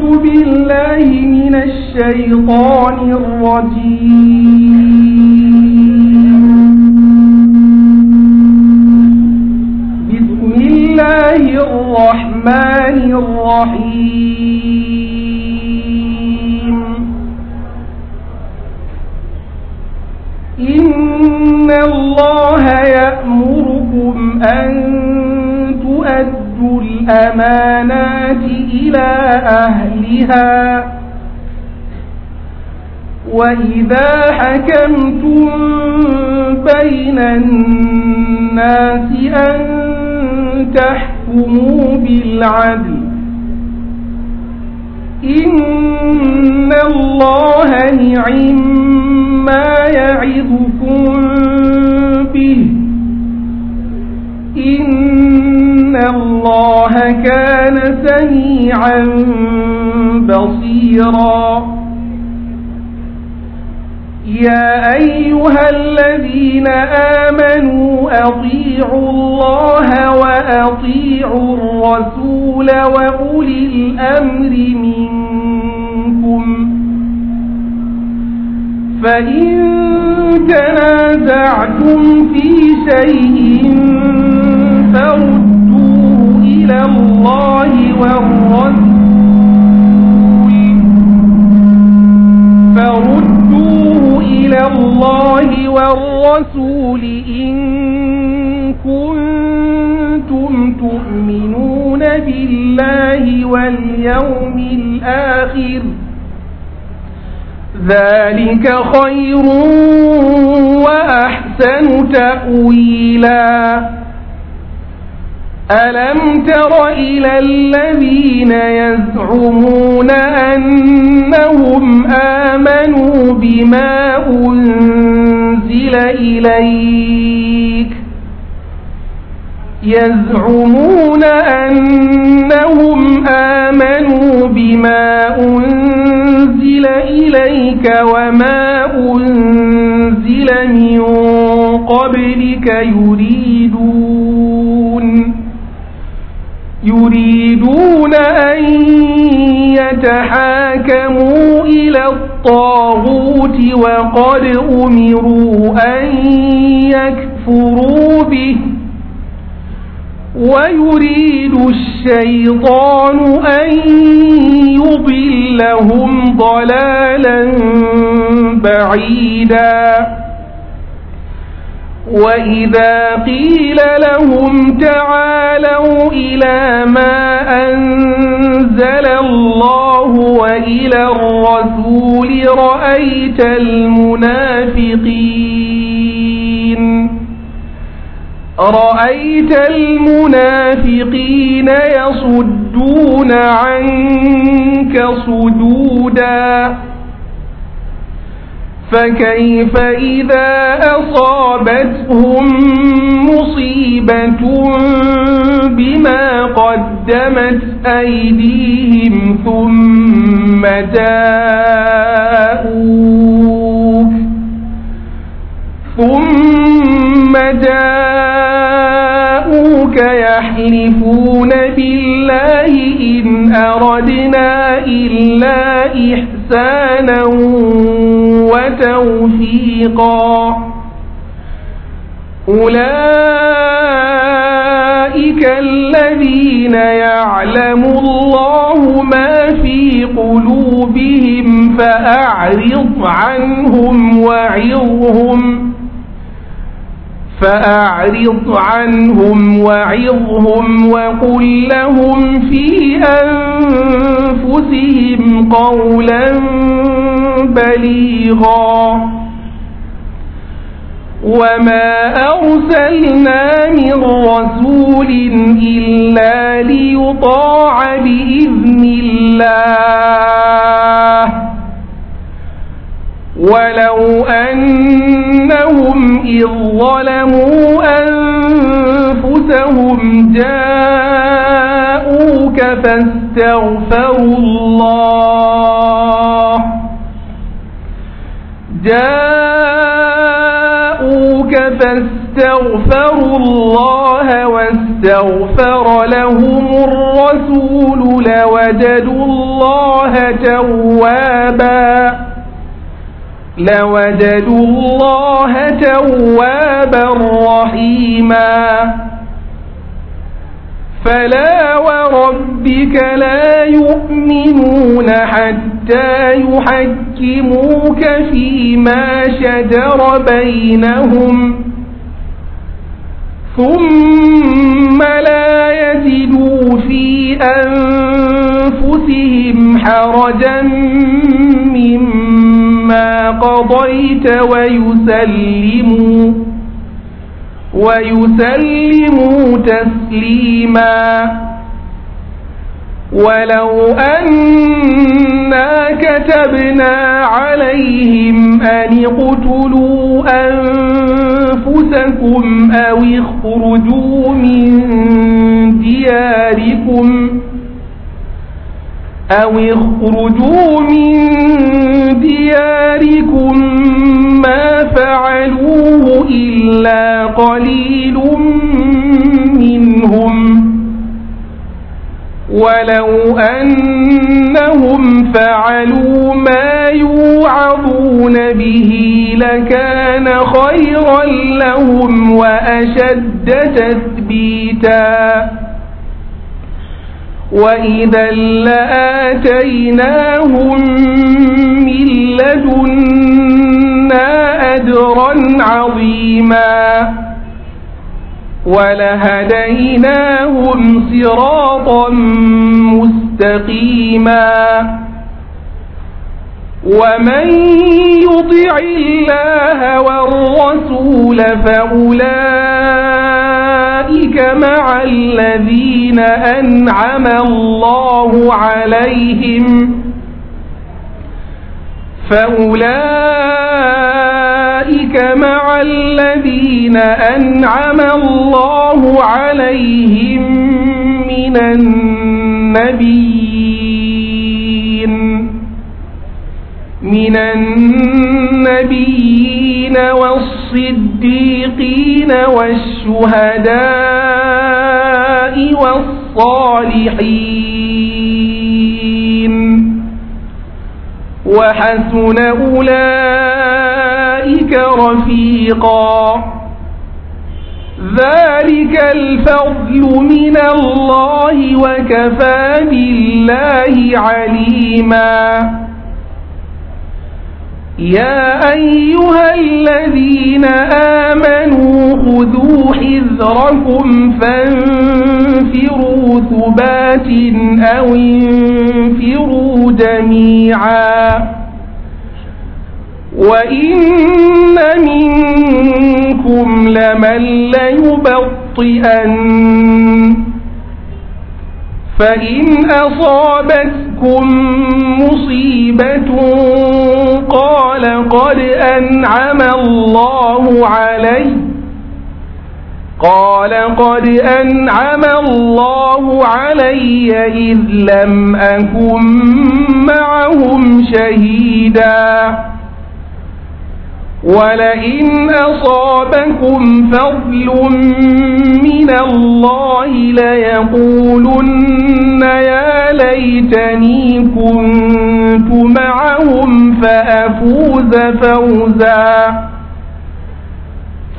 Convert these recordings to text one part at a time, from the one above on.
أعوذ بالله من الشيطان الرجيم بسم الله الرحمن الرحيم إن الله يأمركم أن تؤدوا الأمانات إلى أهلها وإذا حكمتم بين الناس أن تحكموا بالعدل إن الله نعم ما يعظكم به إن إن الله كان سميعا بصيرا يا أيها الذين آمنوا أطيعوا الله وأطيعوا الرسول وأولي الأمر منكم فإن تنازعتم في شيء فارجعوا إلى الله والرسول فردوه إلى الله والرسول إن كنتم تؤمنون بالله واليوم الآخر ذلك خير وأحسن تأويلاً ألم تر إلى الذين يزعمون أنهم آمنوا بما أنزل إليك يزعمون أنهم آمنوا بما أنزل إليك وما أنزل من قبلك يريدون يريدون أن يتحاكموا إلى الطاغوت وقد أمروا أن يكفروا به ويريد الشيطان أن يضلهم ضلالا بعيداً وإذا قيل لهم تعالوا إلى ما أنزل الله وإلى الرسول رأيت المنافقين رأيت المنافقين يصدون عنك صدوداً فكيف إذا أصابتهم مصيبة بما قدمت أيديهم ثم جاءوك ثم جاءوك يحلفون بالله إن أردنا إلا إحسان إحسانا وتوفيقا أولئك الذين يعلم الله ما في قلوبهم فأعرض عنهم وعظهم فأعرض عنهم وعظهم وقل لهم في أنفسهم قولا بليغا وما أرسلنا من رسول إلا ليطاع بإذن الله ولو أنهم إذ ظلموا أنفسهم جاءوك فاستغفروا الله جاءوك فاستغفروا الله واستغفر لهم الرسول لوجدوا الله توابا لوجدوا الله توابا رحيما فلا وربك لا يؤمنون حتى يحكموك فيما شجر بينهم ثم لا يجدوا في أنفسهم حرجا مما ما قضيت ويسلموا ويسلموا تسليما ولو أنا كتبنا عليهم أن اقتلوا أنفسكم أو اخرجوا من دياركم أو اخرجوا من دياركم ما فعلوه إلا قليل منهم ولو أنهم فعلوا ما يوعظون به لكان خيرا لهم وأشد تثبيتاً وإذا لآتيناهم من لدنا أجرا عظيما ولهديناهم صراطا مستقيما ومن يطع الله والرسول فأولئك مع الذين أنعم الله عليهم فأولئك مع الذين أنعم الله عليهم من النبي من النبيين والصديقين والشهداء والصالحين وحسن أولئك رفيقا ذلك الفضل من الله وكفى بالله عليماً يا أيها الذين آمنوا خذوا حذركم فانفروا ثبات أو انفروا جميعا وإن منكم لمن ليبطئن فإن أصابتكم مصيبة قال قد أنعم الله علي قال قد أنعم الله علي إذ لم أكن معهم شهيداً ولئن أصابكم فضل من الله ليقولن يا ليتني كنت معهم فأفوز فوزا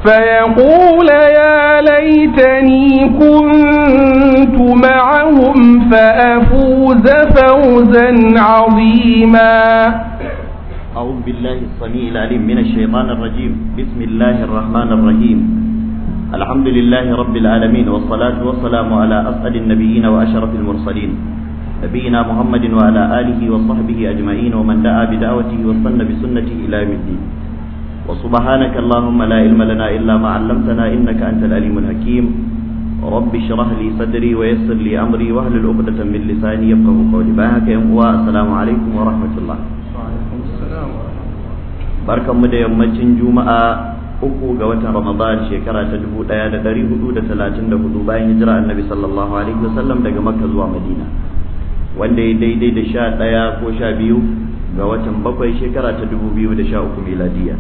فيقول يا ليتني كنت معهم فأفوز فوزا عظيما أعوذ بالله السميع العليم من الشيطان الرجيم بسم الله الرحمن الرحيم الحمد لله رب العالمين والصلاة والسلام على أسأل النبيين وأشرف المرسلين نبينا محمد وعلى آله وصحبه أجمعين ومن دعا بدعوته وصن بسنته إلى يوم الدين وسبحانك اللهم لا علم لنا إلا ما علمتنا إنك أنت العليم الحكيم رب اشرح لي صدري ويسر لي أمري واهل العقدة من لساني يفقه قولي باهك يا السلام عليكم ورحمة الله وعليكم barkanmu da yammacin juma'a uku ga watan ramadan shekara ta dubu daya da dari hudu da talatin da hudu bayan hijira annabi sallallahu alaihi wasallam daga makka zuwa madina wanda ya daidai da sha daya ko sha biyu ga watan bakwai shekara ta dubu biyu da sha uku miladiya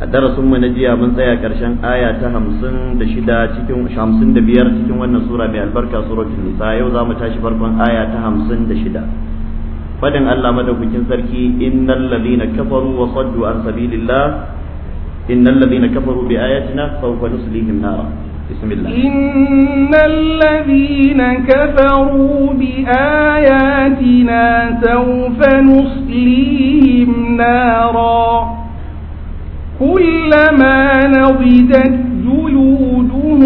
a darasin mu na jiya mun tsaya karshen aya ta hamsin da shida cikin hamsin da biyar cikin wannan sura mai albarka suratul nisa yau za mu tashi farkon aya ta hamsin da shida fadin Allah madaukakin sarki innal ladina kafaru wa saddu an sabilillah innal ladina kafaru bi ayatina sawfa nuslihim nara بسم الله إن الذين كفروا بآياتنا سوف نصليهم نارا كلما نضجت جلودهم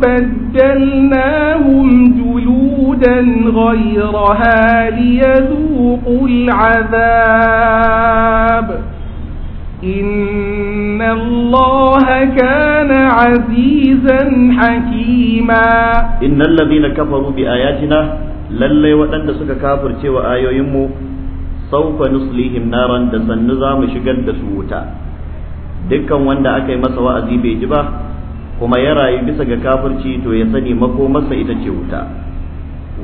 بدلناهم جلودا هدى غيرها ليذوقوا العذاب إن الله كان عزيزا حكيما إن الذين كفروا بآياتنا lallai waɗanda suka kafirce wa ayoyinmu saufa nuslihim da sannu zamu mu shigar da su wuta dukkan wanda aka yi masa wa'azi bai ji ba kuma ya rayu bisa ga kafirci to ya sani makomarsa ita ce wuta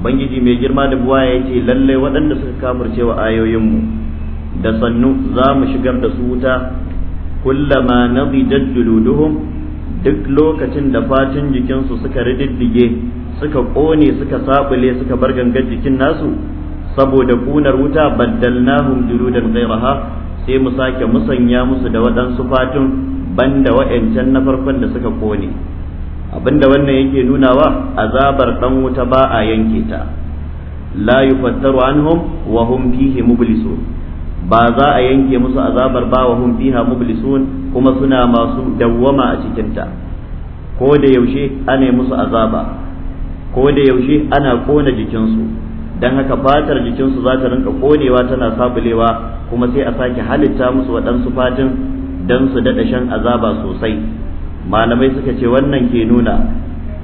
ubangiji mai girma da buwa ya ce lallai waɗanda suka kamurce wa ayoyinmu da sannu za mu shigar da su wuta kullama nadijat duluduhun duk lokacin da fatin jikinsu suka rididdige suka ƙone suka saɓule suka bar gangar jikin nasu saboda kunar wuta baddalnahum juludan ghayraha sai mu sake musanya musu da waɗansu fatun banda wa'ancan na farkon da suka ƙone abinda wannan yake nunawa azabar dan wuta ba a yanke ta la yufattaru anhum wa hum fihi mublisun ba za a yanke musu azabar ba wa hum fiha mublisun kuma suna masu dawwama a cikin ta ko da yaushe ana musu azaba ko da yaushe ana kona jikinsu dan haka fatar jikinsu za ta rinka konewa tana sabulewa kuma sai a sake halitta musu waɗansu fatin don su daɗa shan azaba sosai malamai suka ce wannan ke nuna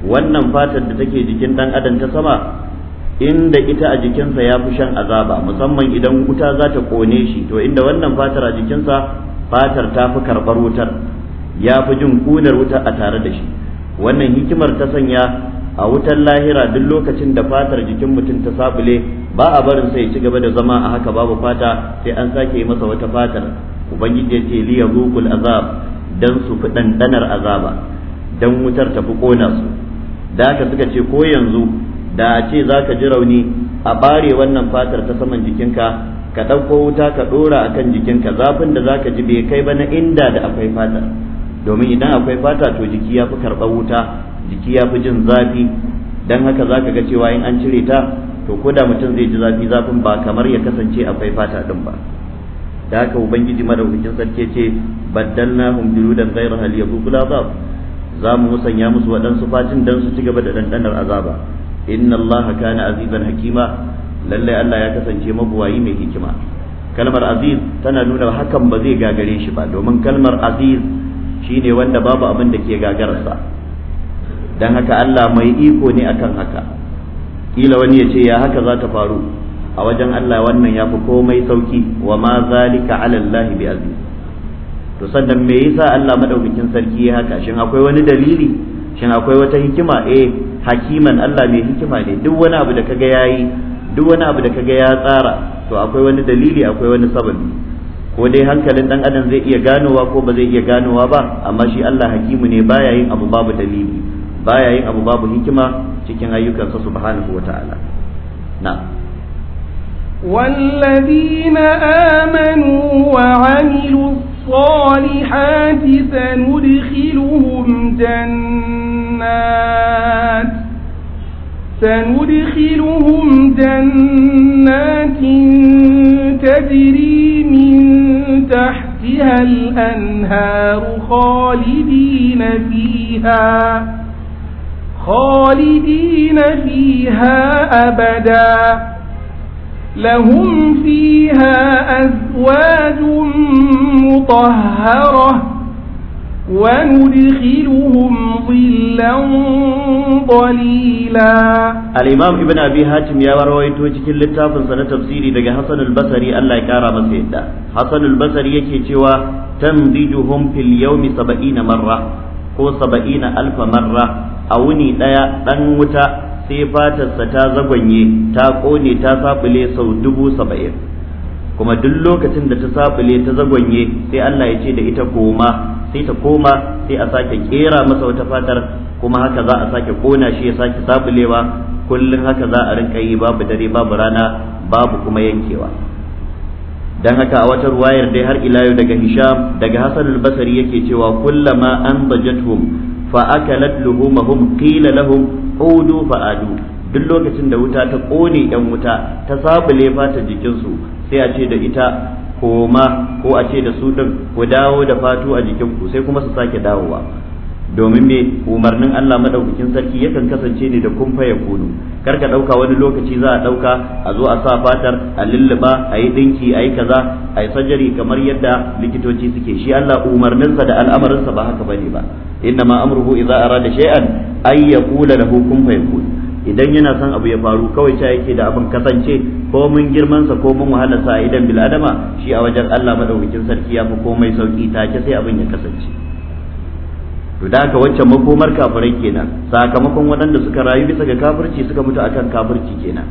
wannan fatar da take jikin dan adam ta sama inda ita a jikinsa ya fi shan azaba musamman idan wuta za ta kone shi to inda wannan fatar a jikinsa fatar ta fi karɓar wutar ya fi jin kunar wutar a tare da shi wannan hikimar ta sanya a wutar lahira duk lokacin da fatar jikin mutum ta sabule ba a barin sai ci gaba da zama a haka babu fata sai an sake masa wata fatar ubangiji ya ce liya azab don su fi ɗanɗanar azaba don wutar ta fi ƙona su da haka suka ce ko yanzu da a ce za ka ji rauni a ɓare wannan fatar ta saman jikinka ka ɗauko wuta ka ɗora a kan jikinka zafin da za ka ji bai kai ba na inda da akwai fata domin idan akwai fata to jiki ya fi karɓar wuta jiki ya fi jin zafi don haka za ka ga cewa in an cire ta to koda mutum zai ji zafi zafin ba kamar ya kasance akwai fata ɗin ba da haka ubangiji madaukakin sarki ce baddalnahum juludan ghayraha liyadhuqu al'azab za mu musanya musu waɗansu fatin dan su ci gaba da dandanar azaba inna allaha kana azizan hakima lalle Allah ya kasance mabuwayi mai hikima kalmar aziz tana nuna hakan ba zai gagare shi ba domin kalmar aziz shine wanda babu abin da ke gagararsa dan haka Allah mai iko ne akan haka kila wani ya ce ya haka za ta faru a wajen Allah wannan ya fi komai sauki wa ma zalika ala Allah bi to sannan me yasa Allah madaukakin sarki ya haka shin akwai wani dalili shin akwai wata hikima eh hakiman Allah mai hikima ne duk wani abu da kaga yayi duk wani abu da kaga ya tsara to akwai wani dalili akwai wani sababi ko dai hankalin dan adam zai iya ganowa ko ba zai iya ganowa ba amma shi Allah hakimu ne baya yin abu babu dalili baya yin abu babu hikima cikin ayyukansa subhanahu wataala Na. والذين آمنوا وعملوا الصالحات سندخلهم جنات سندخلهم جنات تجري من تحتها الأنهار خالدين فيها خالدين فيها أبداً لهم فيها أزواج مطهرة وندخلهم ظلا ظليلا الإمام ابن أبي هاتم يا روي توجه للتاف سنة تفسيري دقى حسن البصري الله يكارى مسيدا حسن البصري يكي تمدجهم في اليوم سبعين مرة ko saba'ina alfa marra a wuni ɗaya ɗan wuta sai fatarsa ta zagwanye ta kone ta sabule sau dubu saba'in kuma duk lokacin da ta sabule ta zagwanye sai Allah ya ce da ita koma sai ta koma sai a sake kera masa wata fatar kuma haka za a sake kona shi ya sake sabulewa kullum haka za a rinka yi babu dare babu rana babu kuma yankewa dan haka a wata ruwayar dai har ila yau daga Hisham daga Hasan al-Basri yake cewa kullama an bajatuhum fa akalat luhumahum qila lahum udu fa adu duk lokacin da wuta ta kone yan wuta ta sabule fata jikinsu sai a ce da ita koma ko a ce da su din ku dawo da fatu a jikinku sai kuma su sake dawowa domin me umarnin Allah madaukakin sarki yakan kasance ne da kumfa ya kudu kar ka dauka wani lokaci za a dauka a zo a sa fatar a lulluba a yi dinki a yi kaza a yi sajari kamar yadda likitoci suke shi Allah umarninsa da al'amarinsa ba haka bane ba inna ma amruhu idza arada shay'an ay yaqula lahu kun fayakun idan yana son abu ya faru kawai ta yake da abin kasance ko mun girmansa ko mun wahala sa idan adama shi a wajen Allah madaukakin sarki ya fi komai sauki take sai abin ya kasance to da haka wancan makomar kafirai kenan sakamakon waɗanda suka rayu bisa ga kafirci suka mutu akan kafirci kenan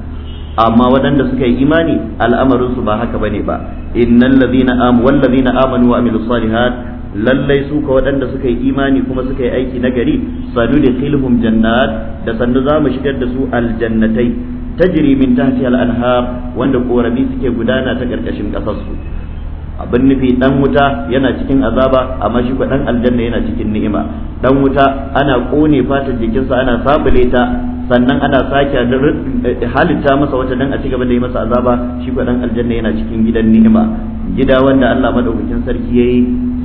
amma waɗanda suka yi imani al'amarin su ba haka bane ba innal ladhina am wal ladhina amanu wa amilus salihat lallai su ka waɗanda suka yi imani kuma suka yi aiki na gari sanu da khilhum jannat da sannu za mu shigar da su aljannatai tajri min tahtiha al-anhar wanda korabi suke gudana ta karkashin kasar su abin nufi dan wuta yana cikin azaba amma shi dan aljanna yana cikin ni'ima dan wuta ana kone fatar jikinsa ana sabule ta sannan ana sake eh, halitta masa wata dan a ci gaba da yi masa azaba shi dan aljanna yana cikin gidan ni'ima gida wanda Allah madaukakin sarki yayi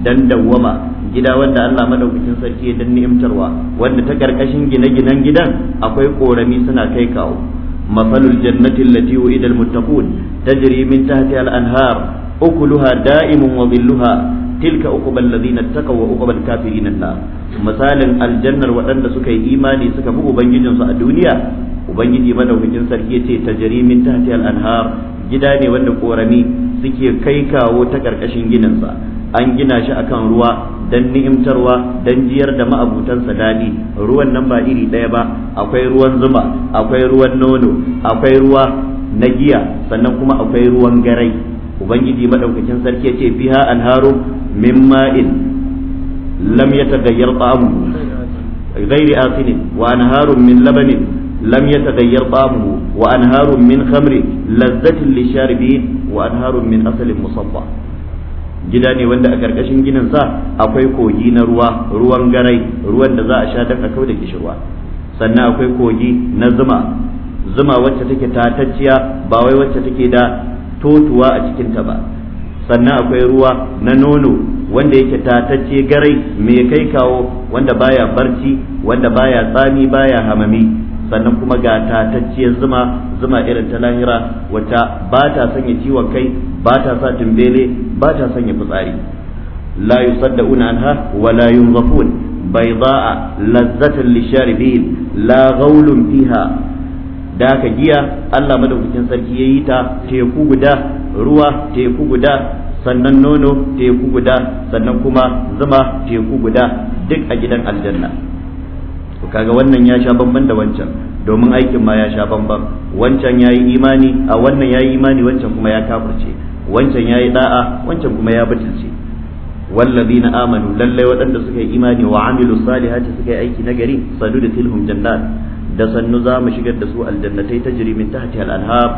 dan dawwama gida wanda Allah madaukakin sarki ya dan ni'imtarwa wanda ta karkashin gine-ginen gidan akwai korami suna kai kawo mafalul jannati allati wa'ida al-muttaqun tajri min tahtiha al-anhar ukuluha da'imun wa dhilluha tilka uqbal ladina taqaw wa uqbal kafirin misalin aljannar waɗanda suka yi imani suka bi ubangijin su a duniya ubangiji madaukakin sarki yace tajri min tahti al-anhar gida ne wanda korami suke kai kawo ta karkashin ginin an gina shi akan ruwa dan ni'imtarwa dan jiyar da ma'abutansa daɗi ruwan nan ba iri ɗaya ba akwai ruwan zuma akwai ruwan nono akwai ruwa na giya sannan kuma akwai ruwan garai ubangiji madaukakin sarki ya ce fiha anharu min ma'in lam yataghayyar ta'amuhu ghairi asinin wa anharun min labanin lam yataghayyar ta'amuhu wa anharun min khamri lazzatin lisharibin wa anharun min asalin musabba gida ne wanda a karkashin ginin sa akwai kogi na ruwa ruwan garai ruwan da za a sha dan a da kishirwa sannan akwai kogi na zuma zuma wacce take tatacciya ba wai wacce take da totuwa a cikinta ba sannan akwai ruwa na nono wanda yake tatacce garai mai kai kawo wanda baya barci wanda baya tsami baya hamami sannan kuma ga tatacce zuma zuma irin ta lahira wata ba ta sanya ciwon kai ba ta sa tumbele ba ta sanya fitsari la yusaddauna anha wa la yunzafun bayda'a lazzatan lisharibin la غول fiha. da haka giya Allah madaukakin sarki ya yi ta teku guda ruwa teku guda sannan nono teku guda sannan kuma zuma teku guda duk a gidan aljanna kaga wannan ya sha bamban da wancan domin aikin ma ya sha bamban wancan ya yi imani a wannan ya yi imani wancan kuma ya kafirce wancan ya yi da'a wancan kuma ya butulce wallazina amanu lallai waɗanda suka yi imani wa amilu salihati suka yi aiki nagari sadu da tilhum jannat da sannu za mu shigar da su aljannatai ta jiri min tahti al-anhab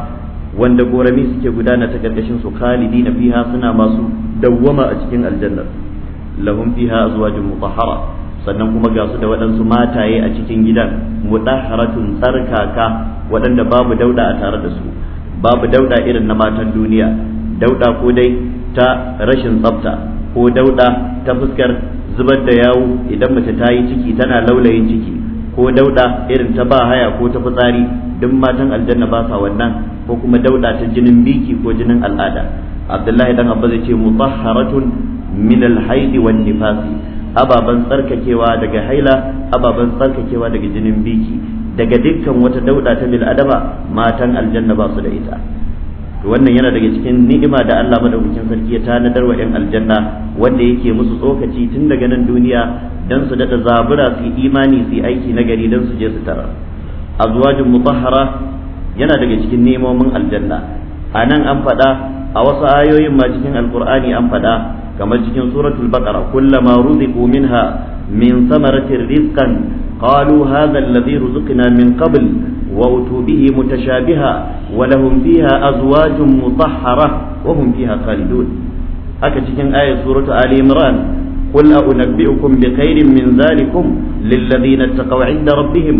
wanda gorami suke gudana ta karkashin su khalidi na fiha suna masu dawwama a cikin aljannar lahum fiha azwajun mutahhara sannan kuma ga su da waɗansu mataye a cikin gidan mutahharatun tsarkaka waɗanda babu dauda a tare da su babu dauda irin na matan duniya dauda ko dai ta rashin tsafta ko dauda ta fuskar zubar da yawu idan mace ta yi ciki tana laulayin ciki ko dauda irin ta ba haya ko ta fitsari duk matan aljanna ba sa wannan ko kuma dauda ta jinin biki ko jinin al'ada abdullahi dan abba zai ce mutahharatun min alhaidi wan nifasi ababan tsarkakewa daga haila ababan tsarkakewa daga jinin biki daga dukkan wata dauda ta bil adama matan aljanna ba su da ita to wannan yana daga cikin ni'ima da Allah madaukakin sarki ya tanadar wa 'yan aljanna wanda yake musu tsokaci tun daga nan duniya dan su dada zabura su imani su aiki na gari dan su je su tara azwajun mutahhara yana daga cikin nemomin aljanna a nan an faɗa a wasu ayoyin ma cikin alqur'ani an faɗa kamar cikin suratul baqara kullama ruziqu minha min samaratin rizqan قالوا هذا الذي رزقنا من قبل وأتوا به متشابها ولهم فيها أزواج مطهرة وهم فيها خالدون haka cikin ayat suratu ali imran قل أنبئكم بخير من ذلكم للذين اتقوا عند ربهم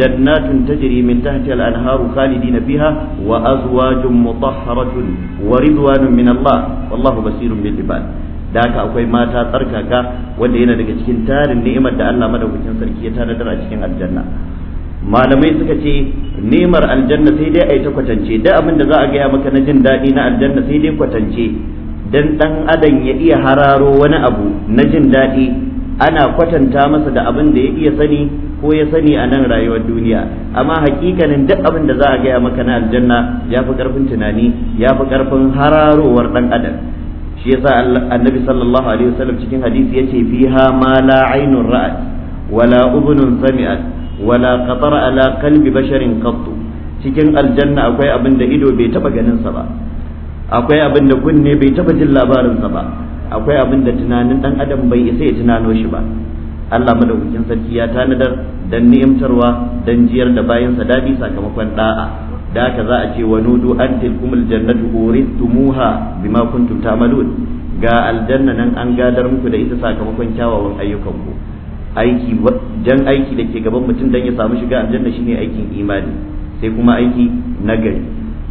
جنات تجري من تحتها الأنهار خالدين فيها وأزواج مطهرة ورضوان من الله والله بصير بالعباد da haka akwai mata tsarkaka wanda yana daga cikin tarin ni'imar da Allah madaukakin sarki ya tanadar a cikin aljanna malamai suka ce ni'imar aljanna sai dai ai ta kwatance da abin da za a gaya maka na jin daɗi na aljanna sai dai kwatance dan dan adam ya iya hararo wani abu na jin daɗi ana kwatanta masa da abin da ya iya sani ko ya sani a nan rayuwar duniya amma hakikanin duk abin da za a gaya maka na aljanna ya fi karfin tunani ya fi karfin hararowar dan adam shi yasa annabi sallallahu alaihi wasallam cikin hadisi yace fiha ma la aynun ra'at wala udhunun sami'at wala qatara ala qalbi basharin qattu cikin aljanna akwai abin da ido bai taba ganin sa ba akwai abin da kunne bai taba jin labarin sa ba akwai abin da tunanin dan adam bai isa ya tunano shi ba Allah madaukakin sarki ya tanadar dan ni'imtarwa dan jiyar da bayansa dadi sakamakon da'a da haka za a ce wa nudu an tilkumul jannatu uridtumuha bima kuntum ta'malun ga aljanna nan an gadar muku da ita sakamakon kyawawan ayyukanku aiki jan aiki da ke gaban mutum dan ya samu shiga aljanna shine aikin imani sai kuma aiki nagari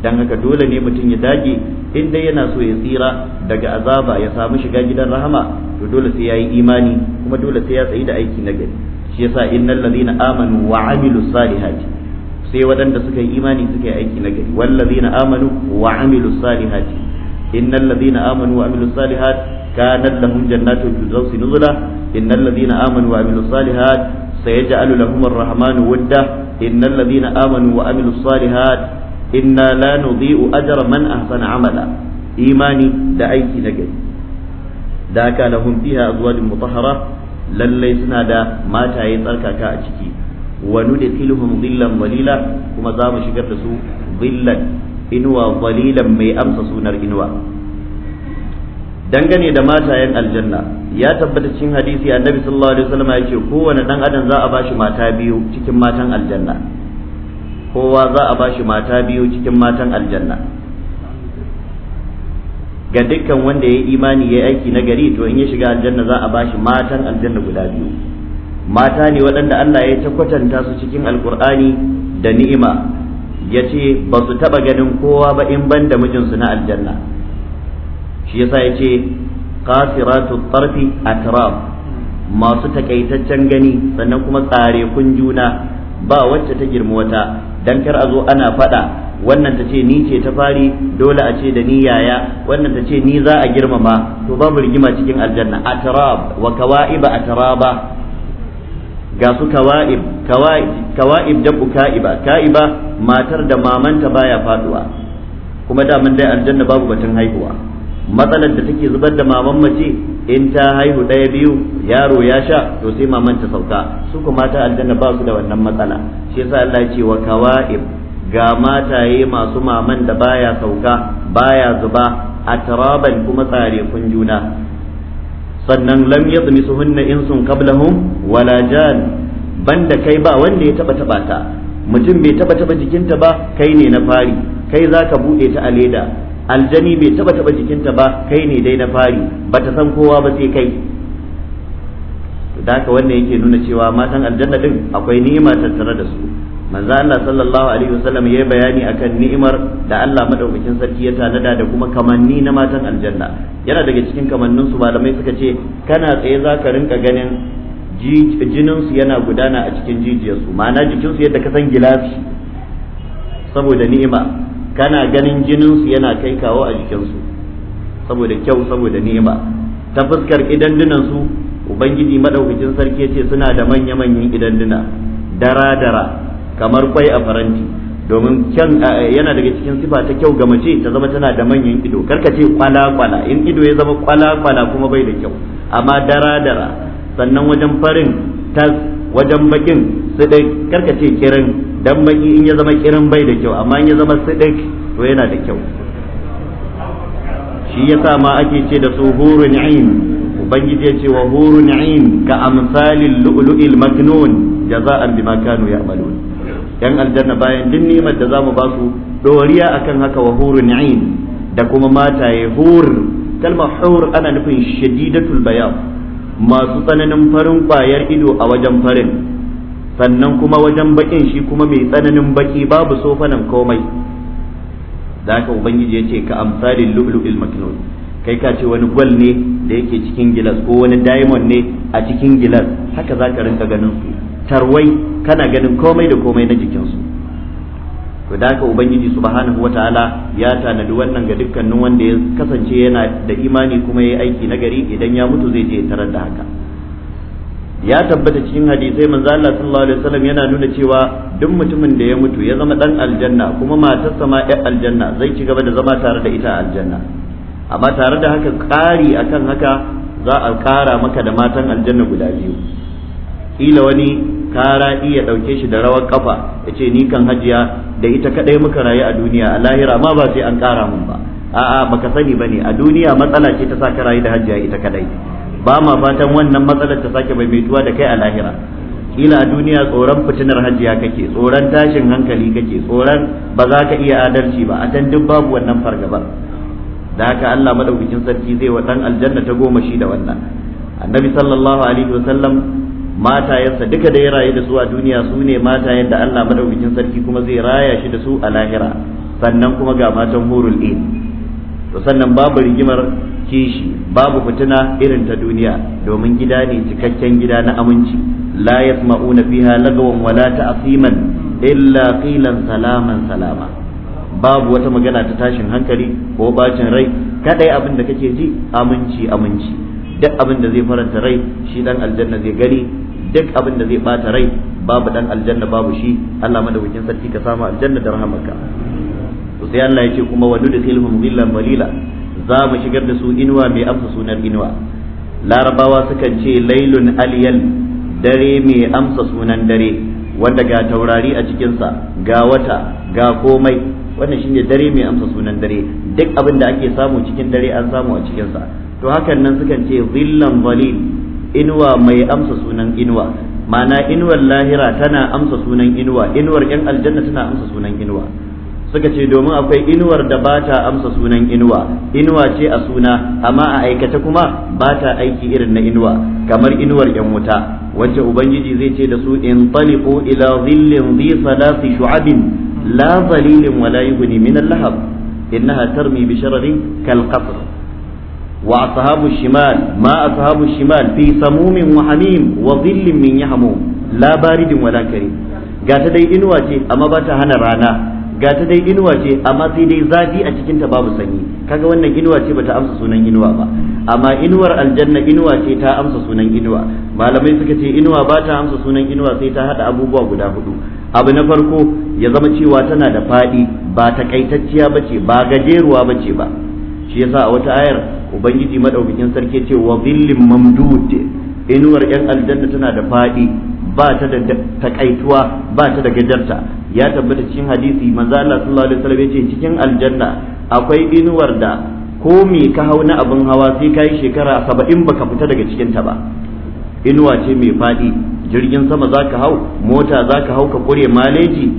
dan haka dole ne mutum ya dage in dai yana so ya tsira daga azaba ya samu shiga gidan rahama to dole sai yayi imani kuma dole sai ya tsayi da aiki nagari shi yasa innal ladina amanu wa amilus salihati sai waɗanda suka yi imani suka yi aiki na gari wallazina amanu wa amilu salihati innal ladina amanu wa amilu salihat kanat lahum jannatu firdausi nuzula innal ladina amanu wa amilu salihat sayaj'alu lahum ar-rahmanu wadda innal ladina amanu wa amilu salihat inna la nudhi'u ajra man ahsana amala imani da aiki na gari da aka lahum fiha azwajun mutahhara lallai suna da mataye tsarkaka a ciki da tilhum dhillan walila kuma za mu shigar da su dhillan inuwa walilan mai amsa sunar inuwa dangane da matayen aljanna ya tabbata cikin hadisi annabi sallallahu alaihi wasallam ya ce kowane dan adam za a bashi mata biyu cikin matan aljanna kowa za a bashi mata biyu cikin matan aljanna ga dukkan wanda ya imani ya aiki na gari to in ya shiga aljanna za a bashi matan aljanna guda biyu mata ne waɗanda Allah ya ta kwatanta su cikin alkur'ani da ni'ima ya ce ba su taɓa ganin kowa ba in ban da mijinsu na aljanna shi yasa ya ce tsarfi a atraf masu takaitaccen gani sannan kuma tsare kun juna ba wacce ta girma wata don kar a zo ana faɗa wannan ta ce ni ce ta fari dole a ce da ni yaya wannan ta ce ni za a girmama to babu rigima cikin aljanna A atrab wa kawa'iba taraba ga su kawa'ib kawa'ib jam'u ka'iba ka'iba matar da mamanta baya faduwa kuma da mun dai aljanna babu batun haihuwa matsalar da take zubar da maman mace in ta haihu ɗaya biyu yaro ya sha to sai mamanta sauka su kuma mata aljanna ba su da wannan matsala shi yasa Allah ya ce wa kawa'ib ga mataye masu maman da baya sauka baya zuba a taraban kuma tsare kun juna sannan lam yadmisuhunna insun qablahum wala jan banda kai ba wanda ya taba taba ta mutum bai taba taba jikinta ba kai ne na fari kai zaka buɗe ta a leda aljani bai taba taba jikinta ba kai ne dai na fari bata san kowa ba sai kai da haka wannan yake nuna cewa matan aljanna din akwai ni'ima tattare da su manzo Allah sallallahu alaihi wasallam yayi bayani akan ni'imar da Allah madaukakin sarki ya tanada da kuma kamanni na matan aljanna yana daga cikin kamannin su malamai suka ce kana tsaye zaka rinka ganin jinin su yana gudana a cikin jijiyar su ma'ana jikin su yadda ka san gilafi saboda ni'ima kana ganin jinin su yana kai kawo a jikin su saboda kyau saboda ni'ima ta fuskar idandunan su ubangiji madaukakin sarki ya ce suna da manya-manyan idanduna dara-dara kamar kwai a faranti domin kyan yana daga cikin sifa ta kyau ga mace ta zama tana da manyan ido karka ce kwala kwala in ido ya zama kwala kwala kuma bai da kyau amma dara dara sannan wajen farin tas wajen bakin sidik karka ce kirin dan baki in ya zama kirin bai da kyau amma in ya zama sidik to yana da kyau shi yasa ma ake ce da su hurun ain ubangiji ya ce wa hurun ain ka amsalil lu'lu'il maknun jaza'an bima kanu ya'malun yan aljanna bayan din ni'imar da zamu ba su doriya akan haka wa hurun da kuma mataye hur kalmar hur ana nufin shadidatul bayan masu tsananin farin kwayar ido a wajen farin sannan kuma wajen bakin shi kuma mai tsananin baki babu sofanan komai da haka ubangiji ya ce ka amsalin lu'lu'il maknun kai ka ce wani gwal ne da yake cikin gilas ko wani diamond ne a cikin gilas haka zaka rinka ganin su tarwai kana ganin komai da komai na jikinsu ku da haka ubangiji subhanahu wataala ya tanadi wannan ga dukkanin wanda ya kasance yana da imani kuma ya aiki na gari idan ya mutu zai je tarar da haka ya tabbata cikin hadisai manzo Allah sallallahu alaihi wasallam yana nuna cewa duk mutumin da ya mutu ya zama dan aljanna kuma matarsa ma ɗan aljanna zai ci gaba da zama tare da ita aljanna amma tare da haka ƙari akan haka za a kara maka da matan aljanna guda biyu kila wani kara iya ɗauke shi da rawar kafa ce ni kan hajiya da ita kaɗai muka rayu a duniya a lahira ma ba sai an kara mun ba a'a baka sani bane a duniya matsala ce ta sa ka rayu da hajiya ita kaɗai. ba ma fatan wannan matsalar ta sake maimaituwa da kai a lahira kila a duniya tsoron fitinar hajiya kake tsoron tashin hankali kake tsoron ba za ka iya adalci ba a can duk babu wannan fargabar da haka Allah madaukakin sarki zai wa dan aljanna ta goma shi da wannan annabi sallallahu alaihi wasallam matayensa duka da ya rayu da su a duniya su ne matayen da Allah madaukakin sarki kuma zai raya shi da su a lahira sannan kuma ga matan hurul in to sannan babu rigimar kishi babu fitina irin ta duniya domin gida ne cikakken gida na aminci la yasma'una fiha lagawan wala ta'siman illa qilan salaman salama babu wata magana ta tashin hankali ko bacin rai kadai abin da kake ji aminci aminci duk abin da zai faranta rai shi dan aljanna zai gani duk abin da zai bata rai babu dan aljanna babu shi Allah madaukakin sarki ka samu aljanna da rahamarka to sai Allah ya ce kuma wa nudkhilhum dhillan walila za mu shigar da su inuwa mai amsa sunan inuwa larabawa suka ce lailun aliyal dare mai amsa sunan dare wanda ga taurari a cikinsa ga wata ga komai wannan shine dare mai amsa sunan dare duk abin da ake samu cikin dare an samu a cikinsa to hakan nan sukan ce zillan zalil inuwa mai amsa sunan inuwa ma'ana inuwar lahira tana amsa sunan inuwa inuwar yan aljanna tana amsa sunan inuwa suka ce domin akwai inuwar da ba ta amsa sunan inuwa inuwa ce a suna amma a aikata kuma ba ta aiki irin na inuwa kamar inuwar yan wuta wacce ubangiji zai ce da su in taliqu ila dhillin dhi salasi shu'abin la zalilin wala yughni min al-lahab innaha tarmi bi shararin kal qasr وأصحاب الشمال ما أصحاب الشمال في سموم وحميم وظل من يحموم ga ta dai inuwa ce amma ba ta hana rana ga ta dai inuwa ce amma sai dai zafi a cikin ta babu sanyi kaga wannan inuwa ce bata amsa sunan inuwa ba amma inuwar aljanna inuwa ce ta amsa sunan inuwa malamai suka ce inuwa ba ta amsa sunan inuwa sai ta hada abubuwa guda hudu abu na farko ya zama cewa tana da fadi ba takaitacciya bace ba gajeruwa bace ba shi yasa a wata ayar ubangiji madaukakin sarki ce wa zillin mamdud inuwar yan aljanna tana da fadi ba ta da takaituwa ba ta da gajarta ya tabbata cikin hadisi manzo Allah sallallahu alaihi wasallam yace cikin aljanna akwai inuwar da ko me ka hau na abin hawa sai kai shekara 70 baka fita daga cikin ta ba inuwa ce mai fadi jirgin sama zaka hau mota zaka hau ka kure maleji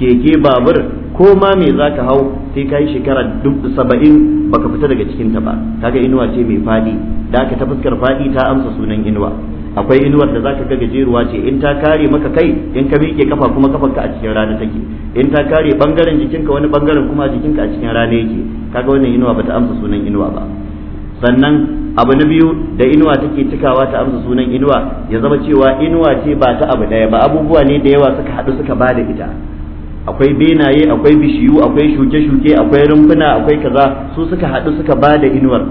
keke babur ko ma me za ka hau sai ka yi shekara duk saba'in baka fita daga cikin ta ba kaga inuwa ce mai faɗi da aka ta faɗi ta amsa sunan inuwa akwai inuwar da zaka ga gajeruwa ce in ta kare maka kai in ka miƙe kafa kuma ka a cikin rana take in ta kare bangaren jikinka wani bangaren kuma jikinka a cikin rana yake kaga wannan inuwa bata amsa sunan inuwa ba sannan abu na biyu da inuwa take cikawa ta amsa sunan inuwa ya zama cewa inuwa ce ba ta abu daya ba abubuwa ne da yawa suka haɗu suka bada ita akwai benaye akwai bishiyu akwai shuke-shuke akwai rumfuna akwai kaza su suka haɗu suka ba da inuwar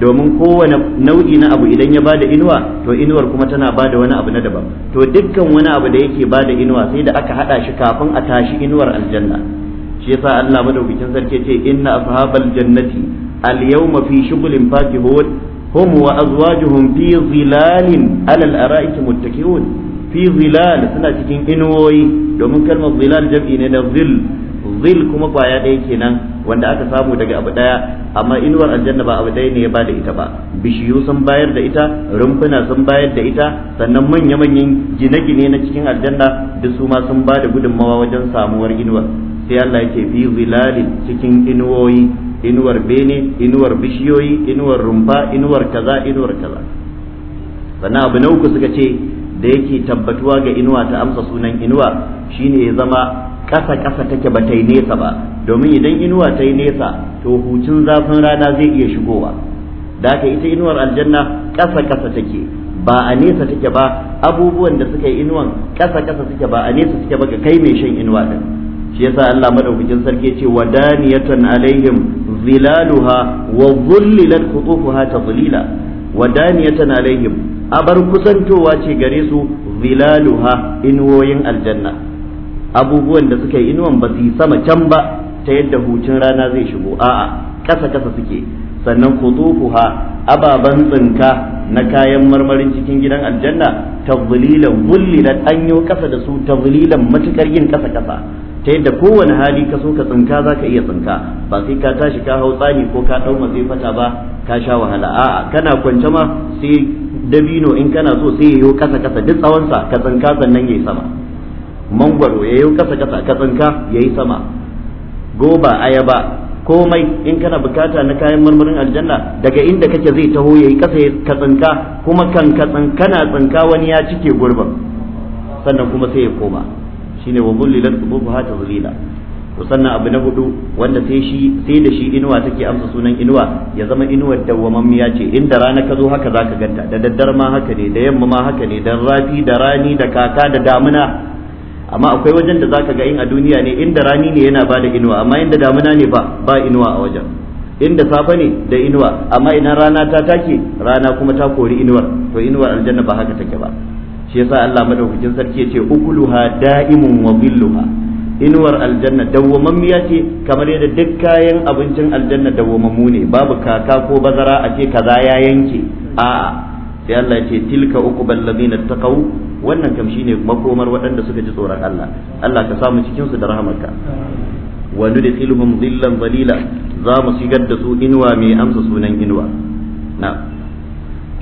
domin kowane nau'i na abu idan ya ba da inuwa to inuwar kuma tana bada da wani abu na daban to dukkan wani abu da yake ba da inuwa sai da aka haɗa shi kafin a tashi inuwar aljanna shi yasa Allah madaukakin sarki ce inna ashabal jannati al yawma fi shughulin fakihun hum wa azwajuhum fi zilalin alal ara'iki muttaki'un fi zilal suna cikin inuwoyi domin kalmar zilal jam'i ne na zil zil kuma kwaya ɗaya kenan wanda aka samu daga abu ɗaya amma inuwar aljanna ba abu ɗaya ne ya bada ita ba bishiyu sun bayar da ita rumfuna sun bayar da ita sannan manya manyan gine-gine na cikin aljanna duk su ma sun bada gudunmawa wajen samuwar inuwar sai Allah yake fi zilal cikin inuwoyi inuwar bene inuwar bishiyoyi inuwar rumfa inuwar kaza inuwar kaza sannan abu na uku suka ce da yake tabbatuwa ga inuwa ta amsa sunan inuwa shine ya zama ƙasa ƙasa take ba ta yi nesa ba domin idan inuwa ta yi nesa to hucin zafin rana zai iya shigowa da haka ita inuwar aljanna ƙasa ƙasa take ba a nesa take ba abubuwan da suka yi inuwan ƙasa ƙasa suke ba a nesa suke ba ga kai mai shan inuwa din shi yasa Allah madaukakin sarki ce wa daniyatan alaihim zilaluha wa dhullilat qutufuha tadlila wa daniyatan alaihim abar kusantowa ce gare su zilaluha inuwoyin aljanna abubuwan da suka yi inuwan ba su yi sama can ba ta yadda hucin rana zai shigo a'a ƙasa-ƙasa suke sannan ha ababen tsinka na kayan marmarin cikin gidan aljanna tazlilan bulli da ɗanyo kasa da su tazlilan matuƙar yin ƙasa-ƙasa. ta yadda kowane hali ka so ka tsinka za ka iya tsinka ba sai ka tashi ka hau tsani ko ka ɗau matsayi fata ba ka sha wahala a'a kana kwance ma sai dabino in kana so sai yi kasa kasa duk tsawonsa ka tsinka sannan ya yi sama mangwaro yi kasa kasa ka tsinka ya yi sama goba ayaba komai in kana bukata na kayan marmarin aljanna daga inda kake zai taho ya yi kasa ka tsinka kuma kan ka tsinka wani ya cike gurbin sannan kuma sai ya koma shine wa zullilat qutufuha tazlila to sannan abu na hudu wanda sai shi sai da shi inuwa take amsa sunan inuwa ya zama inuwar dawwamammiya ce inda rana ka zo haka zaka ganta da daddar ma haka ne da yamma ma haka ne da rafi da rani da kaka da damuna amma akwai wajen da zaka ga in a duniya ne inda rani ne yana bada inuwa amma inda damuna ne ba ba inuwa a wajen inda safe ne da inuwa amma idan rana ta take rana kuma ta kori inuwar to inuwar aljanna ba haka take ba shi yasa Allah madaukakin sarki ce ukuluha da'imun wa dhilluha inuwar aljanna dawwamammiya ce kamar yadda duk kayan abincin aljanna dawwamammu ne babu kaka ko bazara a ce kaza ya yanke a'a sai Allah ce tilka uqbal ladina taqaw wannan kam ne makomar waɗanda suka ji tsoron Allah Allah ka samu cikin su da rahamarka wa nudkhiluhum dhillan dhalila za mu shigar da su inuwa mai amsa sunan inuwa na'am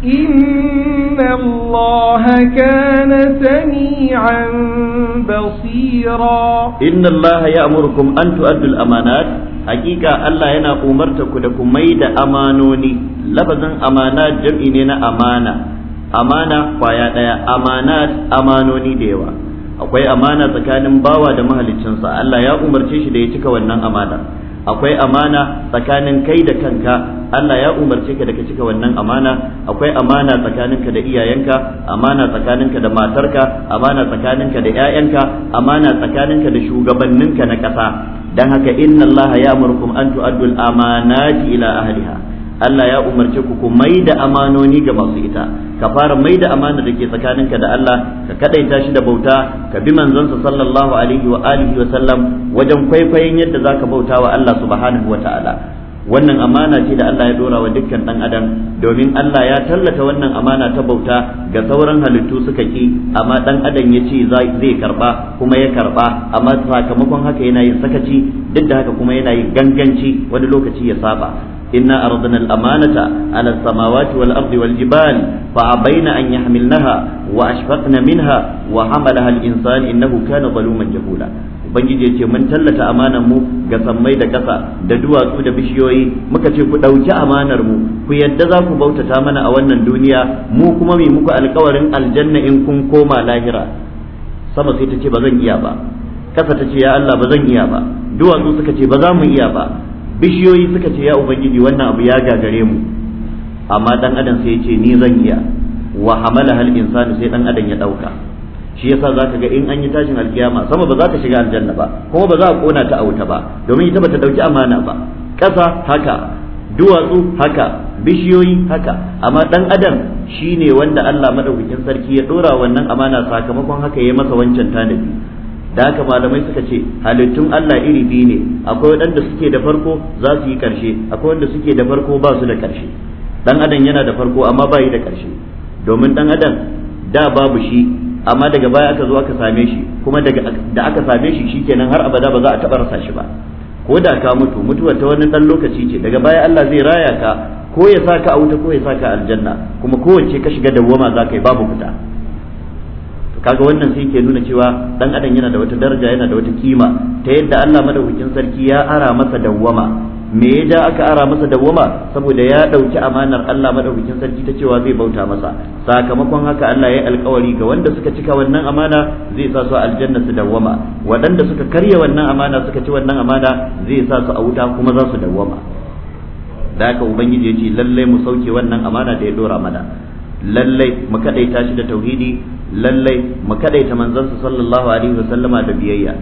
إن الله كان سميعا بصيرا إن الله يأمركم أن تؤدوا الأمانات حقيقة الله ينا أمرتك لكم ميد أمانوني لفظا أمانات جمعينينا أمانة أمانة قايا أمانات أمانوني ديوا akwai amana tsakanin bawa da mahaliccinsa Allah ya umarce shi da ya cika wannan amana akwai amana tsakanin kai da kanka Allah ya umarce ka da ka cika wannan amana akwai amana tsakaninka da iyayenka amana tsakaninka da matarka amana tsakaninka da 'ya'yanka amana tsakaninka da shugabanninka na ƙasa dan haka inna Allah ya amurkum an tu'addu al-amanati ila ahliha Allah ya umarce ku ku mai da amanoni ga masu ita ka fara mai da amana da ke tsakaninka da Allah ka kadaita shi da bauta ka bi manzonsa sallallahu alaihi wa alihi wa sallam wajen kwaikwayon yadda zaka bauta wa Allah subhanahu wa ta'ala wannan amana ce da Allah ya dora wa dukkan dan adam domin Allah ya tallata wannan amana ta bauta ga sauran halittu suka ki amma dan adam ya ce zai karba kuma ya karba amma sakamakon haka yana yin sakaci duk da haka kuma yana yin ganganci wani lokaci ya saba إنا أرضنا الأمانة على السماوات والأرض والجبال فأبين أن يحملنها وأشفقن منها وحملها الإنسان إنه كان ظلوما جهولا ubangiji ya ce mun tallata amanar mu ga sammai da ƙasa da duwatsu da bishiyoyi muka ce ku ɗauki amanar mu ku yadda za ku bautata mana a wannan duniya mu kuma mai muku alkawarin aljanna in kun koma lahira sama sai ta ce ba zan iya ba ƙasa ta ce ya Allah ba zan iya ba duwatsu suka ce ba za mu iya ba bishiyoyi suka ce ya ubangiji wannan abu ya gagare mu amma dan adam sai ya ce ni zan iya wa hamala hal insani sai dan adam ya dauka shi yasa zaka ga in an yi tashin alkiyama sama ba za ka shiga aljanna ba kuma ba za a kona ta a wuta ba domin ita ba ta dauki amana ba kasa haka duwatsu haka bishiyoyi haka amma dan adam shine wanda Allah madaukakin sarki ya dora wannan amana sakamakon haka ya masa wancan tanadi da haka malamai suka ce halittun Allah iri biyu ne akwai waɗanda suke da farko za su yi ƙarshe akwai wanda suke da farko ba su da ƙarshe dan adam yana da farko amma ba yi da ƙarshe domin dan adam da babu shi amma daga baya aka zo aka same shi kuma daga da aka same shi shikenan har abada ba za a taɓa rasa shi ba ko da ka mutu mutuwar ta wani ɗan lokaci ce daga baya Allah zai raya ka ko ya saka a wuta ko ya ka aljanna kuma kowace ka shiga dawwama za ka yi babu fita kaga wannan sai ke nuna cewa dan adam yana da wata daraja yana da wata kima ta yadda Allah madaukakin sarki ya ara masa dawwama me ya ja aka ara masa dawwama saboda ya dauki amanar Allah madaukakin sarki ta cewa zai bauta masa sakamakon haka Allah ya yi alkawari ga wanda suka cika wannan amana zai sa su aljanna su dawwama waɗanda suka karya wannan amana suka ci wannan amana zai sa su a wuta kuma za su dawwama da haka ubangiji ya ce lallai mu sauke wannan amana da ya dora mana lallai mu kadaita shi da tauhidi lallai mu kadaita manzansa sallallahu alaihi sallama da biyayya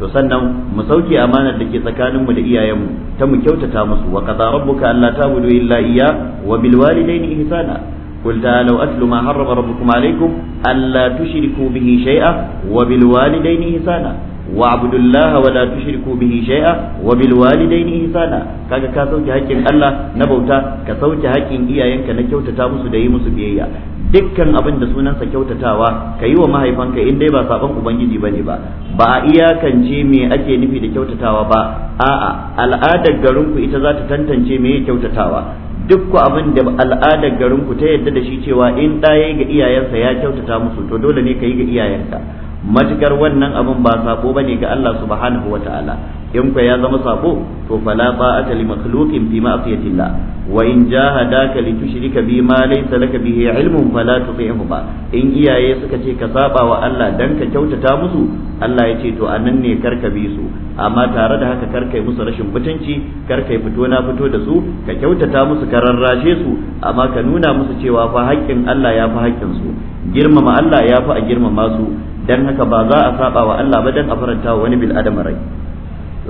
to sannan mu sauke amanar da ke tsakanin mu da iyayenmu ta mu kyautata musu wa qada rabbuka alla ta'budu illa iyya wa bil walidayni ihsana قل تعالوا أتل ما حرم ربكم عليكم ألا تشركوا به شيئا وبالوالدين إحسانا Wa واعبدوا الله ولا تشركوا به شيئا وبالوالدين إحسانا kaga ka sauke haƙƙin Allah na bauta ka sauke haƙƙin iyayenka na kyautata musu da yi musu biyayya dukkan abin da sunansa kyautatawa ka yi wa mahaifanka in dai ba saban ubangiji bane ba ba a iyakance me ake nufi da kyautatawa ba a'a al'adar garinku ita za ta tantance me kyautatawa duk abin da al'adar garinku ta yadda da shi cewa in ɗaya ga iyayensa ya kyautata musu to dole ne ka yi ga iyayenka matukar wannan abin ba sabo bane ga Allah subhanahu wa ta'ala, in ku ya zama sabo to fala ta'ata li makhluqin fi ma'siyatillah wa in jahadaka li tushrika bi ma laysa laka bihi ilmun fala tuti'huma in iyaye suka ce ka saba wa Allah dan ka kyautata musu Allah ya ce to anan ne karka bi su amma tare da haka karka yi musu rashin mutunci karka yi fito na fito da su ka kyautata musu ka rarrashe su amma ka nuna musu cewa fa haƙƙin Allah ya fi haƙƙin su girmama Allah ya fi a girmama su dan haka ba za a saba wa Allah ba dan a faranta wani bil adam rai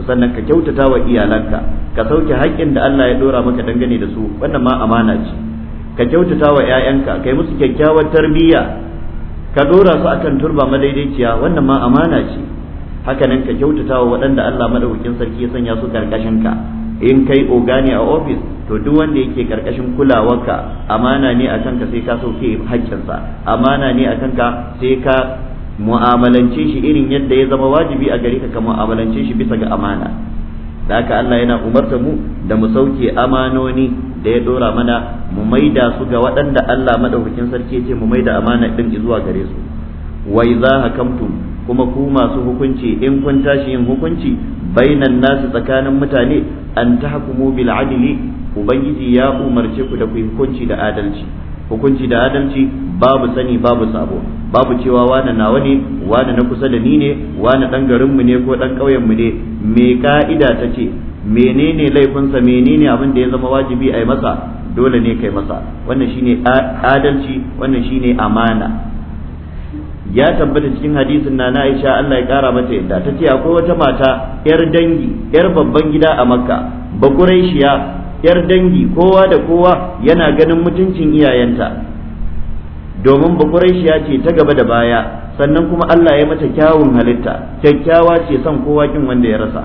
sannan ka kyautata wa iyalanka ka sauke haƙƙin da Allah ya dora maka dangane da su wannan ma amana ce ka kyautata wa ƴaƴanka kai musu kyakkyawar tarbiyya ka dora su akan turba madaidaiciya wannan ma amana ce haka nan ka kyautata wa waɗanda Allah madaukakin sarki ya sanya su karkashin ka in kai ogani a ofis to duk wanda yake karkashin kulawarka amana ne akan ka sai ka sauke haƙƙinsa amana ne akan ka sai ka mu'amalance shi irin yadda ya zama wajibi a gare ka ka mu'amalance shi bisa ga amana da haka Allah yana umarta mu da mu sauke amanoni da ya dora mana mu maida su ga waɗanda Allah madaukakin sarki ce mu maida amana din zuwa gare su wa idza hakamtum kuma ku masu hukunci in kun tashi yin hukunci bainan nasu tsakanin mutane an tahkumu bil adli ubangiji ya umarce ku da ku hukunci da adalci hukunci da adalci babu sani babu sabo babu cewa wani nawa ne wani na kusa da ni ne wani dan mu ne ko dan mu ne me ka'ida ta ce menene laifinsa menene abin da ya zama wajibi a yi masa dole ne kai masa wannan shine adalci wannan shine amana ya tabbata cikin hadisin na na Aisha Allah ya kara mata yadda ta ce akwai wata mata yar dangi yar babban gida a Makka bakuraishiya yar dangi kowa da kowa yana ganin mutuncin iyayenta domin bakuraishiya ce ta gaba da baya sannan kuma Allah ya mata kyawun halitta kyakkyawa ce son kowa kin wanda ya rasa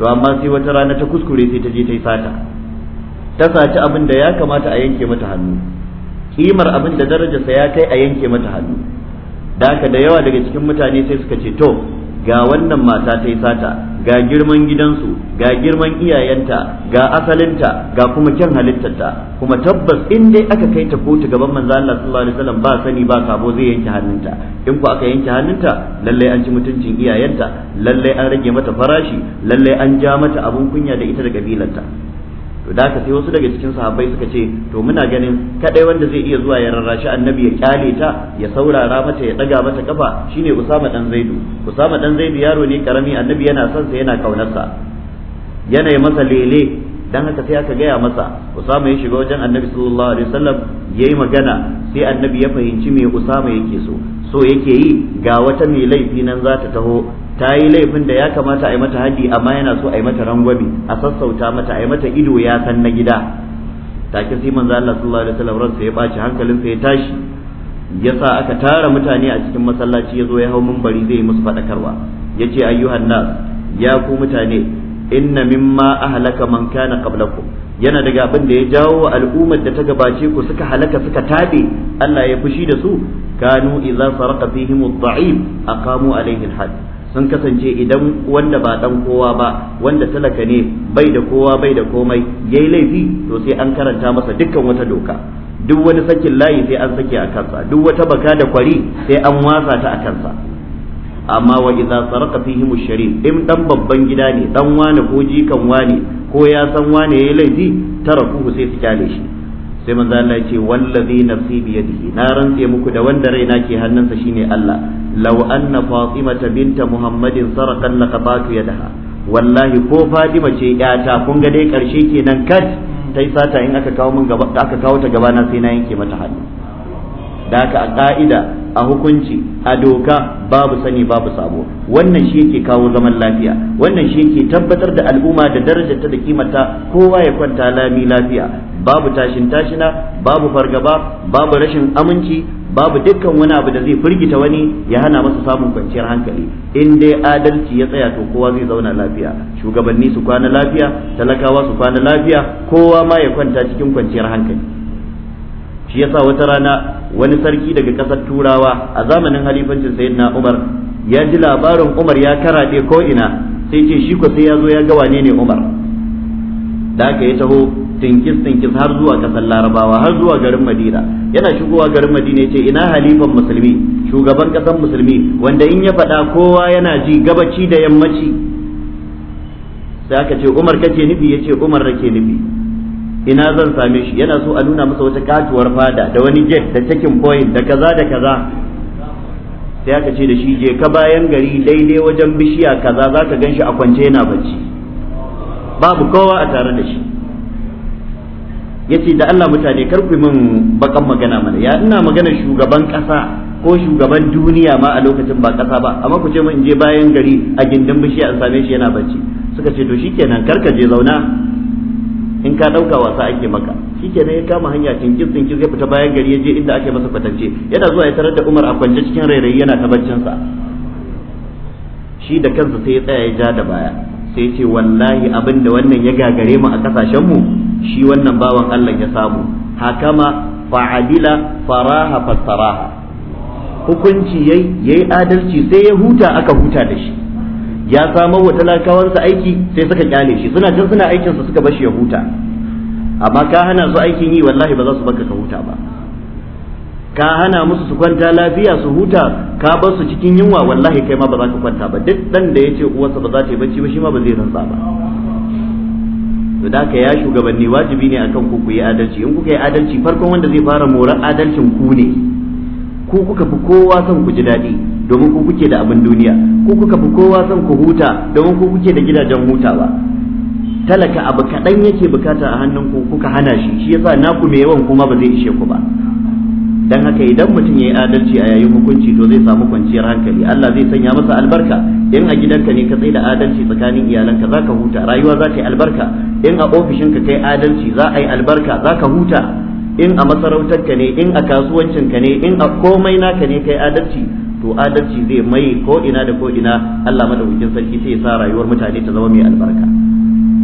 to amma sai wata rana ta kuskure sai ta je ta yi sata ta saci abin da ya kamata a yanke mata hannu kimar abin da darajarsa ya kai a yanke mata hannu da haka da yawa daga cikin mutane sai suka ce to ga wannan mata ta yi sata ga girman gidansu ga girman iyayenta ga asalinta ga kuma kyan halittarta kuma tabbas in dai aka kai ta kotu gaban manzo Allah sallallahu alaihi wasallam ba sani ba sabo zai yanke hannunta in ku aka yanke hannunta lalle an ci mutuncin iyayenta lalle an rage mata farashi lalle an ja mata abun kunya da ita da kabilarta to da ka sai wasu daga cikin sahabbai suka ce to muna ganin kadai wanda zai iya zuwa ya rarrashi annabi ya kyale ta ya saurara mata ya daga mata kafa shine Usama dan Zaidu Usama dan Zaidu yaro ne karami annabi yana son sa yana sa yana masa lele dan haka sai aka gaya masa Usama ya shiga wajen Annabi sallallahu alaihi wasallam yayi magana sai Annabi ya fahimci me Usama yake so so yake yi ga wata mai laifi nan za ta taho ta yi laifin da ya kamata a yi mata haddi amma yana so a yi mata rangwame a sassauta mata a yi mata ido ya san na gida take sai manzo Allah sallallahu alaihi wasallam ransa ya baci sa ya tashi ya sa aka tara mutane a cikin masallaci ya zo ya hau mimbari zai yi musu faɗakarwa ya ce ayyuhan nas ya ku mutane inna mimma ahlaka man kana qablakum yana daga abin da ya jawo al'ummar da ta gabace ku suka halaka suka tabe Allah ya fushi da su kanu idza sarqa fihim ad-da'if aqamu alayhi al-had sun kasance idan wanda ba dan kowa ba wanda talaka ne bai da kowa bai da komai yayi laifi to sai an karanta masa dukkan wata doka duk wani sakin layi sai an sake a kansa duk wata baka da kwari sai an wasa ta a kansa amma wa idza saraka fihim sharif in dan babban gida ne dan wane ko jikan wane ko ya san wani yayi laifi tarakuhu sai su kyale shi sai manzo Allah ya ce wallazi nafsi bi yadihi na rantse muku da wanda raina ke hannunsa shine Allah law anna fatimata binta muhammadin sarakan ya yadaha wallahi ko fatima ce yata kun ga dai karshe kenan kat tai sata in aka kawo min gaba aka kawo ta gaba na sai na yanke mata hannu da aka a ka'ida a hukunci a doka babu sani babu sabo wannan shi yake kawo zaman lafiya wannan shi yake tabbatar da al'umma da darajarta da kimata kowa ya kwanta lami lafiya babu tashin tashina babu fargaba babu rashin aminci babu dukkan wani abu da zai firgita wani ya hana masa samun kwanciyar hankali in dai adalci ya tsaya to kowa zai zauna lafiya shugabanni su kwana lafiya talakawa su kwana lafiya kowa ma ya kwanta cikin kwanciyar hankali shi yasa wata rana wani sarki daga kasar turawa a zamanin halifancin sayyidina umar ya ji labarin umar ya karaɗe ko ina sai ce shi ko sai ya zo ya ga wane ne umar da aka yi taho tinkis tinkis har zuwa kasar larabawa har zuwa garin madina yana shigowa garin madina ce ina halifan musulmi shugaban kasar musulmi wanda in ya faɗa kowa yana ji gabaci da yammaci sai aka ce umar kake nufi ya ce umar nake nufi ina zan same shi yana so a nuna masa wata katuwar fada da wani jet da checking point da kaza da kaza sai aka ce da shi je ka bayan gari daidai wajen bishiya kaza za ka gan shi a kwance yana bacci babu kowa a tare da shi yace da Allah mutane kar ku min bakan magana mana ya ina magana shugaban kasa ko shugaban duniya ma a lokacin ba kasa ba amma ku ce min je bayan gari a gindin bishiya in same shi yana bacci suka ce to shikenan kar ka je zauna in ka dauka wasa ake maka shikenan ya kama hanya tinkin cin ya fita bayan gari ya je inda ake masa kwatance yana zuwa ya tarar da Umar a kwance cikin rairayi yana ta sa shi da kansa sai ya tsaya ya ja da baya sai ce wallahi abin da wannan ya gagare mu a kasashen mu shi wannan bawan Allah ya samu hakama fa'adila faraha fasaraha hukunci yayi yayi adalci sai ya huta aka huta da shi ya samar wa talakawansa aiki sai suka kyale shi suna can suna aikin su suka bashi ya huta amma ka hana su aikin yi wallahi ba za su baka ka huta ba ka hana musu su kwanta lafiya su huta ka bar su cikin yunwa wallahi kai ma ba za ka kwanta ba duk dan da yace uwarsa ba za ta yi bacci ba shi ma ba zai rantsa ba to da ka ya shugabanni wajibi ne akan ku ku yi adalci in kuka yi adalci farkon wanda zai fara moran adalcin ku ne ku kuka fi kowa son ku ji daɗi domin ku kuke da abin duniya ku kuka fi kowa son ku huta domin ku kuke da gidajen hutawa talaka abu kaɗan yake bukata a hannun ku kuka hana shi shi yasa naku mai yawan kuma ba zai ishe ku ba dan haka idan mutum ya yi adalci a yayin hukunci to zai samu kwanciyar hankali Allah zai sanya masa albarka in a gidanka ne ka tsaye da adalci tsakanin iyalanka za ka huta rayuwa za ta yi albarka in a ofishinka kai adalci za a yi albarka za ka huta in a masarautarka ne in a kasuwancinka ne in a komai naka ne kai adalci to adalci zai mai ko ina da ko ina Allah madaukakin sarki sai ya sa rayuwar mutane ta zama mai albarka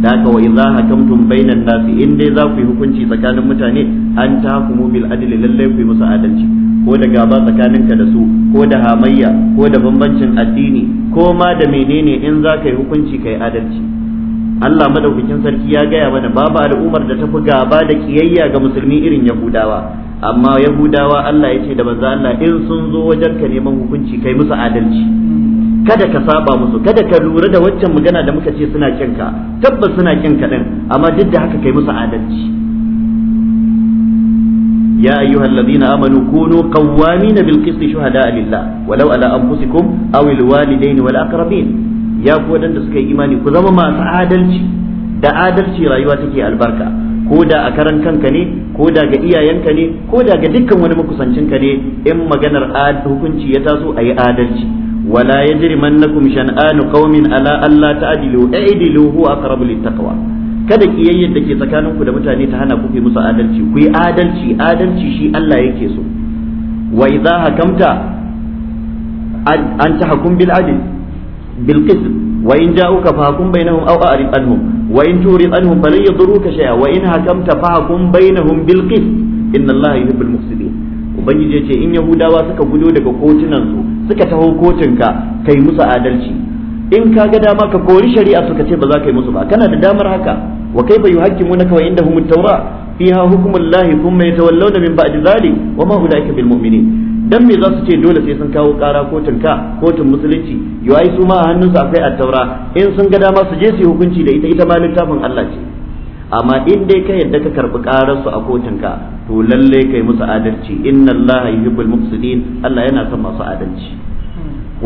da haka wa idza hakamtum bainan nasi in dai za ku yi hukunci tsakanin mutane an tahkumu bil adl lalle ku yi musu adalci ko da gaba tsakanin ka da su ko da hamayya ko da bambancin addini ko ma da menene in za ka yi hukunci kai adalci Allah madaukakin sarki ya gaya mana babu al'ummar da ta fi gaba da kiyayya ga musulmi irin Yahudawa amma yahudawa Allah ya ce da manzo Allah in sun zo wajen ka neman hukunci kai musu adalci kada ka saba musu kada ka lura da waccan magana da muka ce suna kinka tabbas suna kinka din amma duk da haka kai musu adalci يا أيها الذين آمنوا كونوا قوامين بالقسط شهداء لله ولو على أنفسكم أو الوالدين والأقربين يا suka yi imani ku zama masu adalci da adalci rayuwa take albarka ko da a karan kanka ne ko da ga iyayenka ne ko da ga dukkan wani makusancinka ne in maganar hukunci ya taso a yi adalci wala yajrimannakum shan'anu qaumin ala alla ta'dilu i'dilu huwa aqrabu littaqwa kada kiyayyar da ke tsakaninku da mutane ta hana ku yi musu adalci ku yi adalci adalci shi Allah yake so wa idza hakamta an tahkum bil adl bil qist wa in ja'uka fa hakum bainahum aw a'rid anhum wa in turid anhum falan yadurruka shay'a wa in hakamta fahkum bainahum bil qist inna allaha yuhibbul muqsitin ubangiji ya ce in yahudawa suka gudo daga kotunan su suka taho kotunka kai musu adalci in ka ga dama ka kori shari'a suka ce ba za ka yi musu ba kana da damar haka wa kaifa yuhakkimunaka wa indahum at-taura fiha hukmullahi thumma yatawallawna min ba'di dhalik wa ma ulaika bil dan me za su ce dole sai sun kawo kara kotun ka kotun musulunci yayi su ma a hannunsu akwai attaura in sun ga dama su je su hukunci da ita ita ma littafin Allah ce amma in dai ka yadda ka karbi karar su a kotun ka to lalle kai musu adalci inna Allah yuhibbul muqsidin Allah yana son masu adalci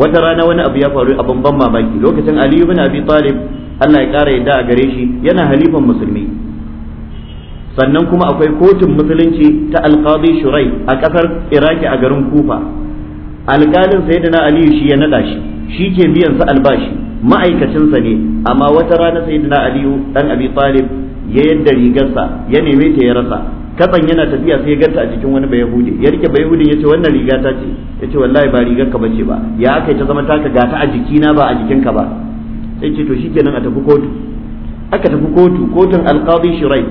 wata rana wani abu ya faru a bamban mamaki lokacin Ali ibn Abi Talib Allah ya kara yadda a gare shi yana halifan musulmi sannan kuma akwai kotun musulunci ta alqadi shurai a ƙasar iraki a garin kufa alkalin sayyidina aliyu shi ya naɗa shi shi ke biyan sa albashi ma'aikacinsa ne amma wata rana sayyidina aliyu dan abi talib ya yadda rigarsa ya neme ta ya rasa katsan yana tafiya sai ya ganta a cikin wani Bayahudi. ya rike bayahudin ya ce wannan riga ta ce ya ce wallahi ba rigar ka bace ba ya aka ta zama taka gata a jikina ba a jikinka ba sai ce to shikenan a tafi kotu aka tafi kotu kotun alqadi shirai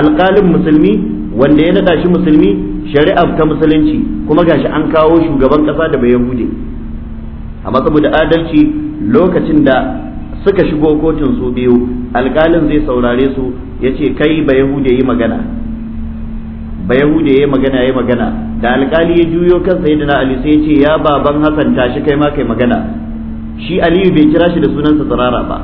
alƙalin musulmi wanda ya naɗa shi musulmi shari'ar ta musulunci kuma gashi an kawo shugaban ƙasa da bai yahude amma saboda adalci lokacin da suka shigo kotun su biyu alƙalin zai saurare su ya ce kai ba yahude yi magana ba yahude ya magana yi magana da alƙali ya juyo kan sayyidina ali sai ya ce ya baban hasan tashi kai ma kai magana shi aliyu bai kira shi da sunansa tsirara ba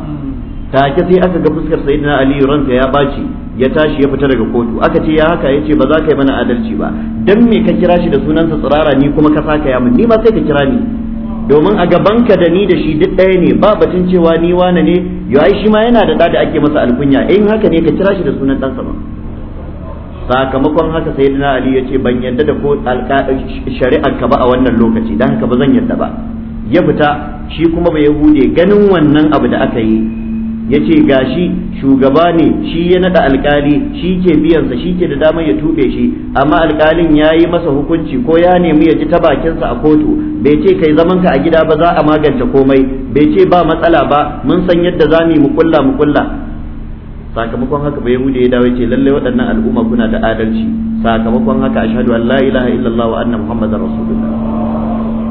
take sai aka ga fuskar sayyidina aliyu ransa ya baci ya tashi ya fita daga kotu aka ce ya haka yace ba za ka yi mana adalci ba dan me ka kira shi da sunansa tsirara ni kuma ka saka ya mun ni ma sai ka kira ni domin a gaban ka da ni da shi duk ɗaya ne ba batun cewa ni wane ne yayi shi ma yana da da ake masa alkunya in haka ne ka kira shi da sunan ɗansa ba sakamakon haka sai na ali ya ce ban yadda da ko shari'ar ka ba a wannan lokaci dan haka ba zan yadda ba ya fita shi kuma bai hude ganin wannan abu da aka yi Ya yace shi shugaba ne shi ya naɗa alkali shi ke biyansa shi ke da damar ya tuɓe shi amma alkalin ya yi masa hukunci ko ya nemi ya ji ta bakinsa a kotu bai ce kai zaman ka a gida ba za a magance komai bai ce ba matsala ba mun san yadda za mu yi mu mukulla sakamakon haka bai yahude ya dawo ya ce lallai waɗannan al'umma kuna da adalci sakamakon haka ashhadu an la ilaha illallah wa anna muhammadar rasulullah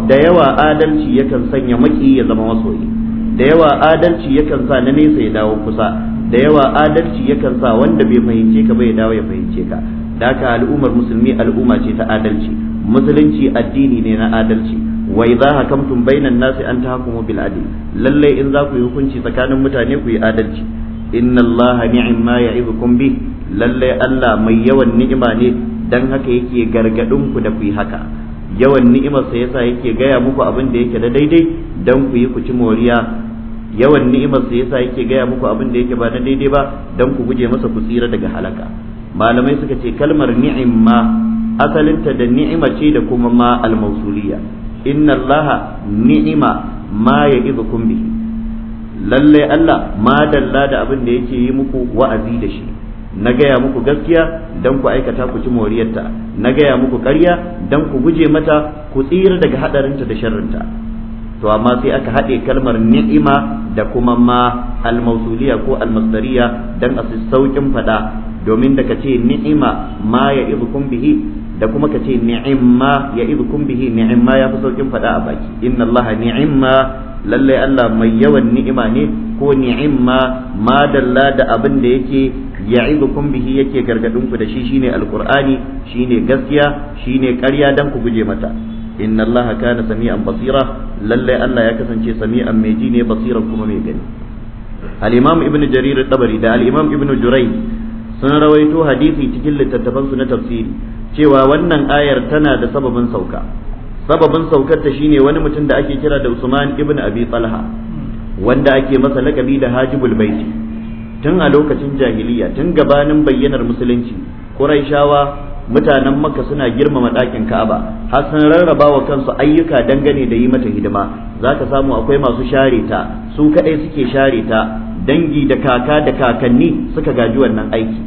da yawa adalci yakan sanya maki ya zama masoyi da yawa adalci yakan sa na nesa ya dawo kusa da yawa adalci yakan sa wanda bai fahimce ka bai dawo ya fahimce ka daka haka al'ummar musulmi al'umma ce ta adalci musulunci addini ne na adalci wa idza hakamtum bainan nasi an tahkumu bil adl lalle in za ku yi hukunci tsakanin mutane ku yi adalci inna allaha ni'ma ya'idukum bi lalle Allah mai yawan ni'ima ne dan haka yake gargadin ku da ku yi haka yawan ni'imarsa yasa yake gaya muku abin da yake da daidai dan ku yi ku ci moriya yawan ni'imar sa yasa yake gaya muku abin da yake ba na daidai ba dan ku guje masa ku tsira daga halaka malamai suka ce kalmar ni'imma asalinta da ni'ima ce da kuma ma al inna allaha ni'ima ma ya kun bihi lallai Allah ma dalla da abin da yake yi muku wa'azi da shi na gaya muku gaskiya don ku aikata ku ci moriyarta na gaya muku karya don ku guje mata ku tsira daga haɗarinta da sharrinta to amma sai aka haɗe kalmar ni'ima da kuma ma almausuliya ko almasdariya dan a sauƙin fada domin da kace ni'ima ma ya izukum bihi da kuma kace ni'imma ya izukum bihi ni'imma ya fi saukin fada a baki inna allaha ni'imma lalle Allah mai yawan ni'ima ne ko ni'imma ma dalla da abin da yake ya'idukum bihi yake gargadin ku da shi shine alqur'ani shine gaskiya shine ƙarya dan ku guje mata inna allaha kana sami'an basira lallai Allah ya kasance sami'an mai ji ne basiran kuma mai gani al-imam ibnu jarir tabari da al-imam ibnu jurai sun rawaito hadisi cikin littattafan su na tafsiri cewa wannan ayar tana da sababin sauka sababin saukar ta shine wani mutum da ake kira da Usman ibn Abi Talha wanda ake masa lakabi da Hajibul Baiti tun a lokacin jahiliya tun gabanin bayyanar musulunci Qurayshawa mutanen maka suna girmama ɗakin ka'aba har sun rarraba wa kansu ayyuka dangane da yi mata hidima za ka samu akwai masu share ta su kaɗai suke share ta dangi da kaka da kakanni suka gaji wannan aiki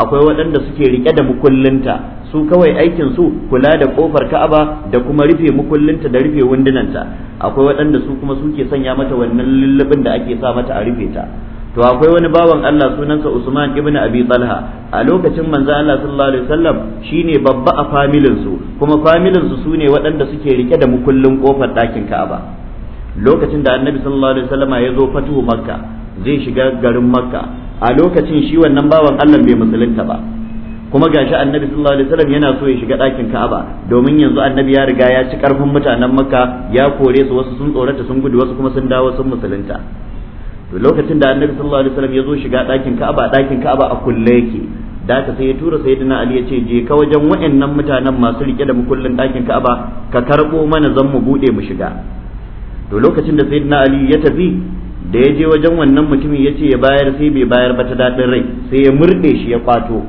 akwai waɗanda suke rike da mukullinta su kawai aikin su kula da kofar ka'aba da kuma rufe mukullinta da rufe wundunanta akwai waɗanda su kuma suke sanya mata wannan lullubin da ake sa mata a rufe ta to akwai wani bawan Allah sunansa Usman ibn Abi Talha a lokacin manzo Allah sallallahu alaihi wasallam shine babba a familin su kuma familin su sune waɗanda suke rike da mukullin kofar ɗakin Ka'aba lokacin da Annabi sallallahu alaihi wasallama ya zo fatu Makka zai shiga garin Makka a lokacin shi wannan bawan Allah bai musulunta ba kuma gashi annabi sallallahu alaihi wasallam yana so ya shiga ɗakin Ka'aba domin yanzu annabi ya riga ya ci karfin mutanen Makka ya kore su wasu sun tsorata sun gudu wasu kuma sun dawo sun musulunta to lokacin da annabi sallallahu alaihi wasallam ya zo shiga ɗakin ka'aba ɗakin ka'aba a kulle yake da ta sai ya tura sayyidina ali ya ce je ka wajen wa'annan mutanen masu rike da mukullin ɗakin ka'aba ka karɓo mana zan mu buɗe mu shiga to lokacin da sayyidina ali ya tafi da ya je wajen wannan mutumin ya ce ya bayar sai bai bayar ba ta daɗin rai sai ya murɗe shi ya kwato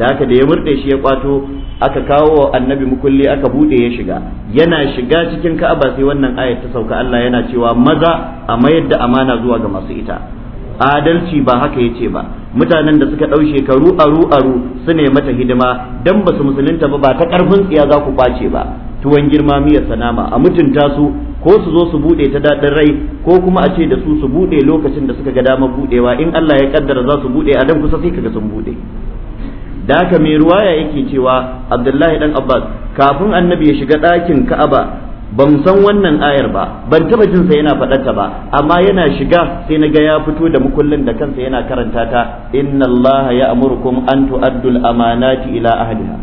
da haka da ya murde shi ya kwato aka kawo wa annabi mukulli aka buɗe ya shiga yana shiga cikin ka'aba sai wannan ayat ta sauka Allah yana cewa maza a mayar da amana zuwa ga masu ita adalci ba haka yace ba mutanen da suka ɗau shekaru aru aru su ne mata hidima dan ba su musulunta ba ba ta karfin tsiya za ku kwace ba tuwon girma miyar sanama a mutunta su ko su zo su bude ta daɗin rai ko kuma a ce da su su bude lokacin da suka ga dama budewa in Allah ya kaddara za su bude a dan kusa sai kaga sun bude da haka mai ruwaya yake cewa abdullahi dan abbas kafin annabi ya shiga ɗakin ka'aba ban san wannan ayar ba ban taba jin sa yana faɗarta ba amma yana shiga sai na ga ya fito da mukullin da kansa yana karanta ta inna allaha ya'murukum an tu'addul amanati ila ahliha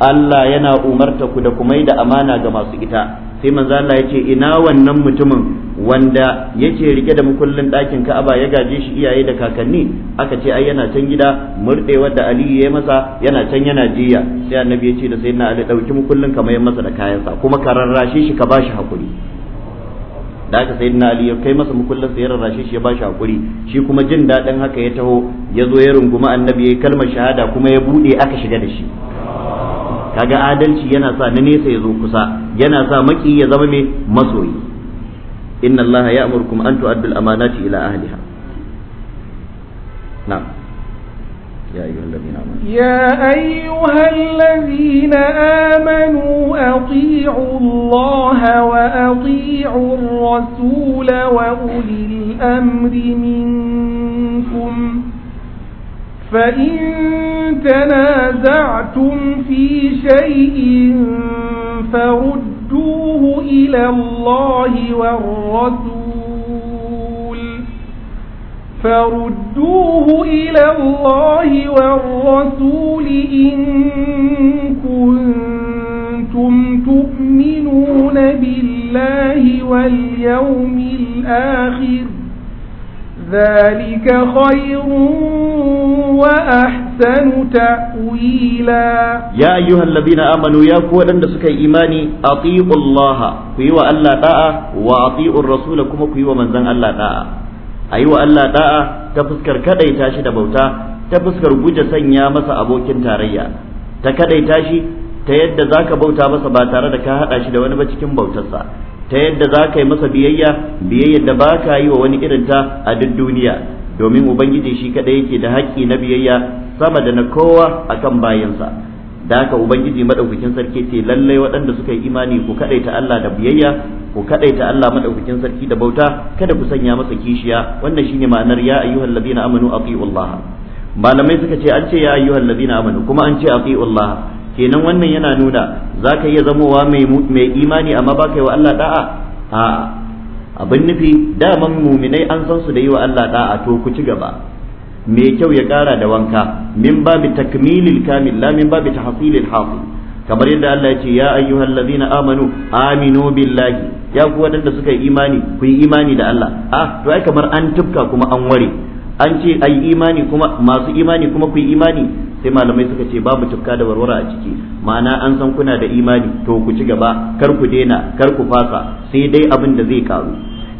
Allah yana umarta ku da ku mai da amana ga masu ita sai manzo Allah ya ce ina wannan mutumin wanda yake rike da mukullin ɗakin Ka'aba ya gaje shi iyaye da kakanni aka ce ai yana can gida murde da Ali ya masa yana can yana jiya sai annabi ya ce da sayyidina Ali dauki mukullin ka mai masa da kayansa kuma ka rarrashe shi ka bashi hakuri da aka sayyidina Ali ya kai masa mukullin sa ya rarrashe shi ya bashi hakuri shi kuma jin dadin haka ya taho ya zo ya runguma annabi ya kalmar shahada kuma ya bude aka shiga da shi kaga adalci yana sa na nesa ya zo kusa yana sa maki ya zama mai masoyi inna allaha ya'murukum an tu'addu al-amanati ila ahliha na'am يا أيها الذين آمنوا يا أيها الذين آمنوا أطيعوا الله وأطيعوا الرسول وأولي الأمر منكم فإن تنازعتم في شيء فردوه إلى الله والرسول فردوه إلى الله والرسول إن كنتم تؤمنون بالله واليوم الآخر ذلك خير وأحسن تأويلا يا أيها الذين آمنوا يا كولا سكي إيماني أطيعوا الله كيوا ألا داء وأطيعوا الرسول كما كيوا من زن ألا داء أيوا ألا داء تفسكر كدي تاشي دبوتا تفسكر بوجة سنيا مسا أبوكين تاريا تكدي تاشي ta yadda za ka bauta masa ba tare da ka haɗa shi da wani ba cikin bautarsa ta yadda za ka yi masa biyayya biyayyar da ba ka yi wa wani irin ta a duk duniya domin ubangiji shi kadai yake da haƙƙi na biyayya sama da na kowa a kan bayansa da haka ubangiji maɗaukakin sarki ce lallai waɗanda suka yi imani ku ta Allah da biyayya ku ta Allah maɗaukakin sarki da bauta kada ku sanya masa kishiya wannan shine ma'anar ya ladina amanu atiullaha malamai suka ce an ce ya ladina amanu kuma an ce atiullaha kenan wannan yana nuna za ka iya zamowa mai imani amma ba ka yi wa Allah da'a a abin nufi daman muminai an san su da yi wa Allah da'a to ku ci gaba mai kyau ya kara da wanka min babi takmilil kamil la min babi tahsilil hafi kamar yadda Allah ya ce ya ayyuhallazina amanu aminu billahi ya ku wadanda suka yi imani ku yi imani da Allah ah to ai kamar an tufka kuma an ware an ce ai imani kuma masu imani kuma ku yi imani sai malamai suka ce babu tukka da warwara a ciki ma'ana an san kuna da imani to ku ci gaba kar ku daina kar ku fasa sai dai abin da zai karu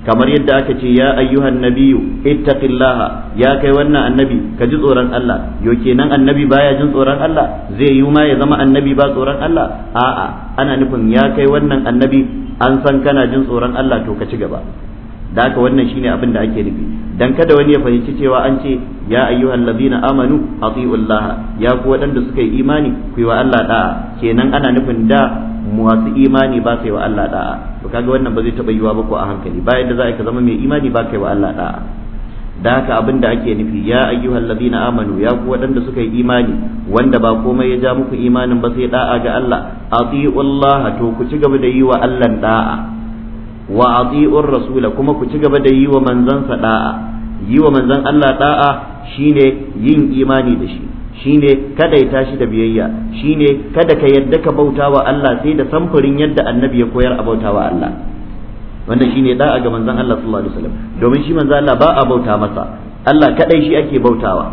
kamar yadda aka ce ya ayyuhan nabiyyu ittaqillaha ya kai wannan annabi ka ji tsoron Allah yo kenan annabi baya jin tsoron Allah zai yi ma ya zama annabi ba tsoron Allah a'a ana nufin ya kai wannan annabi an san kana jin tsoron Allah to ka ci gaba da haka wannan shine abin da ake nufi dan kada wani ya fahimci cewa an ce ya ayyuhal ladina amanu atiullaha ya ku waɗanda suka yi imani ku yi wa Allah da'a kenan ana nufin da masu imani ba kai wa Allah da'a to kaga wannan ba zai taba yiwa ba ko a hankali bayan da za ka zama mai imani ba kai wa Allah da'a da haka abin da ake nufi ya ayyuhal ladina amanu ya ku waɗanda suka yi imani wanda ba komai ya ja muku imanin ba sai da'a ga Allah atiullaha to ku ci gaba da yi wa Allah da'a wa ati'ur rasula kuma ku ci gaba da yi wa manzansa da'a yi wa manzan Allah da'a shine yin imani da shi shine kada ya tashi da biyayya shine kada ka yadda ka bauta wa Allah sai da samfurin yadda annabi ya koyar a bauta wa Allah wannan shine da'a ga manzan Allah sallallahu alaihi wasallam domin shi manzan Allah ba a bauta masa Allah kadai shi ake bautawa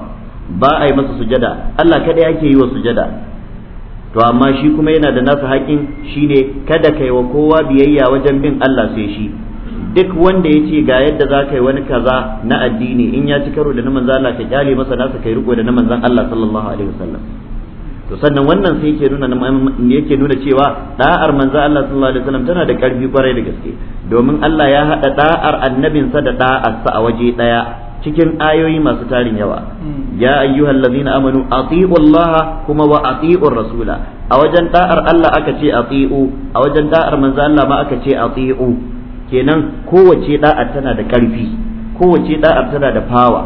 ba a yi masa sujada Allah kadai ake yi wa sujada to amma shi kuma yana da nasa haƙin ne kada kai wa kowa biyayya wajen bin Allah sai shi duk wanda ya ce ga yadda za ka yi wani kaza na addini in ya ci karo da na manzan Allah ka kyale masa nasa kai riko da na manzan Allah sallallahu alaihi wasallam to sannan wannan sai yake nuna yake nuna cewa da'ar manzo Allah sallallahu alaihi wasallam tana da karfi kwarai da gaske domin Allah ya hada da'ar annabinsa da da'arsa a waje daya cikin ayoyi masu tarin yawa hmm. ya ayyuhal ladzina amanu atiiu Allah kuma wa atiiu rasula a wajen da'ar Allah aka ce atiiu a wajen da'ar manzo Allah ma aka ce atiiu kenan kowace da'a tana da karfi kowace da'a tana da fawa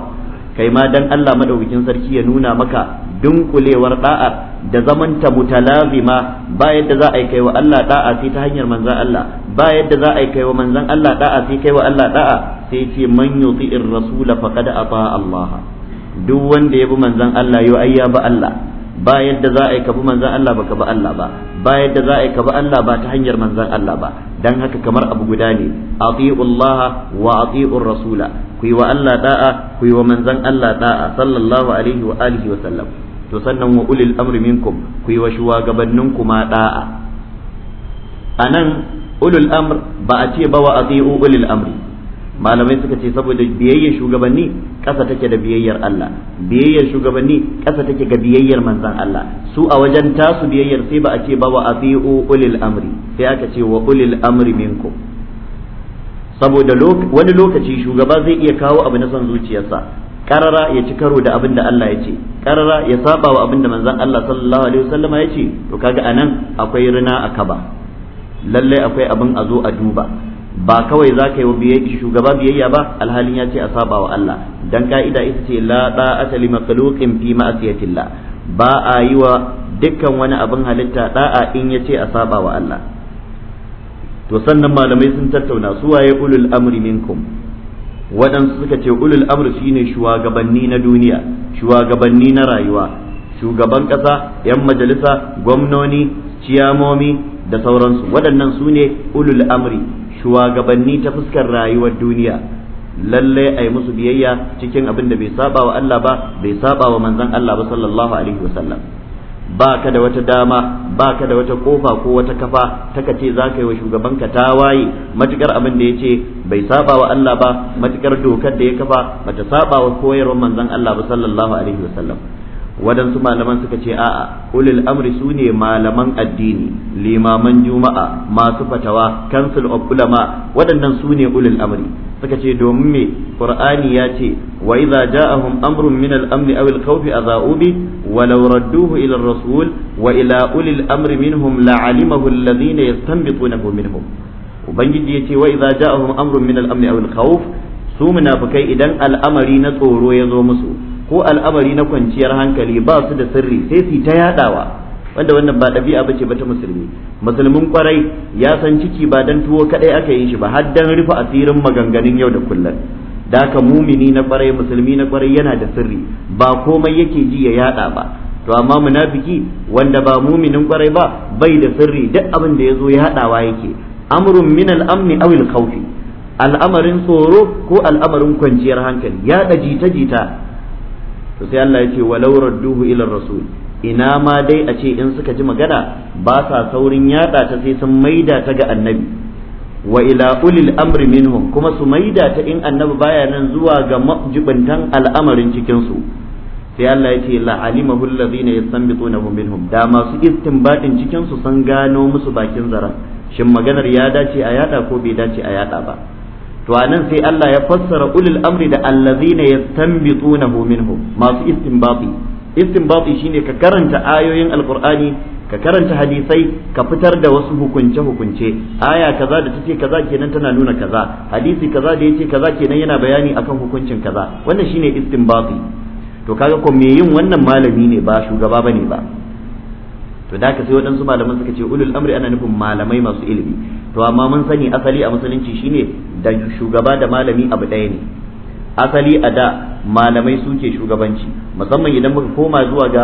kai ma dan Allah madaukakin sarki ya nuna maka dunkulewar da'a da zamanta mutalazima ba yadda za a kai kaiwa Allah da'a sai ta hanyar manzo Allah ba yadda za a kai kaiwa manzan Allah da'a sai kaiwa Allah da'a sai ce man yuti'ir rasul faqad ata Allah duk wanda ya bi manzon Allah yo ai ya bi Allah ba yadda za a yi ka bi manzon Allah baka bi Allah ba ba yadda za a yi ka bi Allah ba ta hanyar manzon Allah ba dan haka kamar abu guda ne ati'u Allah wa ati'u rasula ku yi wa Allah da'a ku yi wa manzon Allah da'a sallallahu alaihi wa alihi wa sallam to sannan wa ulil amri minkum ku yi wa shugabanninku ma da'a anan ulul amr ba a ce ba wa ati'u ulil amri malamai suka ce saboda biyayyar shugabanni ƙasa take da biyayyar Allah biyayyar shugabanni ƙasa take ga biyayyar manzan Allah su a wajen tasu biyayyar sai ba a ce ba wa afi'u ulil amri sai aka ce wa ulil amri minku. saboda wani lokaci shugaba zai iya kawo abu na son zuciyarsa karara ya ci karo da abinda da Allah ya ce karara ya saba wa abin da manzan Allah sallallahu alaihi wasallama ya ce to kaga anan akwai rina a kaba lallai akwai abin a zo a duba ba kawai za ka yi shugaba biyayya ba alhalin ya ce a saba wa Allah dan ka'ida ita ce la da asali makhluqin fi ma'siyatillah ba a yi wa dukkan wani abin halitta da'a in ya ce a saba wa Allah to sannan malamai sun tattauna su waye ulul amri minkum waɗansu suka ce ulul amri shine shugabanni na duniya shugabanni na rayuwa shugaban ƙasa 'yan majalisa gwamnoni ciyamomi da sauransu waɗannan su ne ulul amri shugabanni ta fuskar rayuwar duniya lallai a ai musu biyayya cikin abin da bai saba wa Allah ba bai saba wa manzon Allah ba sallallahu alaihi wasallam ba ka da wata dama ba ka da wata kofa ko wata kafa taka ce za ka yi wa shugabanka tawaye matukar abin da ya ce bai saba wa Allah ba matukar dokar da ya kafa bata saba wa koyarwar manzon Allah ba sallallahu alaihi wasallam waɗansu malaman suka ce a'a ulil amri su ne malaman addini limaman juma'a masu fatawa council of ulama waɗannan su ne ulil amri suka ce domin me qur'ani ya ce wa idza ja'ahum amrun min al-amn aw al-khawf adha'u bi wa radduhu ila ar-rasul wa ila ulil amri minhum la'alimahu alladhina yastanbitunahu minhum ubangiji ya ce wa idza ja'ahum amrun min al-amn aw al-khawf su munafikai idan al'amari na tsoro ya zo musu ko al'amari na kwanciyar hankali ba su da sirri sai su ta yadawa wanda wannan ba ɗabi'a ba ce ba ta musulmi musulmin kwarai ya san ciki ba dan tuwo kadai aka yi shi ba har dan rufe asirin maganganun yau da kullum da haka mumini na kwarai musulmi na kwarai yana da sirri ba komai yake ji ya yada ba to amma munafiki wanda ba muminin kwarai ba bai da sirri duk abin da ya zo ya hadawa yake amrun min al amn aw al khawf al'amarin tsoro ko al'amarin kwanciyar hankali ya jita jita to sai Allah ya ce walau radduhu ila rasul ina ma dai a ce in suka ji magana ba sa saurin yada ta sai sun maida ta ga annabi wa ila ulil amri minhum kuma su maida ta in annabi baya nan zuwa ga majibantan al'amarin cikin su sai Allah ya ce la'alimahu alladhina yastanbitunahu minhum da masu istinbatin cikin su san gano musu bakin zaran shin maganar ya dace a yada ko bai dace a yada ba to anan sai Allah ya fassara ulul amri da allazina yastanbitunahu minhum masu istinbati istinbati shine ka karanta ayoyin alqur'ani ka karanta hadisai ka fitar da wasu hukunce hukunce aya kaza da tace kaza kenan tana nuna kaza hadisi kaza da yace kaza kenan yana bayani akan hukuncin kaza wannan shine istinbati to kaga ko me yin wannan malami ne ba shugaba bane ba to da ka sai waɗansu malaman suka ce ulul amri ana nufin malamai masu ilimi to amma mun sani asali a musulunci shine da shugaba da malami abu ɗaya ne asali a da malamai suke shugabanci musamman idan muka koma zuwa ga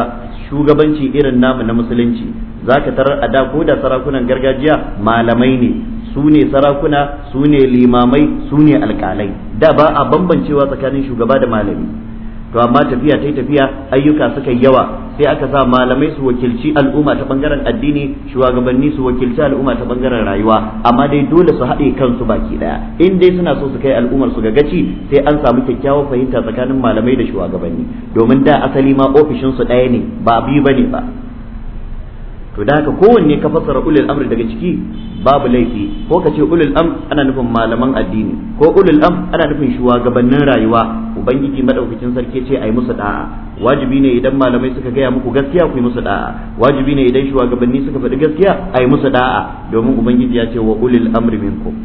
shugabanci irin namu na musulunci zaka tarar a da ko da sarakunan gargajiya malamai ne su ne sarakuna su ne limamai su ne alƙalai da ba a bambancewa tsakanin shugaba da malami to amma tafiya ta yi tafiya ayyuka suka yawa sai aka sa malamai su wakilci al'umma ta bangaren addini shugabanni su wakilci al'umma ta bangaren rayuwa amma dai dole su haɗe kansu baki daya in dai suna so su kai al'ummar su ga gaci sai an samu kyakkyawar fahimta tsakanin malamai da shugabanni domin da asali ma ofishin su ɗaya ne ba biyu bane ba to da haka kowanne ka fassara ulul amr daga ciki babu laifi ko ka ce ulul am ana nufin malaman addini ko ulul am ana nufin shugabannin rayuwa ubangiji madaukakin sarki ce ai musu da'a wajibi ne idan malamai suka gaya muku gaskiya ku yi musu da'a wajibi ne idan shugabanni suka faɗi gaskiya ai musu da'a domin ubangiji ya ce wa ulul amri minkum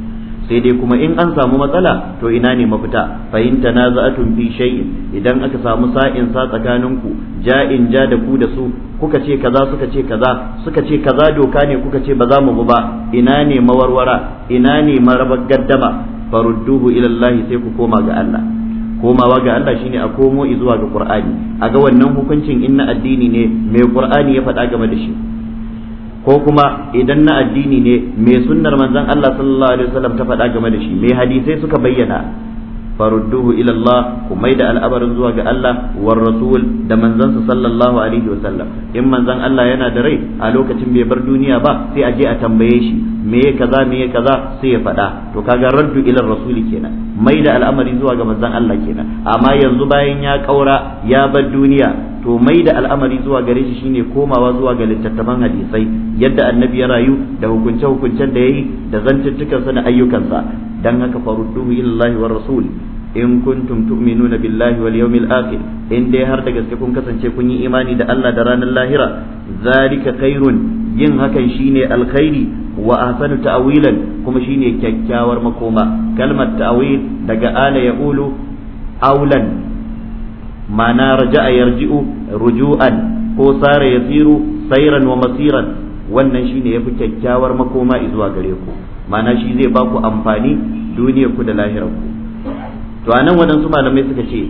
sai dai kuma in an samu matsala to ina ne mafita fahimta na za'atun fi shayi idan aka samu sa'in sa tsakaninku ja'in ja da ku da su kuka ce kaza suka ce kaza suka ce kaza doka ne kuka ce ba za mu ba ina ne mawarwara ina ne marabar gaddama farudduhu ila Allah sai ku koma ga Allah komawa ga Allah shine a komo zuwa ga Qur'ani a ga wannan hukuncin inna addini ne mai Qur'ani ya faɗa game da shi ko kuma idan na addini ne mai sunnar manzon Allah sallallahu alaihi wasallam ta faɗa game da shi mai hadisai suka bayyana farudduhu ila Allah ku maida al'amarin zuwa ga Allah war rasul da manzansa sallallahu alaihi wa sallam in manzan Allah yana da rai a lokacin bai bar duniya ba sai a je a tambaye shi ya kaza ya kaza sai ya faɗa to kaga raddu ila rasuli kenan maida al'amari zuwa ga manzan Allah kenan amma yanzu bayan ya kaura ya bar duniya to mai da al'amari zuwa gare shi shine komawa zuwa ga littattafan hadisai yadda annabi ya rayu da hukunce hukuncen da yayi da zantuttukansa da ayyukansa dan haka farudduhu ilallahi wa rasul in kuntum tu'minuna billahi wal yawmil akhir in dai har da gaske kun kasance kun yi imani da Allah da ranar lahira zalika khairun yin hakan shine alkhairi wa ahsanu ta'wilan kuma shine kyakkyawar makoma kalmar ta'wil daga ala ya'ulu aulan ma'ana raja'a yarji'u ruju'an ko sara yasiru sairan wa masiran wannan shine yafi kyakkyawar makoma zuwa gare ku ma'ana shi zai ba ku amfani duniyar ku da lahirar ku to anan waɗansu malamai suka ce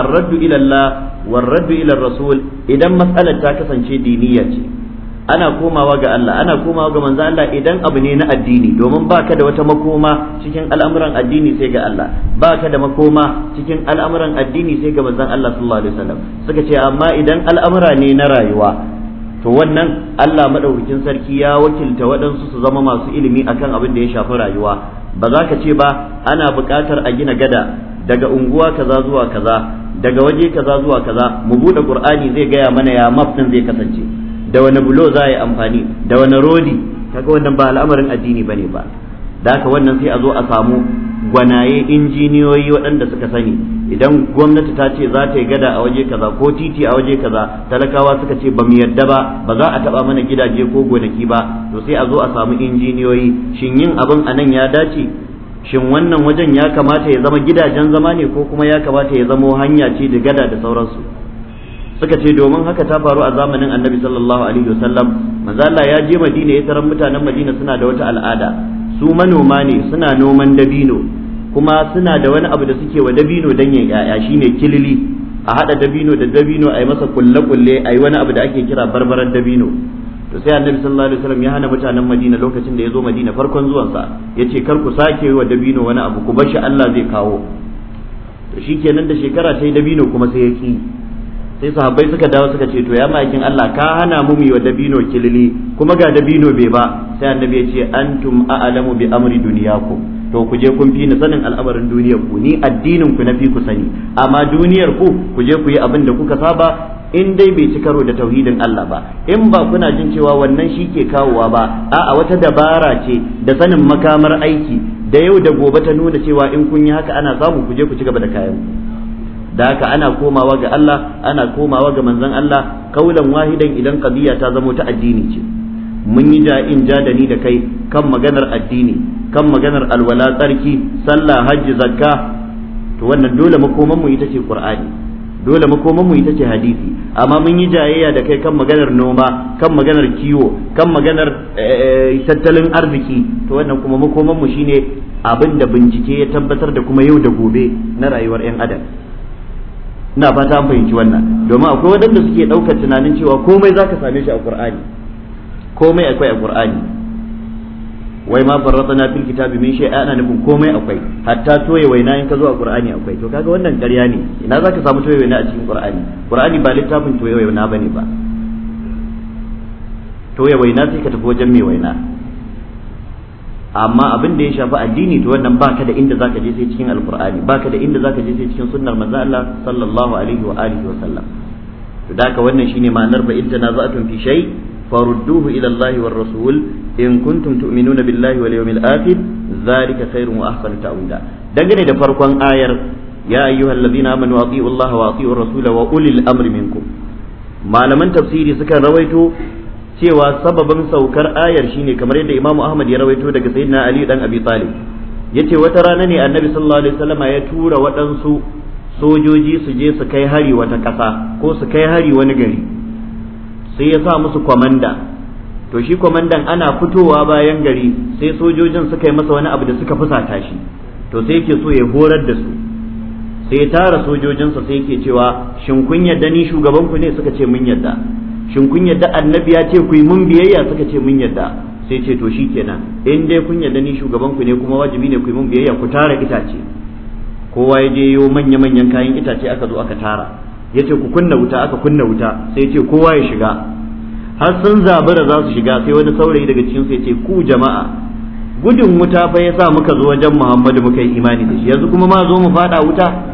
ar-raddu ila Allah war raddu ila rasul idan matsalar ta kasance diniya ce ana komawa ga Allah ana komawa ga manzo Allah idan abu ne na addini domin baka da wata makoma cikin al'amuran addini sai ga Allah baka da makoma cikin al'amuran addini sai ga manzo Allah sallallahu alaihi wasallam suka ce amma idan al'amura ne na rayuwa to wannan Allah madaukakin sarki ya wakilta waɗansu su zama masu ilimi akan abin da ya shafi rayuwa ba za ka ce ba ana buƙatar a gina gada daga unguwa kaza zuwa kaza daga waje kaza zuwa kaza mu buɗe qur'ani zai gaya mana ya map din zai kasance da wani bulo za a yi amfani da wani rodi kaga wannan ba al'amarin addini bane ba da haka wannan sai a zo a samu gwanaye injiniyoyi waɗanda suka sani idan gwamnati ta ce za ta yi gada a waje kaza ko titi a waje kaza talakawa suka ce ba mu yadda ba ba za a taɓa mana gidaje ko gonaki ba to sai a zo a samu injiniyoyi shin yin abin a nan ya dace shin wannan wajen ya kamata ya zama gidajen zama ne ko kuma ya kamata ya zama hanya ce da gada da sauransu suka ce domin haka ta faru a zamanin annabi sallallahu alaihi wasallam manzo Allah ya je Madina ya tarar mutanen Madina suna da wata al'ada su manoma ne suna noman dabino kuma suna da wani abu da suke wa dabino dan yin yaya shine kilili a hada dabino da dabino a masa kulle kulle a wani abu da ake kira barbaran dabino to sai annabi sallallahu alaihi wasallam ya hana mutanen Madina lokacin da ya zo Madina farkon zuwan zuwansa yace kar ku sake wa dabino wani abu ku bar shi Allah zai kawo to shikenan da shekara ta yi dabino kuma sai ya ki sai sahabbai suka dawo suka ce to ya ma'aikin Allah ka hana mu wa dabino kilili kuma ga dabino bai ba sai annabi ya ce antum a'lamu bi amri duniyakum to ku je kun fi ni sanin al'amarin duniyar ku ni addinin ku na fi ku sani amma duniyar ku ku je ku yi abin da kuka saba in dai bai ci karo da tauhidin Allah ba in ba kuna jin cewa wannan shi ke kawowa ba a'a wata dabara ce da sanin makamar aiki da yau da gobe ta nuna cewa in kun yi haka ana samu ku je ku ci gaba da kayan ku da haka ana komawa ga Allah ana komawa ga manzon Allah kaulan wahidan idan qadiya ta zamo ta addini ce mun yi ja'in jadani da kai kan maganar addini kan maganar alwala tsarki sallah hajji zakka to wannan dole makoman mu ita ce qur'ani dole makoman mu ita ce hadisi amma mun yi jayayya da kai kan maganar noma kan maganar kiwo kan maganar eh, eh, tattalin arziki to wannan kuma makoman mu shine abin da bincike ya tabbatar da kuma yau da gobe na rayuwar yan adam ina fata an fahimci wannan domin akwai waɗanda suke ɗaukar tunanin cewa komai zaka same shi a ƙur'ani komai akwai a ƙur'ani wai ma na fil kitabi min shay'a ana nufin komai akwai hatta toye waina in ka zo a ƙur'ani akwai to kaga wannan ƙarya ne ina zaka samu toye waina a cikin ƙur'ani ƙur'ani ba littafin toye waina bane ba toye waina sai ka tafi wajen mai waina amma abin da ya shafi addini to wannan baka da inda zaka je sai cikin alqur'ani baka da inda zaka je sai cikin sunnar manzo Allah sallallahu alaihi wa alihi wa sallam to daka wannan shine ma'anar ba in tanaza'tum fi shay farudduhu ila Allah war rasul in kuntum tu'minuna billahi wal yawmil akhir zalika khairun wa ahsanu ta'wila dangane da farkon ayar ya ayyuhallazina amanu atiiu Allah wa atiiu ar-rasul wa ulil amri minkum malaman tafsiri suka rawaito cewa sababin saukar ayar shine kamar yadda Imam Ahmad ya rawaito daga Sayyidina Ali dan Abi Talib yace wata rana ne Annabi sallallahu alaihi wasallama ya tura waɗansu sojoji su je su kai hari wata ƙasa ko su kai hari wani gari sai ya sa musu kwamanda to shi kwamandan ana fitowa bayan gari sai sojojin suka yi masa wani abu da suka fusata shi to sai yake so ya horar da su sai ya tara sojojinsa sai yake cewa shin kun yarda ni shugabanku ne suka ce mun yarda shin kun yadda annabi ya ce ku yi mun biyayya suka ce mun yadda sai ce to shikenan in dai kun yadda ni shugaban ku ne kuma wajibi ne ku yi mun biyayya ku tara itace kowa ya je yo manya manyan kayan itace aka zo aka tara ya ce ku kunna wuta aka kunna wuta sai ce kowa ya shiga har sun da za su shiga sai wani saurayi daga cikin sai ya ce ku jama'a gudun wuta fa yasa muka zo wajen Muhammadu muka yi imani da shi yanzu kuma ma zo mu faɗa wuta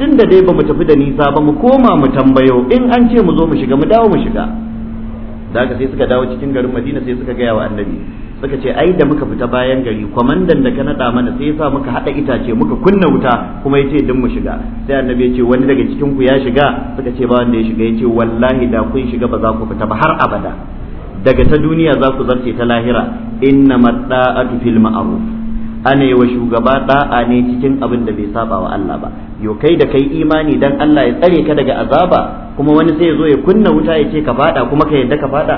tun da dai ba mu tafi da nisa ba mu koma mu tambayo in an ce mu zo mu shiga mu dawo mu shiga da haka sai suka dawo cikin garin madina sai suka gaya wa annabi suka ce ai da muka fita bayan gari kwamandan da ka naɗa mana sai yasa muka haɗa itace muka kunna wuta kuma ya ce din mu shiga sai annabi ya ce wani daga cikin ku ya shiga suka ce ba wanda ya shiga yace wallahi da kun shiga ba za ku fita ba har abada daga ta duniya za ku zarce ta lahira inna da'atu fil ma'ruf ana wa shugaba da'a ne cikin abin da bai saba wa Allah ba yo kai da kai imani dan Allah ya tsare ka daga azaba kuma wani sai ya zo ya kunna wuta ya ce ka fada kuma ka yadda ka fada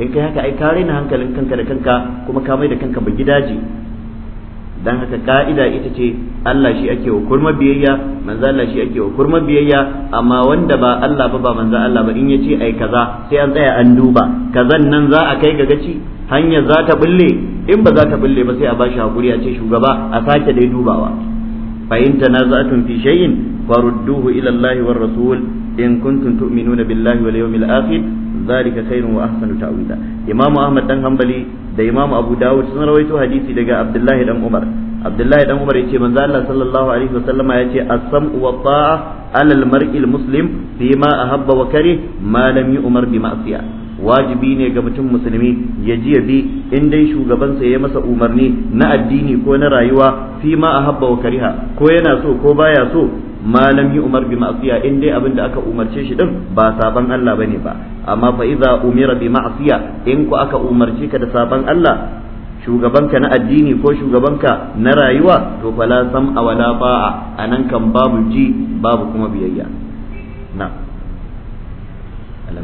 in kai haka ai ka raina hankalin kanka da kanka kuma ka mai da kanka ba gidaje dan haka ka'ida ita ce Allah shi ake wa kurma biyayya manzo Allah shi ake wa kurma biyayya amma wanda ba Allah ba ba manzo Allah ba in yace ai kaza sai an tsaya an duba kazan nan za a kai ga gaci hanyar za ta bulle in ba za ta bulle ba sai a bashi hakuri a ce shugaba a sake dai dubawa fa in tanaza'tum fi shay'in farudduhu ila Allah war rasul in kuntum tu'minuna billahi wal yawmil akhir zalika khairun wa ahsanu ta'wila imam ahmad dan hanbali da imam abu dawud sun rawaito hadisi daga abdullahi dan umar abdullahi dan umar yace manzo Allah sallallahu alaihi wasallama yace as-sam'u wa ta'a ala al-mar'il muslim bima ahabba wa kari ma lam yu'mar bi ma'siyah wajibi ne ga mutum musulmi ya ji ya bi in dai shugabansa ya masa umarni na addini ko na rayuwa fi ma ahabba wa kariha ko yana so ko baya so malam yi umar bi ma'asiya in dai abin da aka umarce shi din ba saban Allah bane ba amma fa iza umira bi ma'asiya in ku aka umarce ka da saban Allah shugabanka na addini ko shugabanka na rayuwa to fala sam awala ba'a anan kan babu ji babu kuma biyayya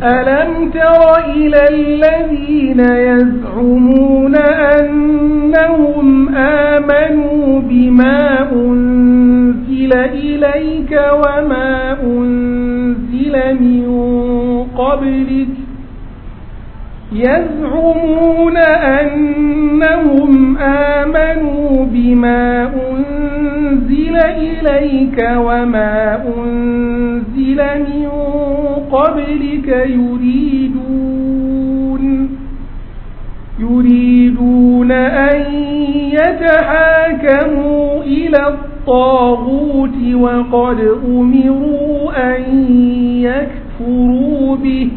ألم تر إلى الذين يزعمون أنهم آمنوا بما أنزل إليك وما أنزل من قبلك يزعمون أنهم آمنوا بما أنزل إليك وما أنزل من قبلك يريدون يريدون أن يتحاكموا إلى الطاغوت وقد أمروا أن يكفروا به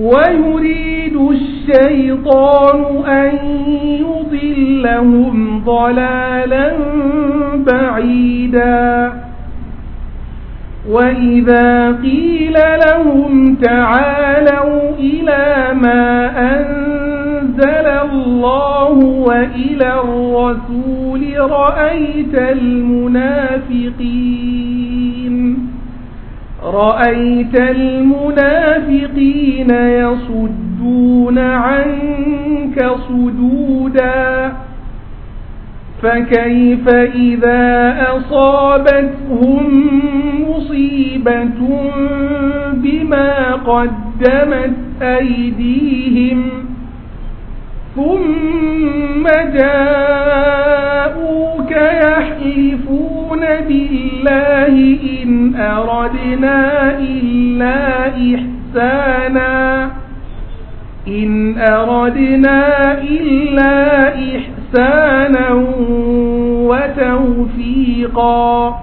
ويريد يريد الشيطان أن يضلهم ضلالا بعيدا وإذا قيل لهم تعالوا إلى ما أنزل الله وإلى الرسول رأيت المنافقين رأيت المنافقين يصدون يصدون عنك صدودا فكيف إذا أصابتهم مصيبة بما قدمت أيديهم ثم جاءوك يحلفون بالله إن أردنا إلا إحسانا إن أردنا إلا إحسانا وتوفيقا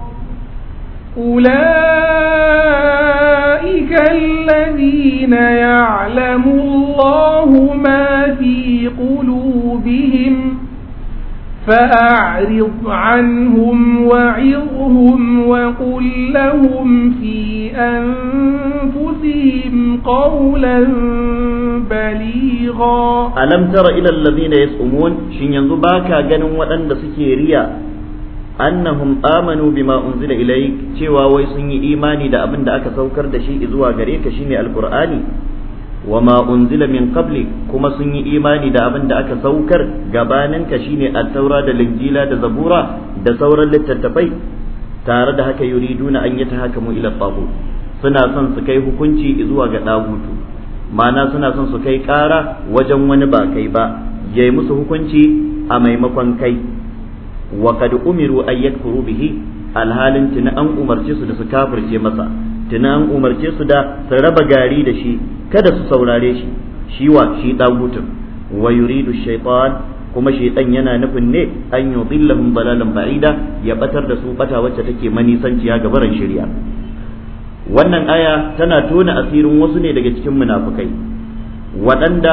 أولئك الذين يعلم الله ما في قلوبهم فأعرض عنهم وعظهم وقل لهم في أنفسهم قولا بليغا ألم تر إلى الذين يسأمون شن ينزباك جنوا وأن سكيريا annahum amanu bima unzila ilayk cewa wai sun yi imani da abin da aka saukar da shi zuwa gareka shine alqur'ani Wa ma'unzila min public kuma sun yi imani da abin da aka saukar gabaninka shine a taura da lingila da zabura da sauran littattafai? Tare da haka ya ridu na anyi ta haka mu'ilin baku? Suna son su kai hukunci zuwa ga ɗab'utu, ma'ana suna son su kai ƙara wajen wani ba-kai ba. Yai musu hukunci a maimakon kai? Wakaduumar umiru furu-bihi, alhaluncini an umarci su da su farce masa. tuna an umarce su da su raba gari da shi kada su saurare shi shi wa shi dagutun wa yuridu shaytan kuma shaytan yana nufin ne an yudillahum balalan ba'ida ya batar da su bata wacce take manisanciya ga barin shari'a wannan aya tana tona asirin wasu ne daga cikin munafukai waɗanda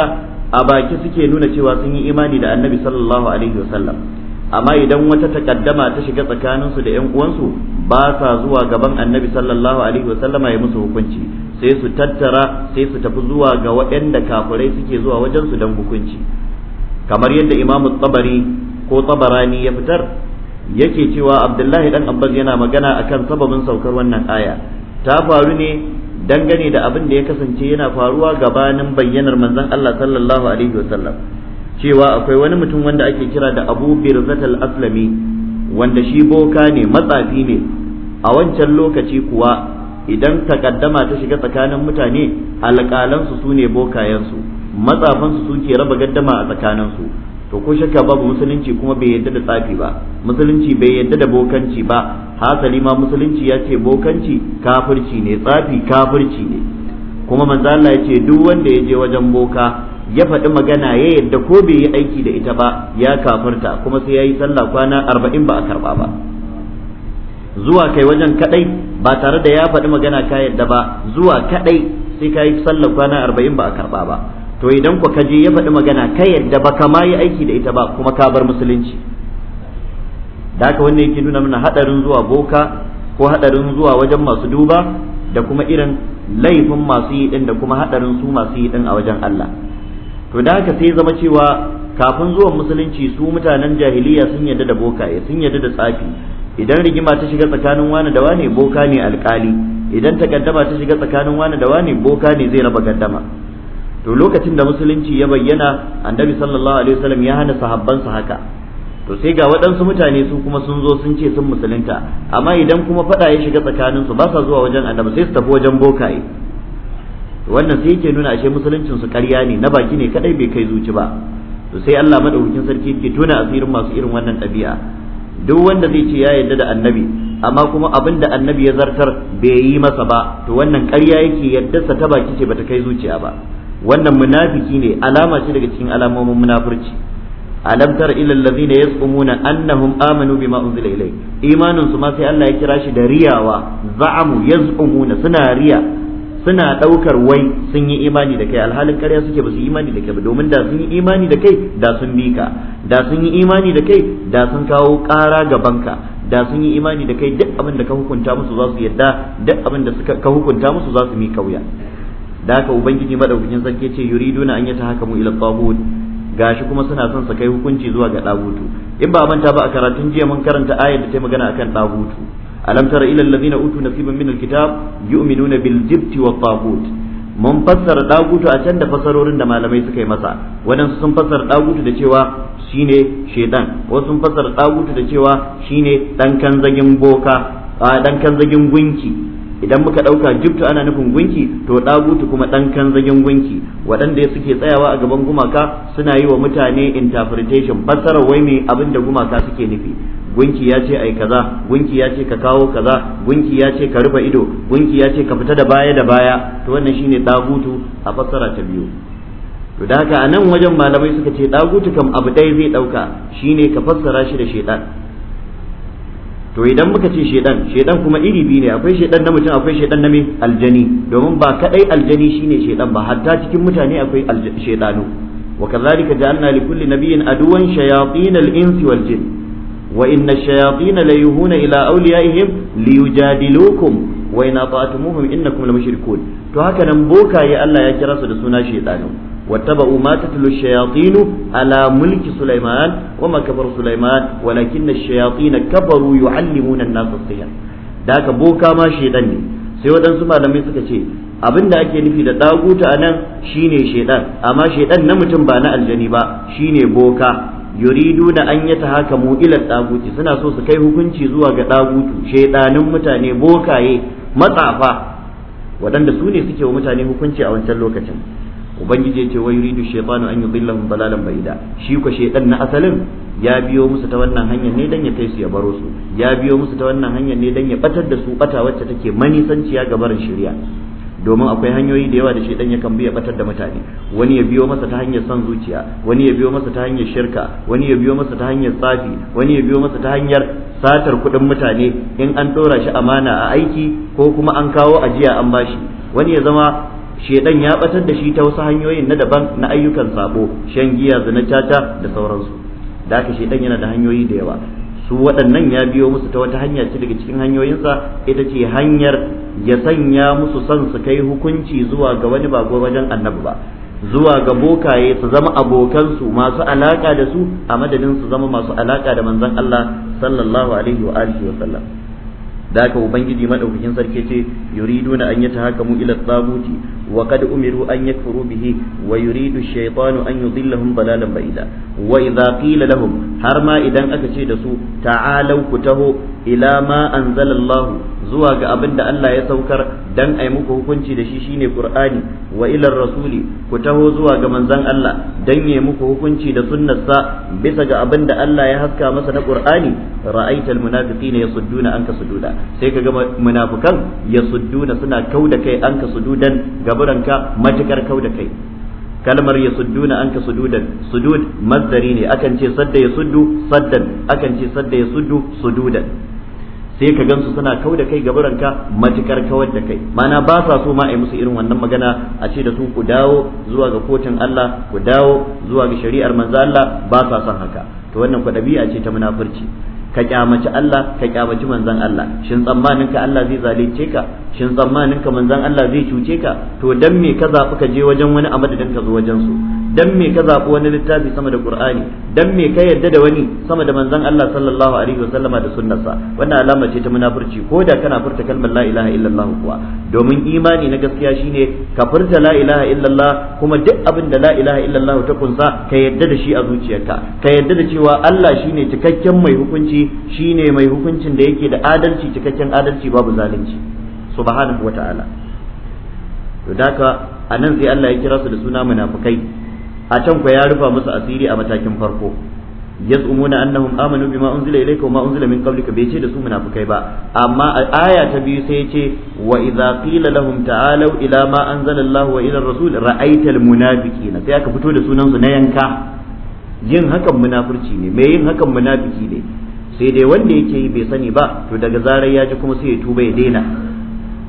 a baki suke nuna cewa sun yi imani da annabi sallallahu alaihi wasallam amma idan wata takaddama ta shiga tsakaninsu da 'yan uwansu ba sa zuwa gaban annabi sallallahu alaihi wasallama ya musu hukunci sai su tattara sai su tafi zuwa ga waɗanda kafirai suke zuwa wajen su dan hukunci kamar yadda imamu tsabari ko tsabarani ya fitar yake cewa abdullahi dan abbas yana magana akan sababin saukar wannan aya ta faru ne dangane da abin da ya kasance yana faruwa gabanin bayyanar manzon allah sallallahu alaihi wasallam cewa akwai wani mutum wanda ake kira da abu birzat al-aslami wanda shi boka ne matsafi ne a wancan lokaci kuwa idan takaddama ta shiga tsakanin mutane alƙalansu su ne bokayensu matsafansu su ke raba gaddama a tsakaninsu to ko shakka babu musulunci kuma bai yadda da tsafi ba musulunci bai yadda da bokanci ba hasali ma musulunci ya ce bokanci kafirci ne tsafi kafirci ne kuma manzo Allah ya ce duk wanda ya je wajen boka ya faɗi magana ya yadda ko bai yi aiki da ita ba ya kafarta kuma sai ya yi sallah kwana arba'in ba a karɓa ba zuwa kai wajen kaɗai ba tare da ya faɗi magana ka yadda ba zuwa kaɗai sai ka yi sallah kwana arba'in ba a karɓa ba to idan ku je ya faɗi magana ka yadda ba ka ma yi aiki da ita ba kuma ka bar musulunci da haka wannan yake nuna mana haɗarin zuwa boka ko haɗarin zuwa wajen masu duba da kuma irin laifin masu yi ɗin da kuma haɗarin su masu yi ɗin a wajen Allah to da haka sai zama cewa kafin zuwan musulunci su mutanen jahiliya sun yarda da bokaye sun yadda da tsafi idan rigima ta shiga tsakanin wani da wani boka ne alkali idan takaddama ta shiga tsakanin wani da wani boka ne zai raba gaddama to lokacin da musulunci ya bayyana annabi sallallahu alaihi wasallam ya hana sahabbansa haka to sai ga waɗansu mutane su kuma sun zo sun ce sun musulunta amma idan kuma faɗa ya shiga tsakaninsu ba sa zuwa wajen annabi sai su tafi wajen bokaye wannan sai yake nuna ashe musuluncin su ƙarya ne na baki ne kadai bai kai zuci ba to sai Allah madaukakin sarki yake tona asirin masu irin wannan ɗabi'a duk wanda zai ce ya yarda da annabi amma kuma abin da annabi ya zartar bai yi masa ba to wannan ƙarya yake sa ta baki ce bata kai zuciya ba wannan munafiki ne alama ce daga cikin alamomin munafurci alam tara ila allazina yasqumuna annahum amanu bima unzila ilayk imanun su ma sai Allah ya kira shi da riyawa za'amu yazqumuna suna riya suna ɗaukar wai sun yi imani da kai alhalin ƙarya suke ba su imani da kai ba domin da sun yi imani da kai da sun bi ka da sun yi imani da kai da sun kawo ƙara ga banka da sun yi imani da kai duk abin da ka hukunta musu za su yadda duk abin da ka hukunta musu za su mi kauya da haka ubangiji madaukakin sarki ce yuridu na an yata mu ila tabut gashi kuma suna son su kai hukunci zuwa ga dagutu in ba manta ba a karatun jiya mun karanta ayar da ta magana akan dagutu alam tara ila alladhina utu nasiban min alkitab yu'minuna bil jibti wat tagut mun fassara dagutu a can da fasarorin da malamai suka yi masa wadansu sun fassara dagutu da cewa shine shedan wasu sun fassara dagutu da cewa shine dan kanzagin boka dan kanzagin gunki idan muka ɗauka jibtu ana nufin gunki to ɗagutu kuma ɗan kanzagin gunki waɗanda suke tsayawa a gaban gumaka suna yi wa mutane interpretation fassarar wai me abin da gumaka suke nufi gunki ya ce ai kaza gunki ya ce ka kawo kaza gunki ya ce ka rufe ido gunki ya ce ka fita da baya da baya to wannan shine dagutu a fassara ta biyu to da haka anan wajen malamai suka ce dagutu kam abu ɗaya zai ɗauka shine ka fassara shi da shaidan. to idan muka ce shaidan shaidan kuma iri biyu ne akwai shaidan na mutum akwai shaidan na mai aljani domin ba kadai aljani shine shaidan ba hatta cikin mutane akwai shedanu wa kazalika ja'alna li kulli nabiyyin aduwan shayatin al-insi wal jinn wa inna shayatin la yuhuna ila awliyaihim liyujadilukum wa in ata'tumuhum innakum lamushrikun to haka nan bokaye Allah ya kira su da suna shaytanu واتبعوا ما تتلو الشياطين على ملك سليمان وما كفر سليمان ولكن الشياطين كفروا يعلمون الناس السحر ذاك بوكا ما شيطان ne sai waɗansu malamai suka ce abin da ake nufi da ɗaguta a nan shine shaidan amma shaidan na mutum ba na aljani ba shine boka yuridu na an ta haka mu ilal ɗaguti suna so su kai hukunci zuwa ga ɗagutu shaidanin mutane bokaye matsafa waɗanda su ne suke wa mutane hukunci a wancan lokacin ubangiji ce wai yuridu shaytanu an yudillahum balalan baida shi ko shaytan na asalin ya biyo musu ta wannan hanyar ne dan ya kai su ya baro su ya biyo musu ta wannan hanyar ne dan ya batar da su bata wacce take manisanciya ga barin shari'a domin akwai hanyoyi da yawa da shi dan kan bi ya batar da mutane wani ya biyo masa ta hanyar son zuciya wani ya biyo masa ta hanyar shirka wani ya biyo masa ta hanyar tsafi wani ya biyo masa ta hanyar satar kuɗin mutane in an ɗora shi amana a aiki ko kuma an kawo ajiya an bashi wani ya zama shedan ya batar da shi ta wasu hanyoyin na daban na ayyukan sabo shan giya zina tata da sauransu da haka shedan yana da hanyoyi da yawa su waɗannan ya biyo musu ta wata hanya ce daga cikin hanyoyinsa ita ce hanyar ya sanya musu son su kai hukunci zuwa ga wani ba wajen annabi ba zuwa ga bokaye su zama abokansu masu alaka da su a madadin su zama masu alaka da manzon Allah sallallahu alaihi wa alihi wa sallam da haka ubangiji madaukakin sarki ce na an mu ila taguti wa kad umiru an furu bihi wa yuridu shaytanu an yudillahum dalalan ba'ida wa idza qila lahum har ma idan aka ce da su ta'alau ku taho ila ma anzalallahu zuwa ga abin da Allah ya saukar dan ai muku hukunci da shi shine Qur'ani wa ilar rasuli ku taho zuwa ga manzon Allah dan ya muku hukunci da sunnarsa bisa ga abin da Allah ya haska masa na Qur'ani ra'aital munafiqina yasudduna anka sududa sai ga munafikan yasudduna suna kauda kai anka sududan gaburanka matakar kauda kai kalmar ya sudduna anka sududan sudud mazdari ne akan ce sadda ya suddu saddan akan ce sadda ya suddu sududan sai ka gansu suna kau da kai gabaranka matukar kawar da kai mana ba sa so ma a yi musu irin wannan magana a ce da su ku dawo zuwa ga kotun Allah ku dawo zuwa ga shari'ar manzo Allah ba sa son haka to wannan ku dabi'a ce ta munafurci ka kyamaci Allah ka kyamaci manzon Allah shin tsammanin ka Allah zai zalunce ka shin tsammanin ka manzon Allah zai cuce ka to dan me ka zafi ka je wajen wani a madadin ka zo wajen su dan me ka zaɓi wani littafi sama da qur'ani dan me ka yadda da wani sama da manzon Allah sallallahu alaihi wasallama da sunnarsa wannan alama ce ta munafurci ko da kana furta kalmar la ilaha illallah kuwa domin imani na gaskiya shine ka furta la ilaha illallah kuma duk abin da la ilaha illallah ta kunsa ka yadda da shi a zuciyarka ka yadda da cewa Allah shine cikakken mai hukunci shine mai hukuncin da yake da adalci cikakken adalci babu zalunci subhanahu wata'ala to daka anan sai Allah ya kira su da suna munafukai a can ya rufa musu asiri a matakin farko yas'umuna annahum amanu bima unzila ilayka wa ma unzila min qablika bai ce da su munafikai ba amma aya ta biyu sai ce wa idza qila lahum ta'alu ila ma anzala Allah wa ila rasul ra'aital munafiqina sai aka fito da sunan su na yanka yin hakan munafurci ne me yin hakan munafiki ne sai dai wanda yake yi bai sani ba to daga zarar ya ji kuma sai ya tuba ya daina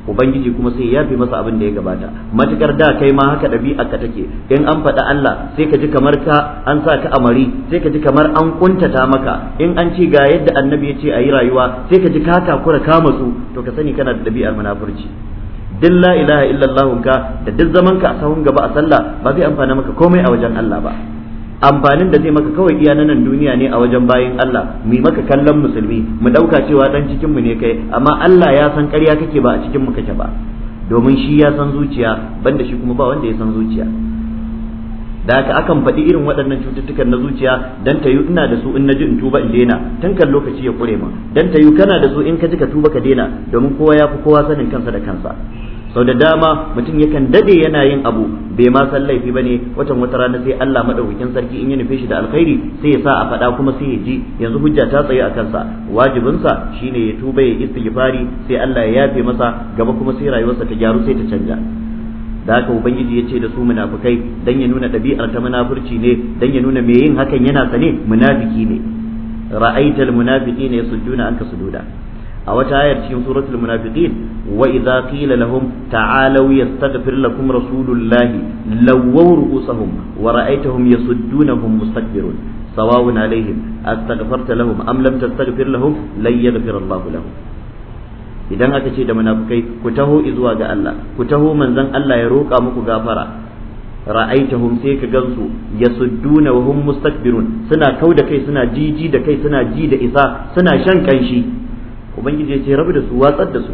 ubangiji kuma sai ya fi masa abin da ya gabata matukar da kai ma haka ɗabi'a ka take in an faɗa Allah sai ka ji kamar ka an sa ka amari sai ka ji kamar an kuntata maka in an ce ga yadda annabi ya ce a yi rayuwa sai ka ji ka takura ka masu to ka sani kana da ɗabi'ar munafurci duk la ilaha illallah ka da duk zaman ka a sahun gaba a sallah ba zai amfana maka komai a wajen Allah ba amfanin da zai maka kawai iya nan duniya ne a wajen bayin Allah mu maka kallon musulmi mu dauka cewa dan cikin mu ne kai amma Allah ya san ƙarya kake ba a cikin mu kake ba domin shi ya san zuciya banda shi kuma ba wanda ya san zuciya da haka akan faɗi irin waɗannan cututtukan na zuciya dan tayu ina da su in naji in tuba in daina tun kan lokaci ya kure mu, dan tayu kana da su in ka ji ka tuba ka daina domin kowa ya fi kowa sanin kansa da kansa sau da dama mutum yakan dade yana yin abu bai ma san laifi ba ne watan wata rana sai Allah madaukakin sarki in ya nufe shi da alkhairi sai ya sa a faɗa kuma sai ya ji yanzu hujja ta tsaye a kansa wajibinsa shine ya tuba ya istighfari sai Allah ya yafe masa gaba kuma sai rayuwarsa ta gyaru sai ta canja da haka ubangiji ya ce da su munafukai dan ya nuna ɗabi'ar ta munafurci ne dan ya nuna me yin hakan yana sane munafiki ne ra'aital munafiqina yasudduna anka sujuda a wata ayar cikin suratul munafiqin wa idza qila lahum ta'alu yastaghfir lakum rasulullahi lawaw ru'usahum wa ra'aytahum yasuddunahum mustakbirun sawa'un alaihim astaghfarta lahum am lam tastaghfir lahum lan yaghfir Allahu lahum idan aka ce da munafikai ku taho zuwa ga Allah ku taho manzon Allah ya roƙa muku gafara ra'aitahum sai ka gansu yasudduna wa hum mustakbirun suna kauda kai suna jiji da kai suna ji da isa suna shan kanshi ubangiji ce rabu da su watsar da su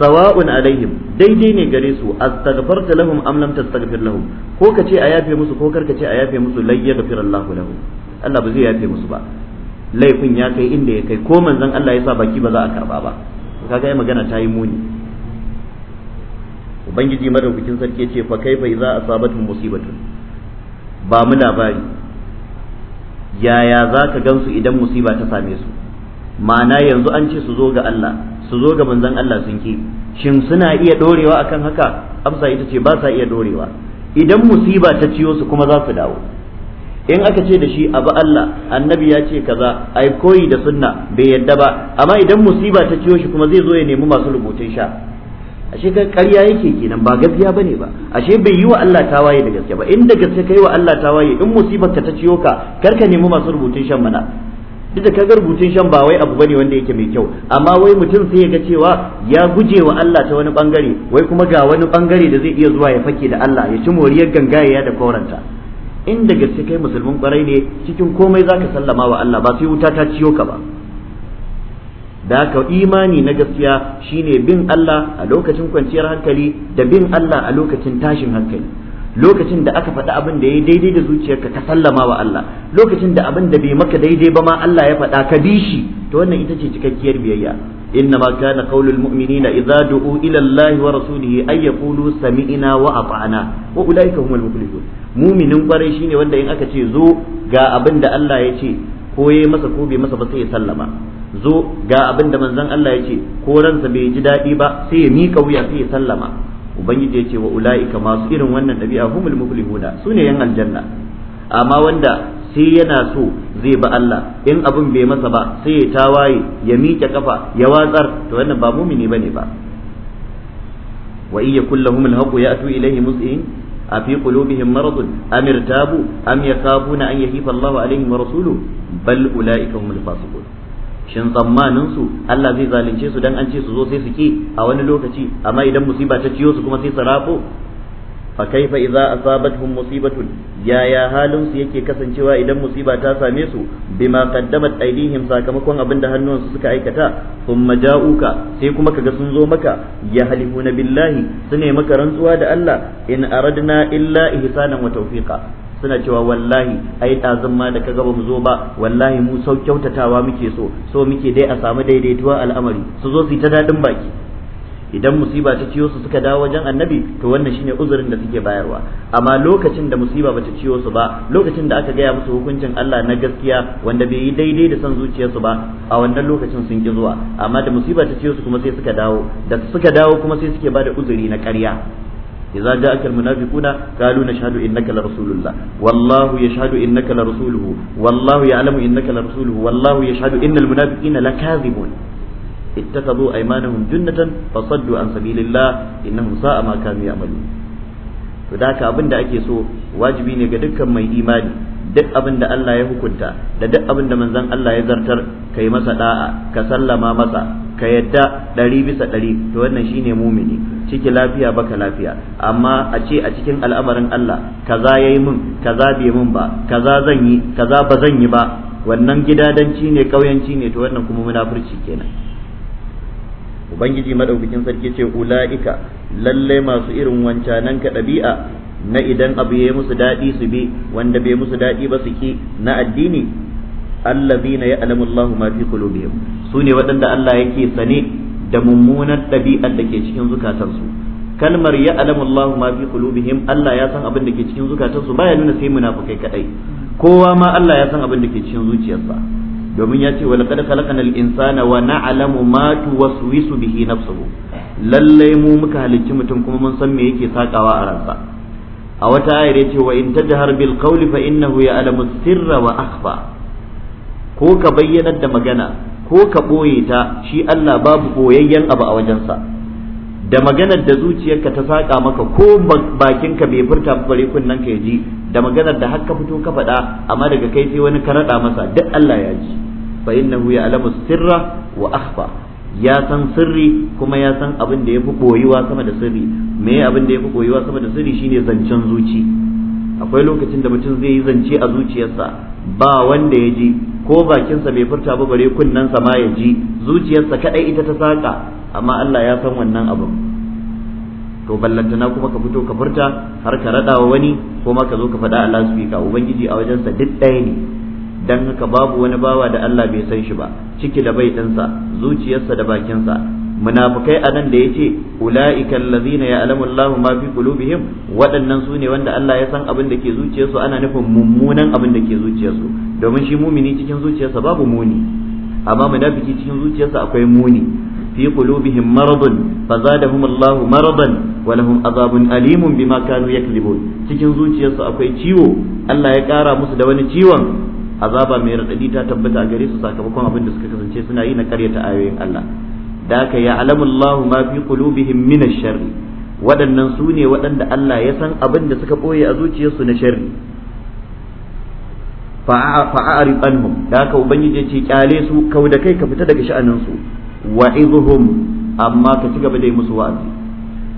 sawa'un alaihim daidai ne gare su astaghfarta lahum am lam tastaghfir lahum ko ka ce a yafe musu ko karka ce a yafe musu lai yaghfir Allahu lahu Allah ba zai yafe musu ba laifin ya kai inda ya kai ko manzon Allah ya sa baki ba za a karba ba kaga ai magana ta yi muni ubangiji madaukakin sarki ce fa kaifa idza asabatu musibatun ba mu labari yaya za ka gansu idan musiba ta same su ma'ana yanzu an ce su zo ga Allah su zo ga manzon Allah sun ke shin suna iya dorewa akan haka amsa ita ce ba sa iya dorewa idan musiba ta ciyo su kuma za su dawo in aka ce da shi abu Allah annabi ya ce kaza ai koyi da sunna bai yadda ba amma idan musiba ta ciyo shi kuma zai zo ya nemi masu rubutun sha ashe ka ƙarya yake kenan ba gaskiya bane ba ashe bai yi wa Allah tawaye da gaske ba in da gaske kai wa Allah tawaye in musibar ka ta ciyo ka kar ka nemi masu rubutun shan mana ita da ga rubutun shan ba wai abu bane wanda yake mai kyau amma wai mutum sai ya ga cewa ya guje wa Allah ta wani bangare wai kuma ga wani bangare da zai iya zuwa ya fake da Allah ya ci moriyar gangayaya da koranta in da gaske kai musulmin kwarai ne cikin komai zaka sallama wa Allah ba sai wuta ta ciyo ka ba da ka imani na gaskiya shine bin Allah a lokacin kwanciyar hankali da bin Allah a lokacin tashin hankali lokacin da aka faɗi abin da ya yi daidai da zuciyarka ka sallama wa Allah lokacin da abin da bai maka daidai ba ma Allah ya faɗa ka bi shi to wannan ita ce cikakkiyar biyayya inna ma kana qaulul mu'minina idza du'u ila Allah wa rasulihi ay yaqulu sami'na wa ata'na wa ulaika humul muflihun mu'minin kwarai shine wanda in aka ce zo ga abin da Allah ya ce ko yayi masa ko bai masa ba sai ya sallama zo ga abin da manzon Allah ya ce ko ransa bai ji daɗi ba sai ya miƙa wuya sai ya sallama ubangiji ce wa ulaika masu irin wannan dabi'a humul muflihuna sune yan aljanna amma wanda sai yana so zai ba Allah in abin bai masa ba sai ya tawaye ya miƙe kafa ya watsar to wannan ba mumini bane ba wa iya kullahum alhaqu ya'tu ilayhi mus'in a fi qulubihim marad am irtabu am yakhafuna an yahifa Allahu alaihim wa rasuluhu bal ulaika humul fasiqun shin tsammanin su Allah zai zalunce su dan an ce su zo sai su ki a wani lokaci amma idan musiba ta ciyo su kuma sai su rafo fa kaifa idza asabatuhum musibatun yaya halin su yake kasancewa idan musiba ta same su bima qaddamat aydihim sakamakon abin da su suka aikata thumma ja'uka sai kuma kaga sun zo maka ya na billahi sune maka rantsuwa da Allah in aradna illa ihsanan wa tawfiqa suna cewa wallahi ai ɗazun ma da kaga mu zo ba wallahi mu sau kyautatawa muke so so muke dai a samu daidaituwa al'amari su zo su yi ta daɗin baki idan musiba ta ciyo su suka dawo wajen annabi to wannan shine uzurin da suke bayarwa amma lokacin da musiba bata ciyo su ba lokacin da aka gaya musu hukuncin Allah na gaskiya wanda bai yi daidai da son zuciyarsu ba a wannan lokacin sun ki zuwa amma da musiba ta ciyo su kuma sai suka dawo da suka dawo kuma sai suke bada uzuri na ƙarya idza ja'aka almunafiquna qalu nashhadu innaka la rasulullah wallahu yashhadu innaka la rasuluhu wallahu ya'lamu innaka la rasuluhu wallahu yashhadu innal اتخذوا أيمانهم جنة فصدوا عن سبيل الله إنهم ساء ما كانوا يعملون to da haka abin da ake so wajibi ne ga dukkan mai imani duk abin da Allah ya hukunta da duk abin da manzon Allah ya zartar ka yi masa da'a ka sallama masa ka yadda ɗari bisa ɗari to wannan shine mumini ciki lafiya baka lafiya amma a ce a cikin al'amarin Allah kaza yayi mun kaza bai mun ba kaza zan yi kaza ba zan yi ba wannan gidadanci ne kauyanci ne to wannan kuma munafurci kenan ubangiji madaukakin sarki ce ula'ika lallai masu irin wancanan ka ɗabi'a na idan abu ya musu daɗi su bi wanda bai musu daɗi ba su ki na addini allazina ya'lamu Allahu ma fi qulubihim sune waɗanda Allah yake sane da mummunar ɗabi'ar da ke cikin zukatansu kalmar ya alamu Allah ma fi qulubihim Allah ya san abin da ke cikin zukatansu baya nuna sai munafukai kadai kowa ma Allah ya san abin da ke cikin zuciyarsa domin ya ce wa laqad khalaqana al-insana wa na'lamu ma tuwaswisu bihi nafsuhu lallai mu muka halicci mutum kuma mun san me yake sakawa a ransa a wata ayar yace wa in tajhar bil qawli fa innahu ya'lamu sirra wa akhfa ko ka bayyanar da magana ko ka ɓoye ta shi Allah babu ɓoyayyen abu a wajensa da maganar da zuciyarka ta saƙa maka ko bakinka bai furta bare kunnen ka ji da maganar da ka fito ka faɗa amma daga kai sai wani ka raɗa masa duk Allah ya ji fa innahu ya'lamu sirra wa akhfa ya san sirri kuma ya san abin da yafi boyuwa sama da sirri me abin da yafi boyuwa sama da sirri shine zancen zuci akwai lokacin da mutum zai yi zance a zuciyarsa ba wanda ya ji ko bakinsa bai furta ba bare kunnensa ma ya ji zuciyarsa kadai ita ta saka amma Allah ya san wannan abin to ballantana kuma ka fito ka furta har ka rada wa wani ko ma ka zo ka faɗa a lasfika ubangiji a wajensa duk ɗaya ne dan haka babu wani bawa da Allah bai san shi ba ciki da bai ɗinsa zuciyarsa da bakinsa a anan da yace ulaika allazina alamun lahu ma fi qulubihim waɗannan su ne wanda Allah ya san abin da ke zuciyarsu ana nufin mummunan abin da ke zuciyarsu domin shi mumini cikin zuciyarsa babu muni amma munafiki cikin zuciyarsa akwai muni fi qulubihim maradun fazadahum Allahu maradan wa lahum azabun alimun bima kanu yakzibun cikin zuciyarsu akwai ciwo Allah ya ƙara musu da wani ciwon azaba mai raɗaɗi ta tabbata a gare su sakamakon abin da suka kasance suna yi na ta ayoyin Allah da ya alamullahu ma fi qulubihim min ash waɗannan su ne waɗanda Allah ya san abin da suka ɓoye a zuciyarsu na sharri fa'a'arif anhum da haka ubangiji ce kyale su kau da kai ka fita daga sha'anin su wa'idhum amma ka ci gaba da musu wa'azi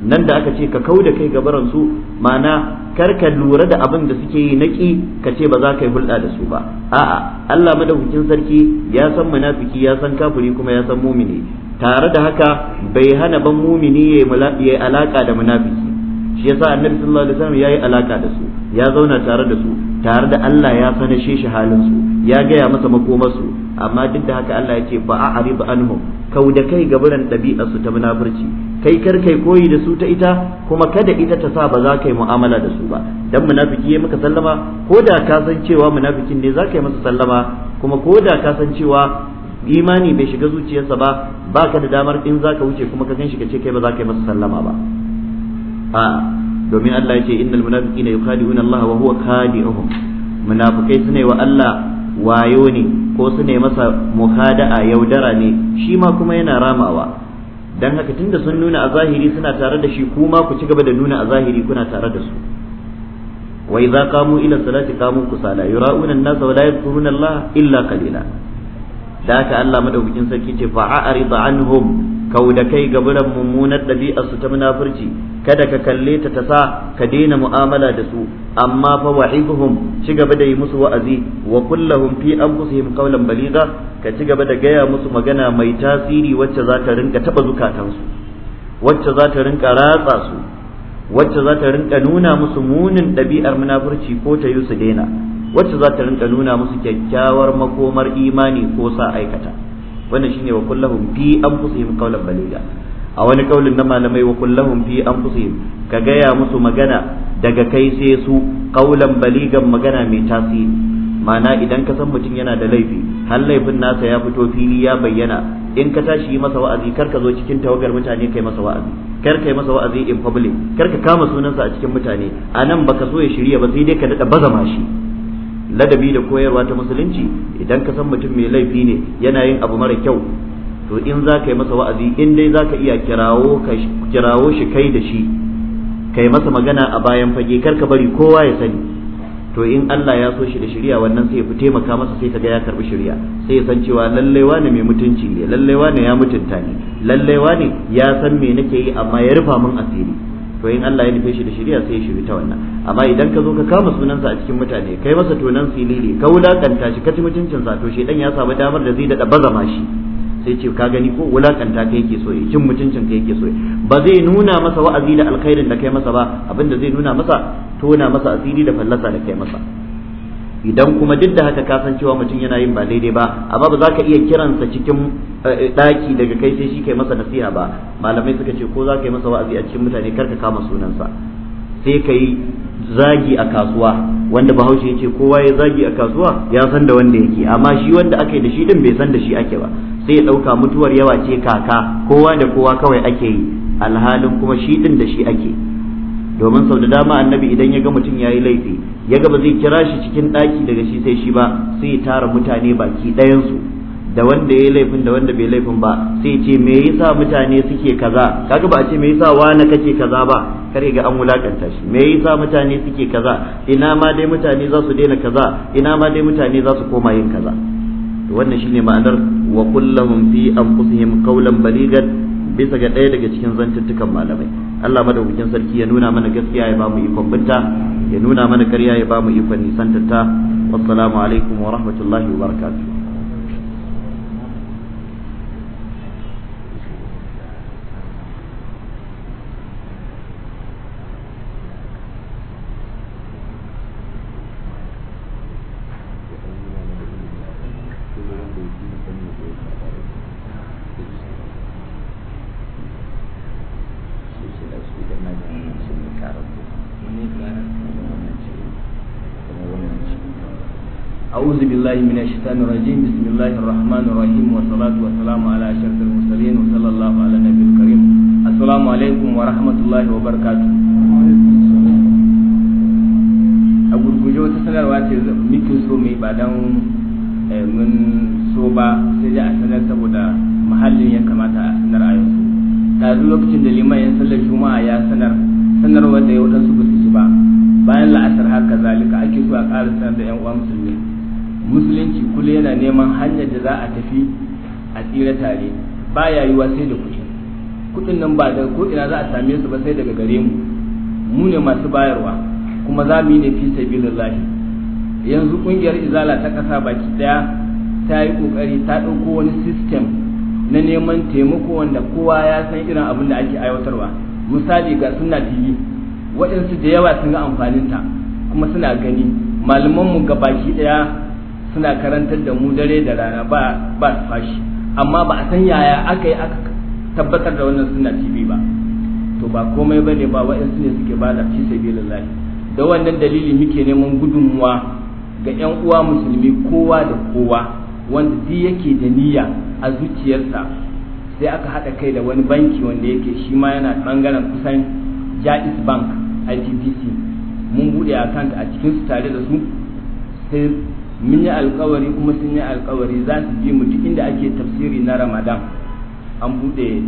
nan da aka ce ka kau da kai gabaran su ma'ana kar ka lura da abin da suke yi naki ka ce ba za ka yi hulɗa da su ba a'a Allah madaukakin sarki ya san munafiki ya san kafiri kuma ya san mumini tare da haka bai hana ban mumini yi alaka da munafiki shi yasa annabi sallallahu alaihi wasallam yayi alaka da su ya zauna tare da su tare da Allah ya sanashe shi halin su ya gaya masa makomarsu amma duk da haka Allah yake ba aribu anhum kau da kai gaburan ɗabi'a su ta munafurci kai kar kai koyi da su ta ita kuma kada ita ta sa ba za ka yi mu'amala da su ba dan munafiki yayi maka sallama ko da ka san cewa munafikin ne za ka yi masa sallama kuma ko da ka san cewa imani bai shiga zuciyarsa ba baka da damar in zaka wuce kuma ka ganshi ka ce kai ba za ka yi masa sallama ba a domin Allah ya ce innal munafiqina yukhadi'una Allah wa huwa khadi'uhum munafikai sune wa Allah wayo ne ko sune masa mukhada'a yaudara ne shi ma kuma yana ramawa dan haka tunda sun nuna a zahiri suna tare da shi kuma ku ci gaba da nuna a zahiri kuna tare da su wa idza qamu ila salati qamu kusala yura'una an-nasa wa la yadhkuruna Allah illa qalila da haka Allah madaukakin sarki ce fa a'rid anhum kauda kai gaburan mummunar ɗabi'ar su ta munafurci kada ka kalle ta ta sa ka daina mu'amala da su amma fa wa'ibuhum ci gaba da yi musu wa'azi wa kullahum fi anfusihim qawlan baliga ka ci gaba da gaya musu magana mai tasiri wacce za ta rinka taba zukatansu wacce za ta rinka ratsa su wacce za ta rinka nuna musu munin ɗabi'ar munafurci ko ta yi su daina wacce za ta rinka nuna musu kyakkyawar makomar imani ko sa aikata wannan shine wa kullahum fi anfusihim qawlan baliga a wani kaulin na malamai wa kullahum fi anfusihim ka gaya musu magana daga kai sai su qawlan baligan magana mai tasiri mana idan ka san mutum yana da laifi har laifin nasa ya fito fili ya bayyana in ka tashi yi masa wa'azi kar ka zo cikin tawagar mutane kai masa wa'azi kar kai masa wa'azi in public kar ka kama sunansa a cikin mutane anan baka so ya shirya ba sai dai ka daɗa bazama shi ladabi da koyarwa ta musulunci idan ka san mutum mai laifi ne yana yin abu mara kyau to in za ka yi masa wa'azi in dai za ka iya kirawo shi kai da shi ka yi masa magana a bayan fage kar ka bari kowa ya sani to in Allah ya so shi da shirya wannan sai ya fi taimaka masa sai ka ga ya karbi shirya sai ya san cewa lallai wane mai mutunci ne lallai wane ya mutunta ni lallai wane ya san me nake yi amma ya rufa min asiri to in Allah ya nufe shi da shari'a sai ya shiri ta wannan amma idan ka zo ka kama sunansa a cikin mutane kai masa tonan silili ka wulakanta shi ka ci mutuncin sa to shedan ya samu damar da zai dada zama shi sai ce ka gani ko wulakanta kai yake so cin mutuncin kai yake so ba zai nuna masa wa'azi da alkhairin da kai masa ba abinda zai nuna masa tona masa asiri da fallasa da kai masa idan kuma duk da haka kasan cewa mutum yana yin ba daidai ba amma ba za ka iya kiransa cikin daki eh, eh, daga kai sai shi kai masa nasiha ba malamai suka ce ko za ka yi masa wa'azi a cikin mutane ka kama sunansa sai ka yi zagi a kasuwa wanda bahaushe ya ce kowa ya zagi a kasuwa ya san da wanda yake amma shi wanda aka yi da shi din bai san da shi ake ba sai ya ɗauka mutuwar yawa ce kaka kowa da kowa kawai ake yi alhalin kuma shi din da shi ake domin sau da dama annabi idan ya ga mutum ya yi laifi ya ga zai kira shi cikin ɗaki daga shi sai shi ba sai tara mutane baki ɗayansu da wanda ya laifin da wanda bai laifin ba sai ce me yasa mutane suke kaza kaga ba a ce me yasa wani kake kaza ba kar ga an wulakanta shi me yasa mutane suke kaza ina ma dai mutane za su daina kaza ina ma dai mutane za su koma yin kaza wannan shine ma'anar wa kullahum fi anfusihim qawlan baligan bisa ga ɗaya daga cikin zantuttukan malamai Allah madaukakin sarki ya nuna mana gaskiya ya bamu ikon binta ya nuna mana karya ya bamu ikon nisantatta wassalamu alaikum wa rahmatullahi wa barakatuh بالله من الشيطان الرجيم بسم الله الرحمن a gurguje wata sanarwa ce muke so mai ba don eh, mun so ba sai dai a sanar saboda mahallin ya kamata a sanar a yanzu ɗazu lokacin da liman yan sallar juma'a ya sanar sanarwa da ya waɗansu ba su ba bayan la'asar haka zalika ake so a ƙara sanar da yan uwa musulmi musulunci kullum yana neman hanyar da za a tafi a tsira tare ba ya yi sai da kuɗi kuɗin nan ba daga ko ina za a same su ba sai daga gare mu mu ne masu bayarwa kuma za mu yi ne fi sabilillahi yanzu ƙungiyar izala ta ƙasa baki ɗaya ta yi ƙoƙari ta ɗauko wani system na neman taimako wanda kowa ya san irin abin da ake aiwatarwa misali ga suna tv waɗansu da yawa sun ga amfaninta kuma suna gani malamanmu ga baki ɗaya suna karantar da mu dare da rana ba ba fashi amma ba a san yaya aka yi aka tabbatar da wannan sunna TV ba to ba komai bane ba wa'ansu ne suke bada fi sabilillah da wannan dalili muke neman gudunmuwa ga yan uwa musulmi kowa da kowa wanda duk yake da niyya a zuciyarsa sai aka haɗa kai da wani banki wanda yake shi ma yana bangaren kusan Jaiz Bank ITBC mun buɗe account a cikinsu tare da su sai mun yi alkawari kuma sun yi alkawari za su je mu duk inda ake tafsiri na ramadan an bude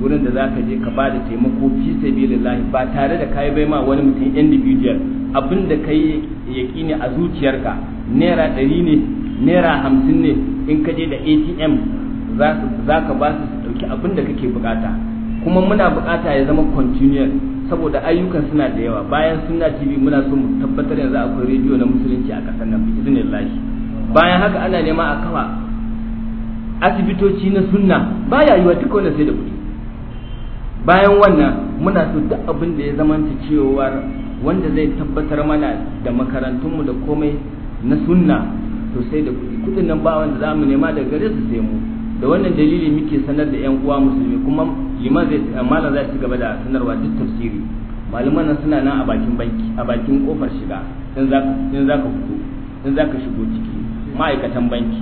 gurin da za ka je ka ba da taimako fi sabilillah ba tare da kayi bai ma wani mutum individual abin da kai yaƙini a zuciyarka naira ɗari ne naira hamsin ne in ka je da atm za ka ba su su ɗauki abin da kake bukata kuma muna bukata ya zama continuous saboda ayyukan suna da yawa bayan suna tv muna so mu tabbatar yanzu akwai rediyo na musulunci a kasar nan bi bayan haka ana nema a kawa asibitoci na sunna baya yiwa duka wanda sai da kuɗi bayan wannan muna so duk abin da ya zamanta cewar wanda zai tabbatar mana da makarantunmu da komai na sunna to sai da kuɗi kuɗin nan ba wanda za mu nema daga gare su sai mu da wannan dalili muke sanar da yan uwa musulmi kuma liman zai malam zai ci gaba da sanarwa duk tafsiri malaman nan suna nan a bakin banki a bakin kofar shiga in za in za ka fito in za ka shigo ciki ma'aikatan banki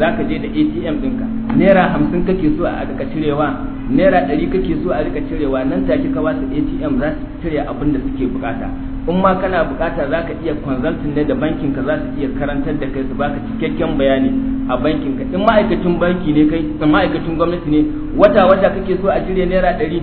za ka je da atm ɗinka naira hamsin kake so a rika cirewa naira ɗari kake so a rika cirewa nan take ka wasu atm za su cire abin da suke bukata in ma kana bukata za ka iya consulting ne da bankin ka za su iya karantar da kai su baka cikakken bayani a bankin ka in ma'aikacin banki ne kai in ma'aikacin gwamnati ne wata wata kake so a cire naira ɗari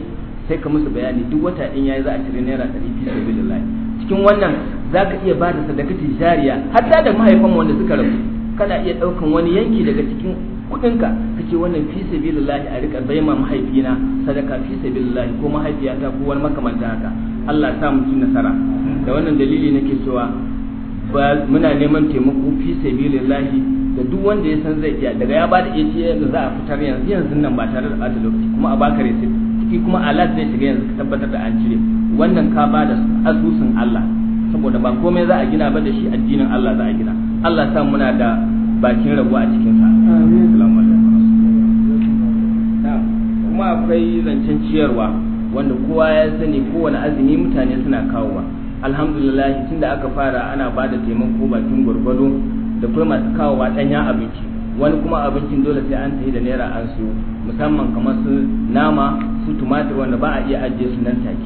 sai ka musu bayani duk wata in yayi za a cire naira ɗari biyu da billahi cikin wannan za ka iya bada da sadakati jariya hatta da mahaifan wanda suka rabu kana iya ɗaukan wani yanki daga cikin kuɗinka kace wannan fi sabilillahi a rika baima mahaifina sadaka fi sabilillahi ko mahaifiyata ko wani makamanta haka Allah sa mu ci nasara da wannan dalili nake cewa muna neman taimako fi sabilillahi da duk wanda ya san zai iya daga ya ba da ATM da za a fitar yanzu yanzu nan ba tare da ɓata lokaci kuma a baka receipt ciki kuma alat zai shiga yanzu ka tabbatar da an cire wannan ka ba da asusun Allah saboda ba komai za a gina ba da shi addinin Allah za a gina Allah sa muna da bakin rabu a cikin sa kuma akwai zancen ciyarwa wanda kowa ya sani kowane azumi mutane suna kawowa alhamdulillah tunda aka fara ana bada taimako bakin gwargwado da kuma masu kawo wa ɗanyen abinci wani kuma abincin dole sai an tafi da naira an siyo musamman kamar su nama su tumatir wanda ba a iya ajiye su nan take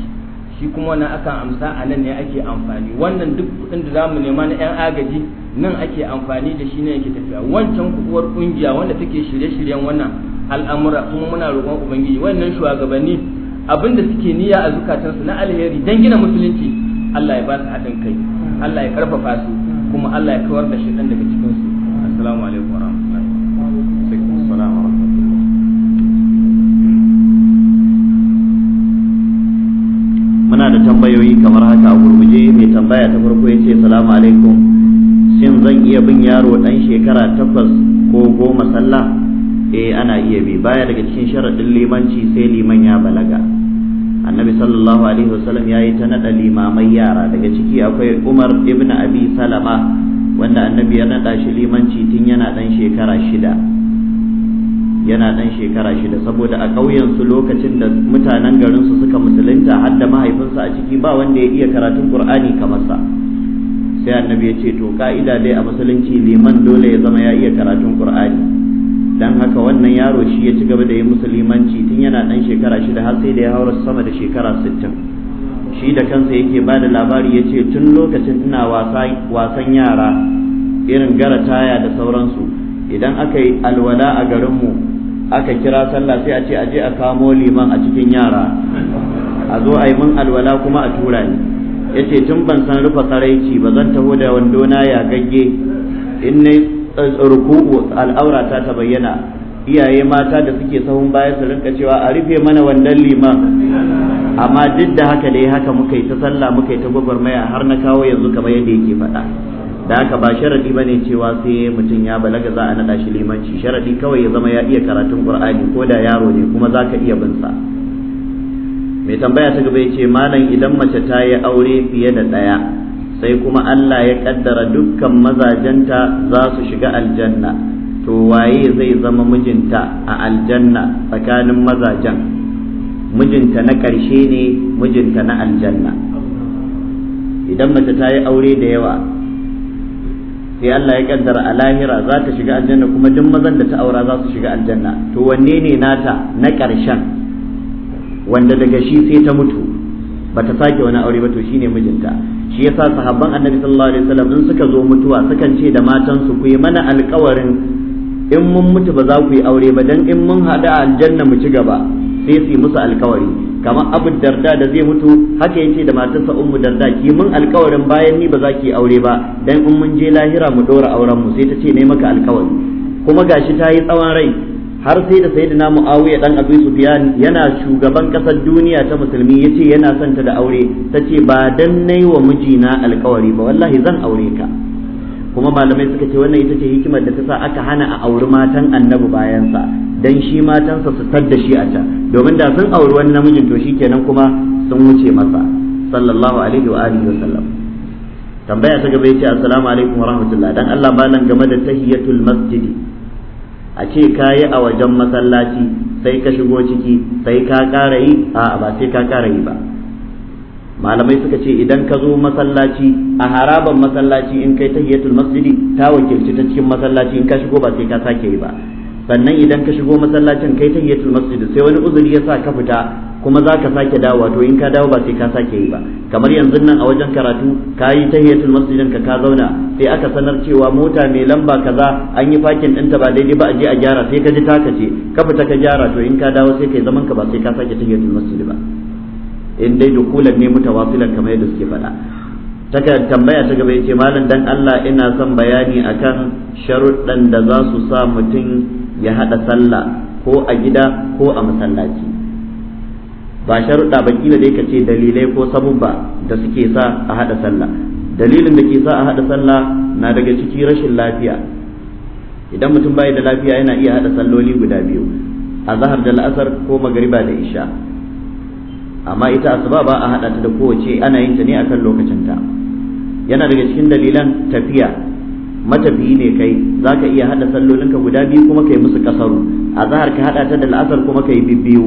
shi kuma wannan akan amsa a nan ne ake amfani wannan duk kuɗin da zamu nema na 'yan agaji nan ake amfani da shi ne yake tafiya wancan kuwar kungiya wanda take shirye-shiryen wannan al'amura kuma muna roƙon ubangiji wannan shugabanni abinda suke niyya a zukatansu na alheri dan gina musulunci Allah ya ba su haɗin kai Allah ya karfafa su kuma Allah ya kawar da shaitan daga cikin su assalamu alaikum wa rahmatullahi wa barakatuh muna da tambayoyi kamar haka a gurguje mai tambaya ta farko ya ce salamu alaikum shin zan iya bin yaro dan shekara takwas ko goma sallah eh ana iya bi baya daga cikin sharaɗin limanci sai liman ya balaga annabi sallallahu alaihi wasallam ya yi ta naɗa limamai yara daga ciki akwai umar ibn abi salama wanda annabi ya naɗa shi limanci tun yana ɗan shekara shida yana ɗan shekara shida saboda a ƙauyensu lokacin da mutanen garinsu suka musulunta har da mahaifinsa a ciki ba wanda ya iya karatun qur'ani kamarsa, sai annabi ya ce to ka'ida dai a musulunci liman dole ya zama ya iya karatun ƙur'ani dan haka wannan yaro shi ya ci gaba da yi musulmanci tun yana dan shekara shida har sai da ya haura sama da shekara sittin shi da kansa yake ba da labari ya ce tun lokacin ina wasan yara irin gara taya da sauransu idan aka yi alwala a garinmu aka kira sallah sai a ce a je a kamo liman a cikin yara a zo a yi min alwala kuma a tura ni ya ce tun ban san rufe tsaraici ba zan taho da wando na ya gagge in Eh, ruku'u al'aura ta ta bayyana iyaye mata da suke sahun baya su rinka cewa a rufe mana wannan liman amma duk da haka dai haka muka yi ta sallah muka yi ta gwagwarmaya har na kawo yanzu kamar yadda yake faɗa da haka ba sharadi ba ne cewa sai mutum ya balaga za a naɗa shi limanci sharadi kawai ya zama ya iya karatun qur'ani ko da yaro ne kuma za ka iya binsa mai tambaya ta gaba ya ce malam idan mace ta yi aure fiye da ɗaya sai kuma Allah ya kaddara dukkan mazajenta za su shiga aljanna to waye zai zama mijinta a aljanna tsakanin mazajen mijinta na ƙarshe ne mijinta na aljanna idan mace ta yi aure da yawa sai Allah ya kaddara a lahira za ta shiga aljanna kuma duk mazan da ta aura za su shiga aljanna to wanne ne nata na ƙarshen wanda daga shi sai ta mutu bata sake wani aure ba to shine mijinta shi yasa sahabban annabi sallallahu alaihi wasallam in suka zo mutuwa sukan ce da matan su ku yi mana alƙawarin in mun mutu ba za ku yi aure ba dan in mun haɗu a aljanna mu ci gaba sai su yi musu alƙawari kamar abu darda da zai mutu haka yace da matarsa ummu darda ki mun alƙawarin bayan ni ba za ki yi aure ba dan in mun je lahira mu ɗora auren mu sai ta ce ne maka alƙawari kuma gashi ta yi tsawon rai har sai da na muawiya dan abu sufiyan yana shugaban kasar duniya ta musulmi ya yace yana son ta da aure ta ce ba dan nayi wa mijina alkawari ba wallahi zan aure ka kuma malamai suka ce wannan ita ce hikimar da ta sa aka hana a auri matan annabi bayansa dan shi matansa su tar da shi a ta domin da sun auri wani namijin to kenan kuma sun wuce masa sallallahu alaihi wa alihi wasallam tambaya ta gaba yace assalamu alaikum wa rahmatullah dan Allah malam game da tahiyatul masjidi a ce ka yi a wajen masallaci sai ka shigo ciki sai ka ƙara yi a ba sai ka ƙara yi ba malamai suka ce idan ka zo masallaci a haraban masallaci in kai tahiyatul masjidi ta wakilci ta cikin masallaci in ka shigo ba sai ka sake yi ba sannan idan ka shigo masallacin kai ta yi masjid sai wani uzuri ya sa ka fita kuma za ka sake dawowa to in ka dawo ba sai ka sake yi ba kamar yanzu nan a wajen karatu ka yi ta yi masjid ka ka zauna sai aka sanar cewa mota mai lamba kaza an yi fakin ɗinta ba daidai ba a je a gyara sai ka ji taka ce ka fita ka gyara to in ka dawo sai kai zaman ka ba sai ka sake ta yi masjid ba in dai dukulan ne mutawa filan kamar yadda suke faɗa taka tambaya ta gaba ya ce malam dan Allah ina son bayani akan sharuɗan da za su sa mutum ya haɗa sallah ko a gida ko a masallaci ba sharuɗa ba kila dai ka ce dalilai ko sabubba da suke sa a haɗa sallah dalilin da ke sa a haɗa sallah na daga ciki rashin lafiya idan mutum bai da lafiya yana iya haɗa salloli guda biyu a zahar da la'asar ko magariba da isha amma ita asuba ba a haɗa ta da kowace ana yin ta ne akan lokacinta yana daga cikin dalilan tafiya matafiyi ne kai za ka iya hada sallolinka guda biyu kuma ka kai musu kasaru azahar ka hada ta da la'asar kuma ka yi biyu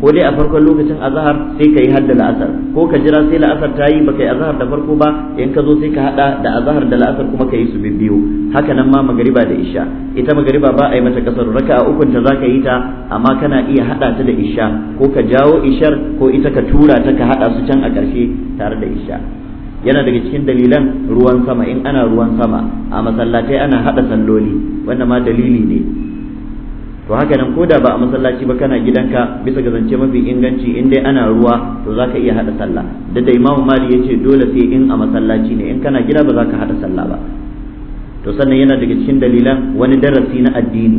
ko dai a farkon lokacin azahar sai ka yi hadda la'asar ko ka jira sai la'asar ta yi baka yi azahar da farko ba in ka zo sai ka hada da azahar da la'asar kuma ka yi su biyu haka nan ma magariba da isha ita magariba ba a yi mata kasaru a ukun ta ka yi ta amma kana iya hada ta da isha ko ka jawo ishar ko ita ka tura ta ka hada su can a ƙarshe tare da isha yana daga cikin dalilan ruwan sama in ana ruwan sama a masallatai ana hada salloli wannan ma dalili ne to haka nan ko da ba a masallaci ba kana gidanka bisa ga zance mafi inganci in dai ana ruwa to zaka iya hada sallah da da imamu mali yace dole sai in a masallaci ne in kana gida ba za ka hada sallah ba to sannan yana daga cikin dalilan wani darasi na addini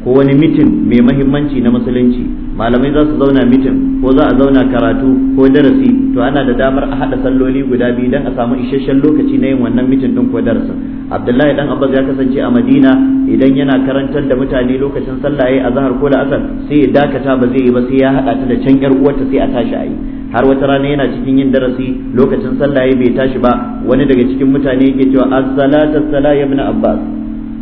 ko wani mitin mai mahimmanci na musulunci malamai za su zauna mitin ko za a zauna karatu ko darasi to ana da damar a hada salloli guda biyu dan a samu isasshen lokaci na yin wannan mitin din ko darasin Abdullahi dan Abbas ya kasance a Madina idan yana karantar da mutane lokacin sallah yayi azhar ko la'asar sai ya dakata ba zai yi ba sai ya hada ta da can yar uwar ta sai a tashi ayi har wata rana yana cikin yin darasi lokacin sallah yayi bai tashi ba wani daga cikin mutane yake cewa as-salatu as-salam ibn Abbas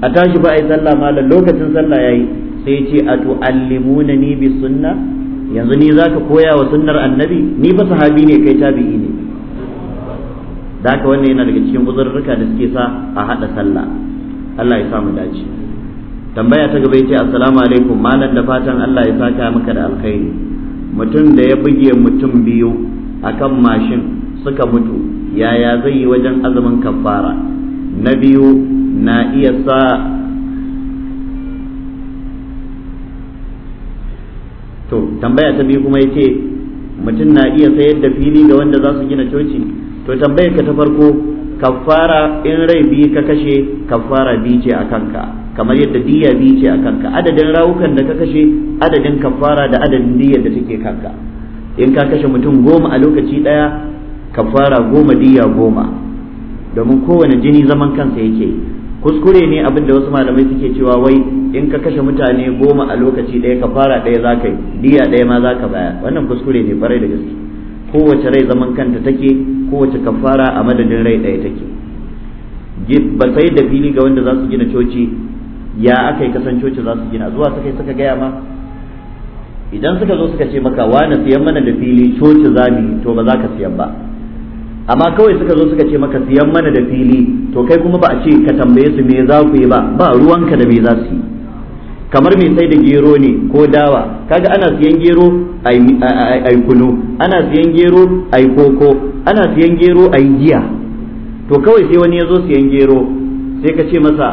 a tashi ba ai sallah malam lokacin sallah yayi sai ya ce atu'allimuna ni bi sunnah yanzu ni za ka koya wa sunnar annabi ni ba sahabi ne kai tabi'i ne da haka wannan yana daga cikin uzurruka da suke sa a haɗa sallah Allah ya sa mu dace tambaya ta gaba ce assalamu alaikum malam da fatan Allah ya saka maka da alkhairi mutum da ya buge mutum biyu akan mashin suka mutu yaya zai yi wajen azumin kafara na biyu na iya sa to tambaya ta biyu kuma ya ce mutum na iya sayar da fili ga wanda za su gina coci to tambayar ka ta farko kafara in rai biyu ka kashe kafara biyu ce a kanka kamar yadda diyya biyu ce a kanka adadin rawukan da ka kashe adadin kafara da adadin diyar da take kanka in ka kashe mutum goma a lokaci ɗaya kafara goma diyya goma domin kowane jini zaman kansa yake kuskure ne abin da wasu malamai suke cewa wai in ka kashe mutane goma a lokaci ɗaya ka fara ɗaya za ka yi diya ɗaya ma za ka baya wannan kuskure ne farai da gaske kowace rai zaman kanta take kowace kafara a madadin rai ɗaya take ba sai da fili ga wanda za su gina coci ya aka yi kasan coci za su gina zuwa suka yi suka gaya ma idan suka zo suka ce maka wani siyan mana da fili coci za mu to ba za ka siyan ba amma kawai suka zo suka ce maka siyan mana da fili to kai kuma ba a ce ka tambaye su me za ku yi ba ba ruwanka da me za su yi kamar me sai da gero ne ko dawa kaga ana siyan gero ai kunu ana siyan gero ai koko ana siyan gero ai giya to kawai sai wani ya zo siyan gero sai ka ce masa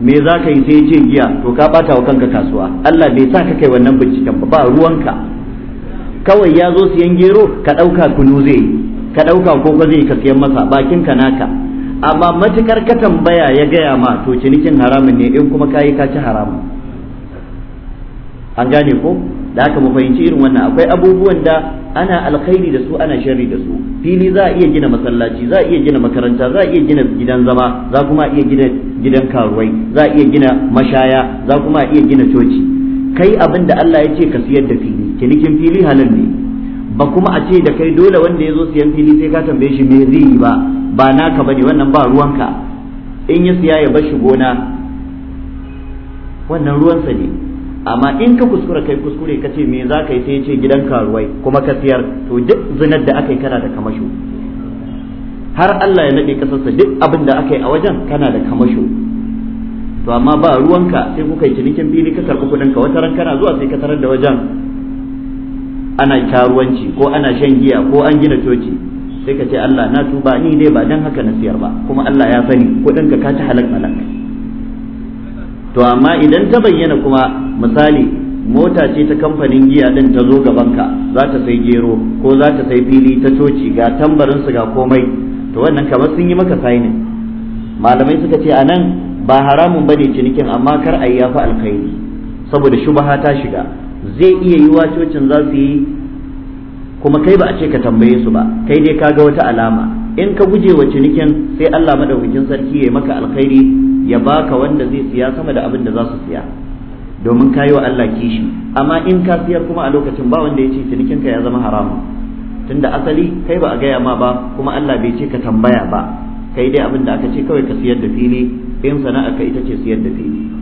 me za ka yi sai ya ce giya to ka bata wa kanka kasuwa Allah bai sa ka kai wannan binciken ba ba ruwanka kawai ya zo siyan gero ka ɗauka kunu zai yi ka ɗauka ko ba zai ka siyan masa bakin ka naka amma matukar ka tambaya ya gaya ma to cinikin haramun ne in kuma kayi ka ci haramun an gane ko da haka mu fahimci irin wannan akwai abubuwan da ana alkhairi da su ana sharri da su fili za a iya gina masallaci za a iya gina makaranta za a iya gina gidan zama za kuma iya gina gidan karuwai za a iya gina mashaya za kuma iya gina coci kai abin da Allah ya ce ka siyar da fili cinikin fili halal ne ba kuma a ce da kai dole wanda ya zo siyan fili sai ka tambaye shi me zai yi ba ba naka bane wannan ba ruwanka in ya siya ya bashi gona wannan ruwansa ne amma in ka kuskura kai kuskure ka ce me za ka yi sai ya ce gidan karuwai kuma ka siyar to duk zinar da aka yi kana da kamasho har Allah ya naɗe kasarsa duk abin da aka yi a wajen kana da kamasho to amma ba ruwanka sai kuka yi cinikin fili ka karɓi kuɗin wata ran kana zuwa sai ka tarar da wajen ana karuwanci ko ana shan giya ko an gina coci sai ka ce Allah na tuba ni dai ba dan haka na siyar ba kuma Allah ya sani kudin ka ka ta halak malak to amma idan ta bayyana kuma misali mota ce ta kamfanin giya din ta zo gabanka za ta sai gero ko za ta sai fili ta coci ga tambarin su ga komai to wannan kamar sun yi maka sainin malamai suka ce a nan ba haramun bane cinikin amma kar a yi yafi alkhairi saboda shubaha ta shiga zai iya wa cocin za su yi kuma kai ba a ce ka tambaye su ba kai dai ka ga wata alama in ka guje wa cinikin sai Allah madaukakin sarki ya maka alkhairi ya baka wanda zai siya sama da abin da za su siya domin kayi wa Allah kishi amma in ka siyar kuma a lokacin ba wanda ya ce cinikin ka ya zama haramun tunda asali kai ba a gaya ma ba kuma Allah bai ce ka tambaya ba kai dai abin da aka ce kawai ka siyar da fili in sana'a ka ita ce siyar da fili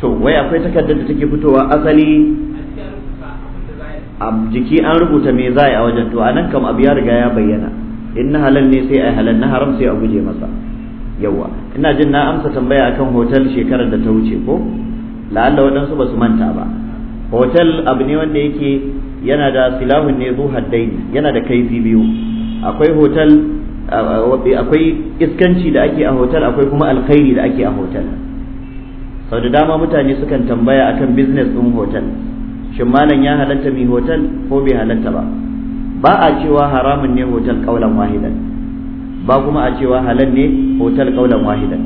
to wai akwai takardar da take fitowa asali a jiki an rubuta me za a wajen to a nan kam abu ya riga ya bayyana in na halal ne sai a yi halal na haram sai a guje masa yawa ina jin na amsa tambaya akan hotel shekarar da ta wuce ko la'alla waɗansu ba su manta ba hotel abu ne wanda yake yana da silahun ne zu haddaini yana da kaifi biyu akwai hotel akwai iskanci da ake a hotel akwai kuma alkhairi da ake a hotel sau da dama mutane sukan tambaya akan business ɗin hotel shin malam ya halatta mai hotel ko bai halatta ba ba a cewa haramun ne hotel kaulan wahidan ba kuma a cewa halal ne hotel kaulan wahidan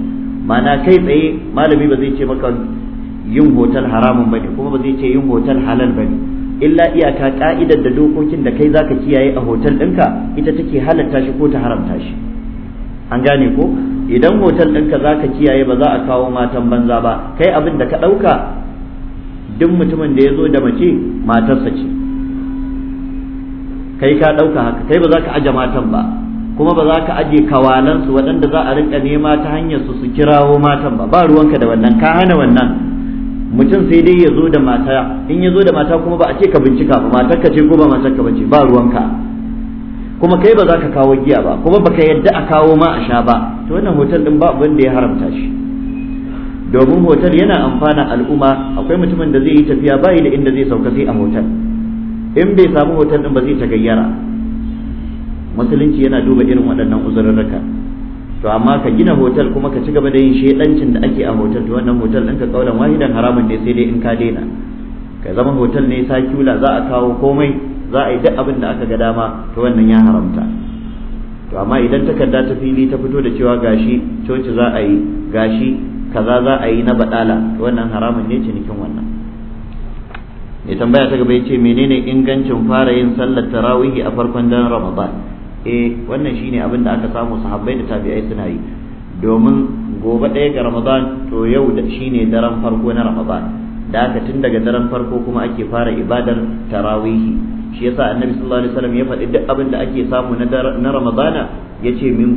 mana kai tsaye malami ba zai ce maka yin hotel haramun bane kuma ba zai ce yin hotel halal ne illa iyaka ka'idar da dokokin da kai zaka kiyaye a hotel ɗinka ita take halatta shi ko ta haramta shi an gane ko idan hotel ɗinka za ka kiyaye ba za a kawo matan banza ba kai abin da ka ɗauka duk mutumin da ya zo da mace matarsa ce kai ka ɗauka haka kai ba za ka aje matan ba kuma ba za ka aje kawalansu waɗanda za a rinka nema ta hanyar su su kirawo matan ba ba ruwanka da wannan ka hana wannan mutum sai dai ya zo da mata in ya zo da mata kuma ba a ce ka bincika ba matar ka ce ko ba matar ka bace ba ruwanka kuma kai ba za ka kawo giya ba kuma baka yadda a kawo ma a sha ba to wannan hotel din ba abin da ya haramta shi domin hotel yana amfana al'umma akwai mutumin da zai yi tafiya bayi da inda zai sauka sai a hotel in bai samu hotel din ba zai ta gayyara musulunci yana duba irin waɗannan uzurrurruka to amma ka gina hotel kuma ka ci gaba da yin shedancin da ake a hotel to wannan hotel ɗin ka kaulan wahidan haramun ne sai dai in ka daina ka zama hotel ne sakula za a kawo komai za a yi duk abin da aka ga dama to wannan ya haramta to amma idan takarda ta fili ta fito da cewa gashi coci za a yi gashi kaza za a yi na badala wannan haramun ne cinikin wannan mai tambaya ta gaba yace menene ingancin fara yin sallar tarawihi a farkon dan ramadan eh wannan shine abin da aka samu sahabbai da tabi'ai suna yi domin gobe ɗaya ga ramadan to yau da shine daren farko na ramadan da aka tun daga daren farko kuma ake fara ibadar tarawihi shi yasa annabi sallallahu alaihi wasallam ya faɗi duk abin da ake samu na ramadana min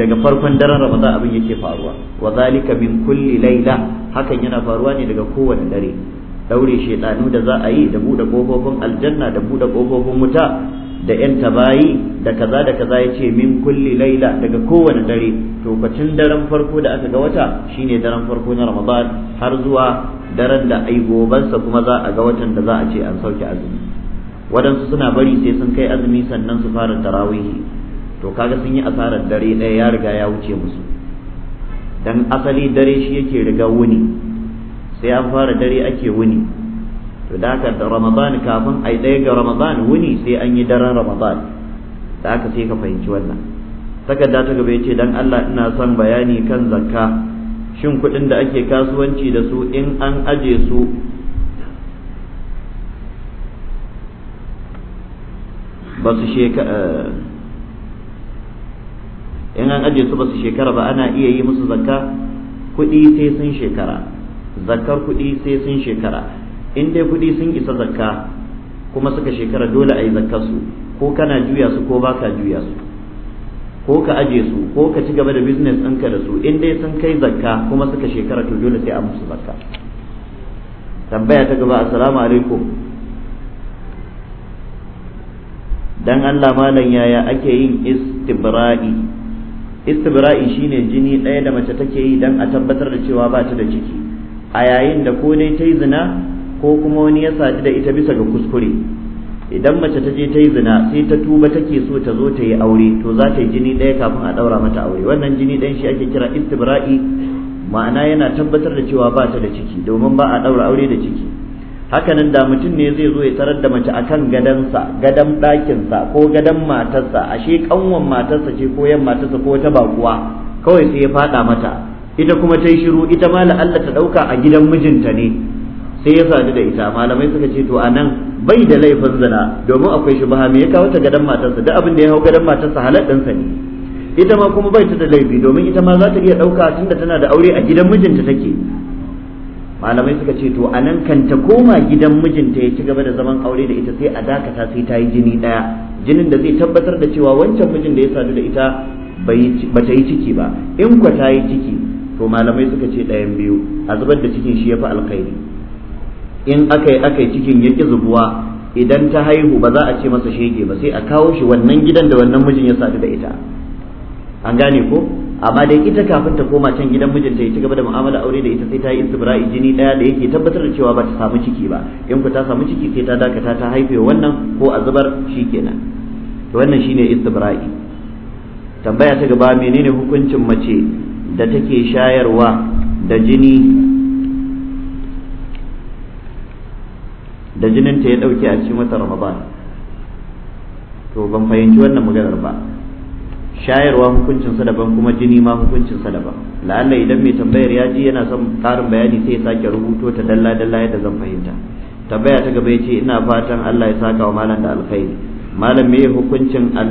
daga farkon daren ramadan abin yake faruwa wa zalika min kulli laila hakan yana faruwa ne daga kowane dare daure shedanu da za a yi da buɗe ƙofofin aljanna da buɗe ƙofofin wuta da yan tabayi da kaza da kaza ya ce min kulli laila daga kowane dare to daren farko da aka ga wata shine daren farko na ramadan har zuwa daren da ai gobansa kuma za a ga watan da za a ce an sauke azumi Wadansu suna bari sai sun kai azumi sannan su fara tarawihi to kaga sun yi asarar dare ɗaya ya riga ya wuce musu dan asali dare shi yake riga wuni sai an fara dare ake wuni to da haka da ramadan kafin ai ɗaya ga ramadan wuni sai an yi daren ramadan da haka sai ka fahimci wannan takarda ta gaba yace dan Allah ina son bayani kan zakka shin kuɗin da ake kasuwanci da su in an aje su ba su shekara eh, in an aje su ba su shekara ba ana iya yi musu zakka kuɗi sai sun shekara zakkar kuɗi sai sun shekara in dai kuɗi sun isa zakka kuma suka shekara dole a yi su ko kana juya su ko baka juya su ko ka aje su ko ka ci gaba da business ɗinka da su in dai sun kai zakka kuma suka shekara to dole sai a musu zakka tambaya ta gaba assalamu alaikum dan Allah malam yaya ake yin istibra'i istibra'i shine jini ɗaya da mace take yi dan a tabbatar da cewa ba ta da ciki a yayin da ko dai ta yi zina ko kuma wani ya sadu da ita bisa ga kuskure idan mace ta je ta yi zina sai ta tuba take so ta zo ta yi aure to za ta yi jini ɗaya kafin a ɗaura mata aure wannan jini ɗayan shi ake kira istibra'i ma'ana yana tabbatar da cewa ba ta da ciki domin ba a ɗaura aure da ciki hakanan da mutum ne zai zo ya tarar da mace akan gadansa gadan ɗakinsa ko gadan matarsa ashe kanwan matarsa ce ko yan matarsa ko wata bakuwa kawai sai ya faɗa mata ita kuma ta yi shiru ita ma Allah ta ɗauka a gidan mijinta ne sai ya sadu da ita malamai suka ce to anan bai da laifin zina domin akwai shi me ya kawo ta gadan matarsa duk abin da ya hau gadan matarsa halal ɗinsa ne ita ma kuma bai ta da laifi domin ita ma za ta iya ɗauka tunda tana da aure a gidan mijinta take malamai suka ce to anan kan ta koma gidan mijinta ya ci gaba da zaman aure da ita sai a dakata sai ta yi jini ɗaya jinin da zai tabbatar da cewa wancan mijin da ya sadu da ita ba ta yi ciki ba in kwa ta yi ciki to malamai suka ce ɗayan biyu a zubar da cikin shi ya fi alkhairi in aka yi aka yi cikin ya ƙi zubuwa idan ta haihu ba za a ce masa shege ba sai a kawo shi wannan gidan da wannan mijin ya sadu da ita an gane ko amma dai ita kafin ta koma can gidan mijinta ya ci gaba da mu'amala aure da ita sai ta yi istibra'i jini daya da yake tabbatar da cewa ba ta samu ciki ba in ku ta samu ciki sai ta dakata ta haife wannan ko a zubar shikenan to wannan shine istibra'i tambaya ta gaba menene hukuncin mace da take shayarwa da jini da jinin ta ya dauke a cikin watan Ramadan to ban fahimci wannan maganar ba shayarwa hukuncinsa daban kuma jini ma hukuncinsa daban la'alla idan mai tambayar ya ji yana son karin bayani sai ya sake rubuto ta dalla dalla yadda zan fahimta tambaya ta gaba ya ce ina fatan Allah ya saka wa malam da alkhairi malam me hukuncin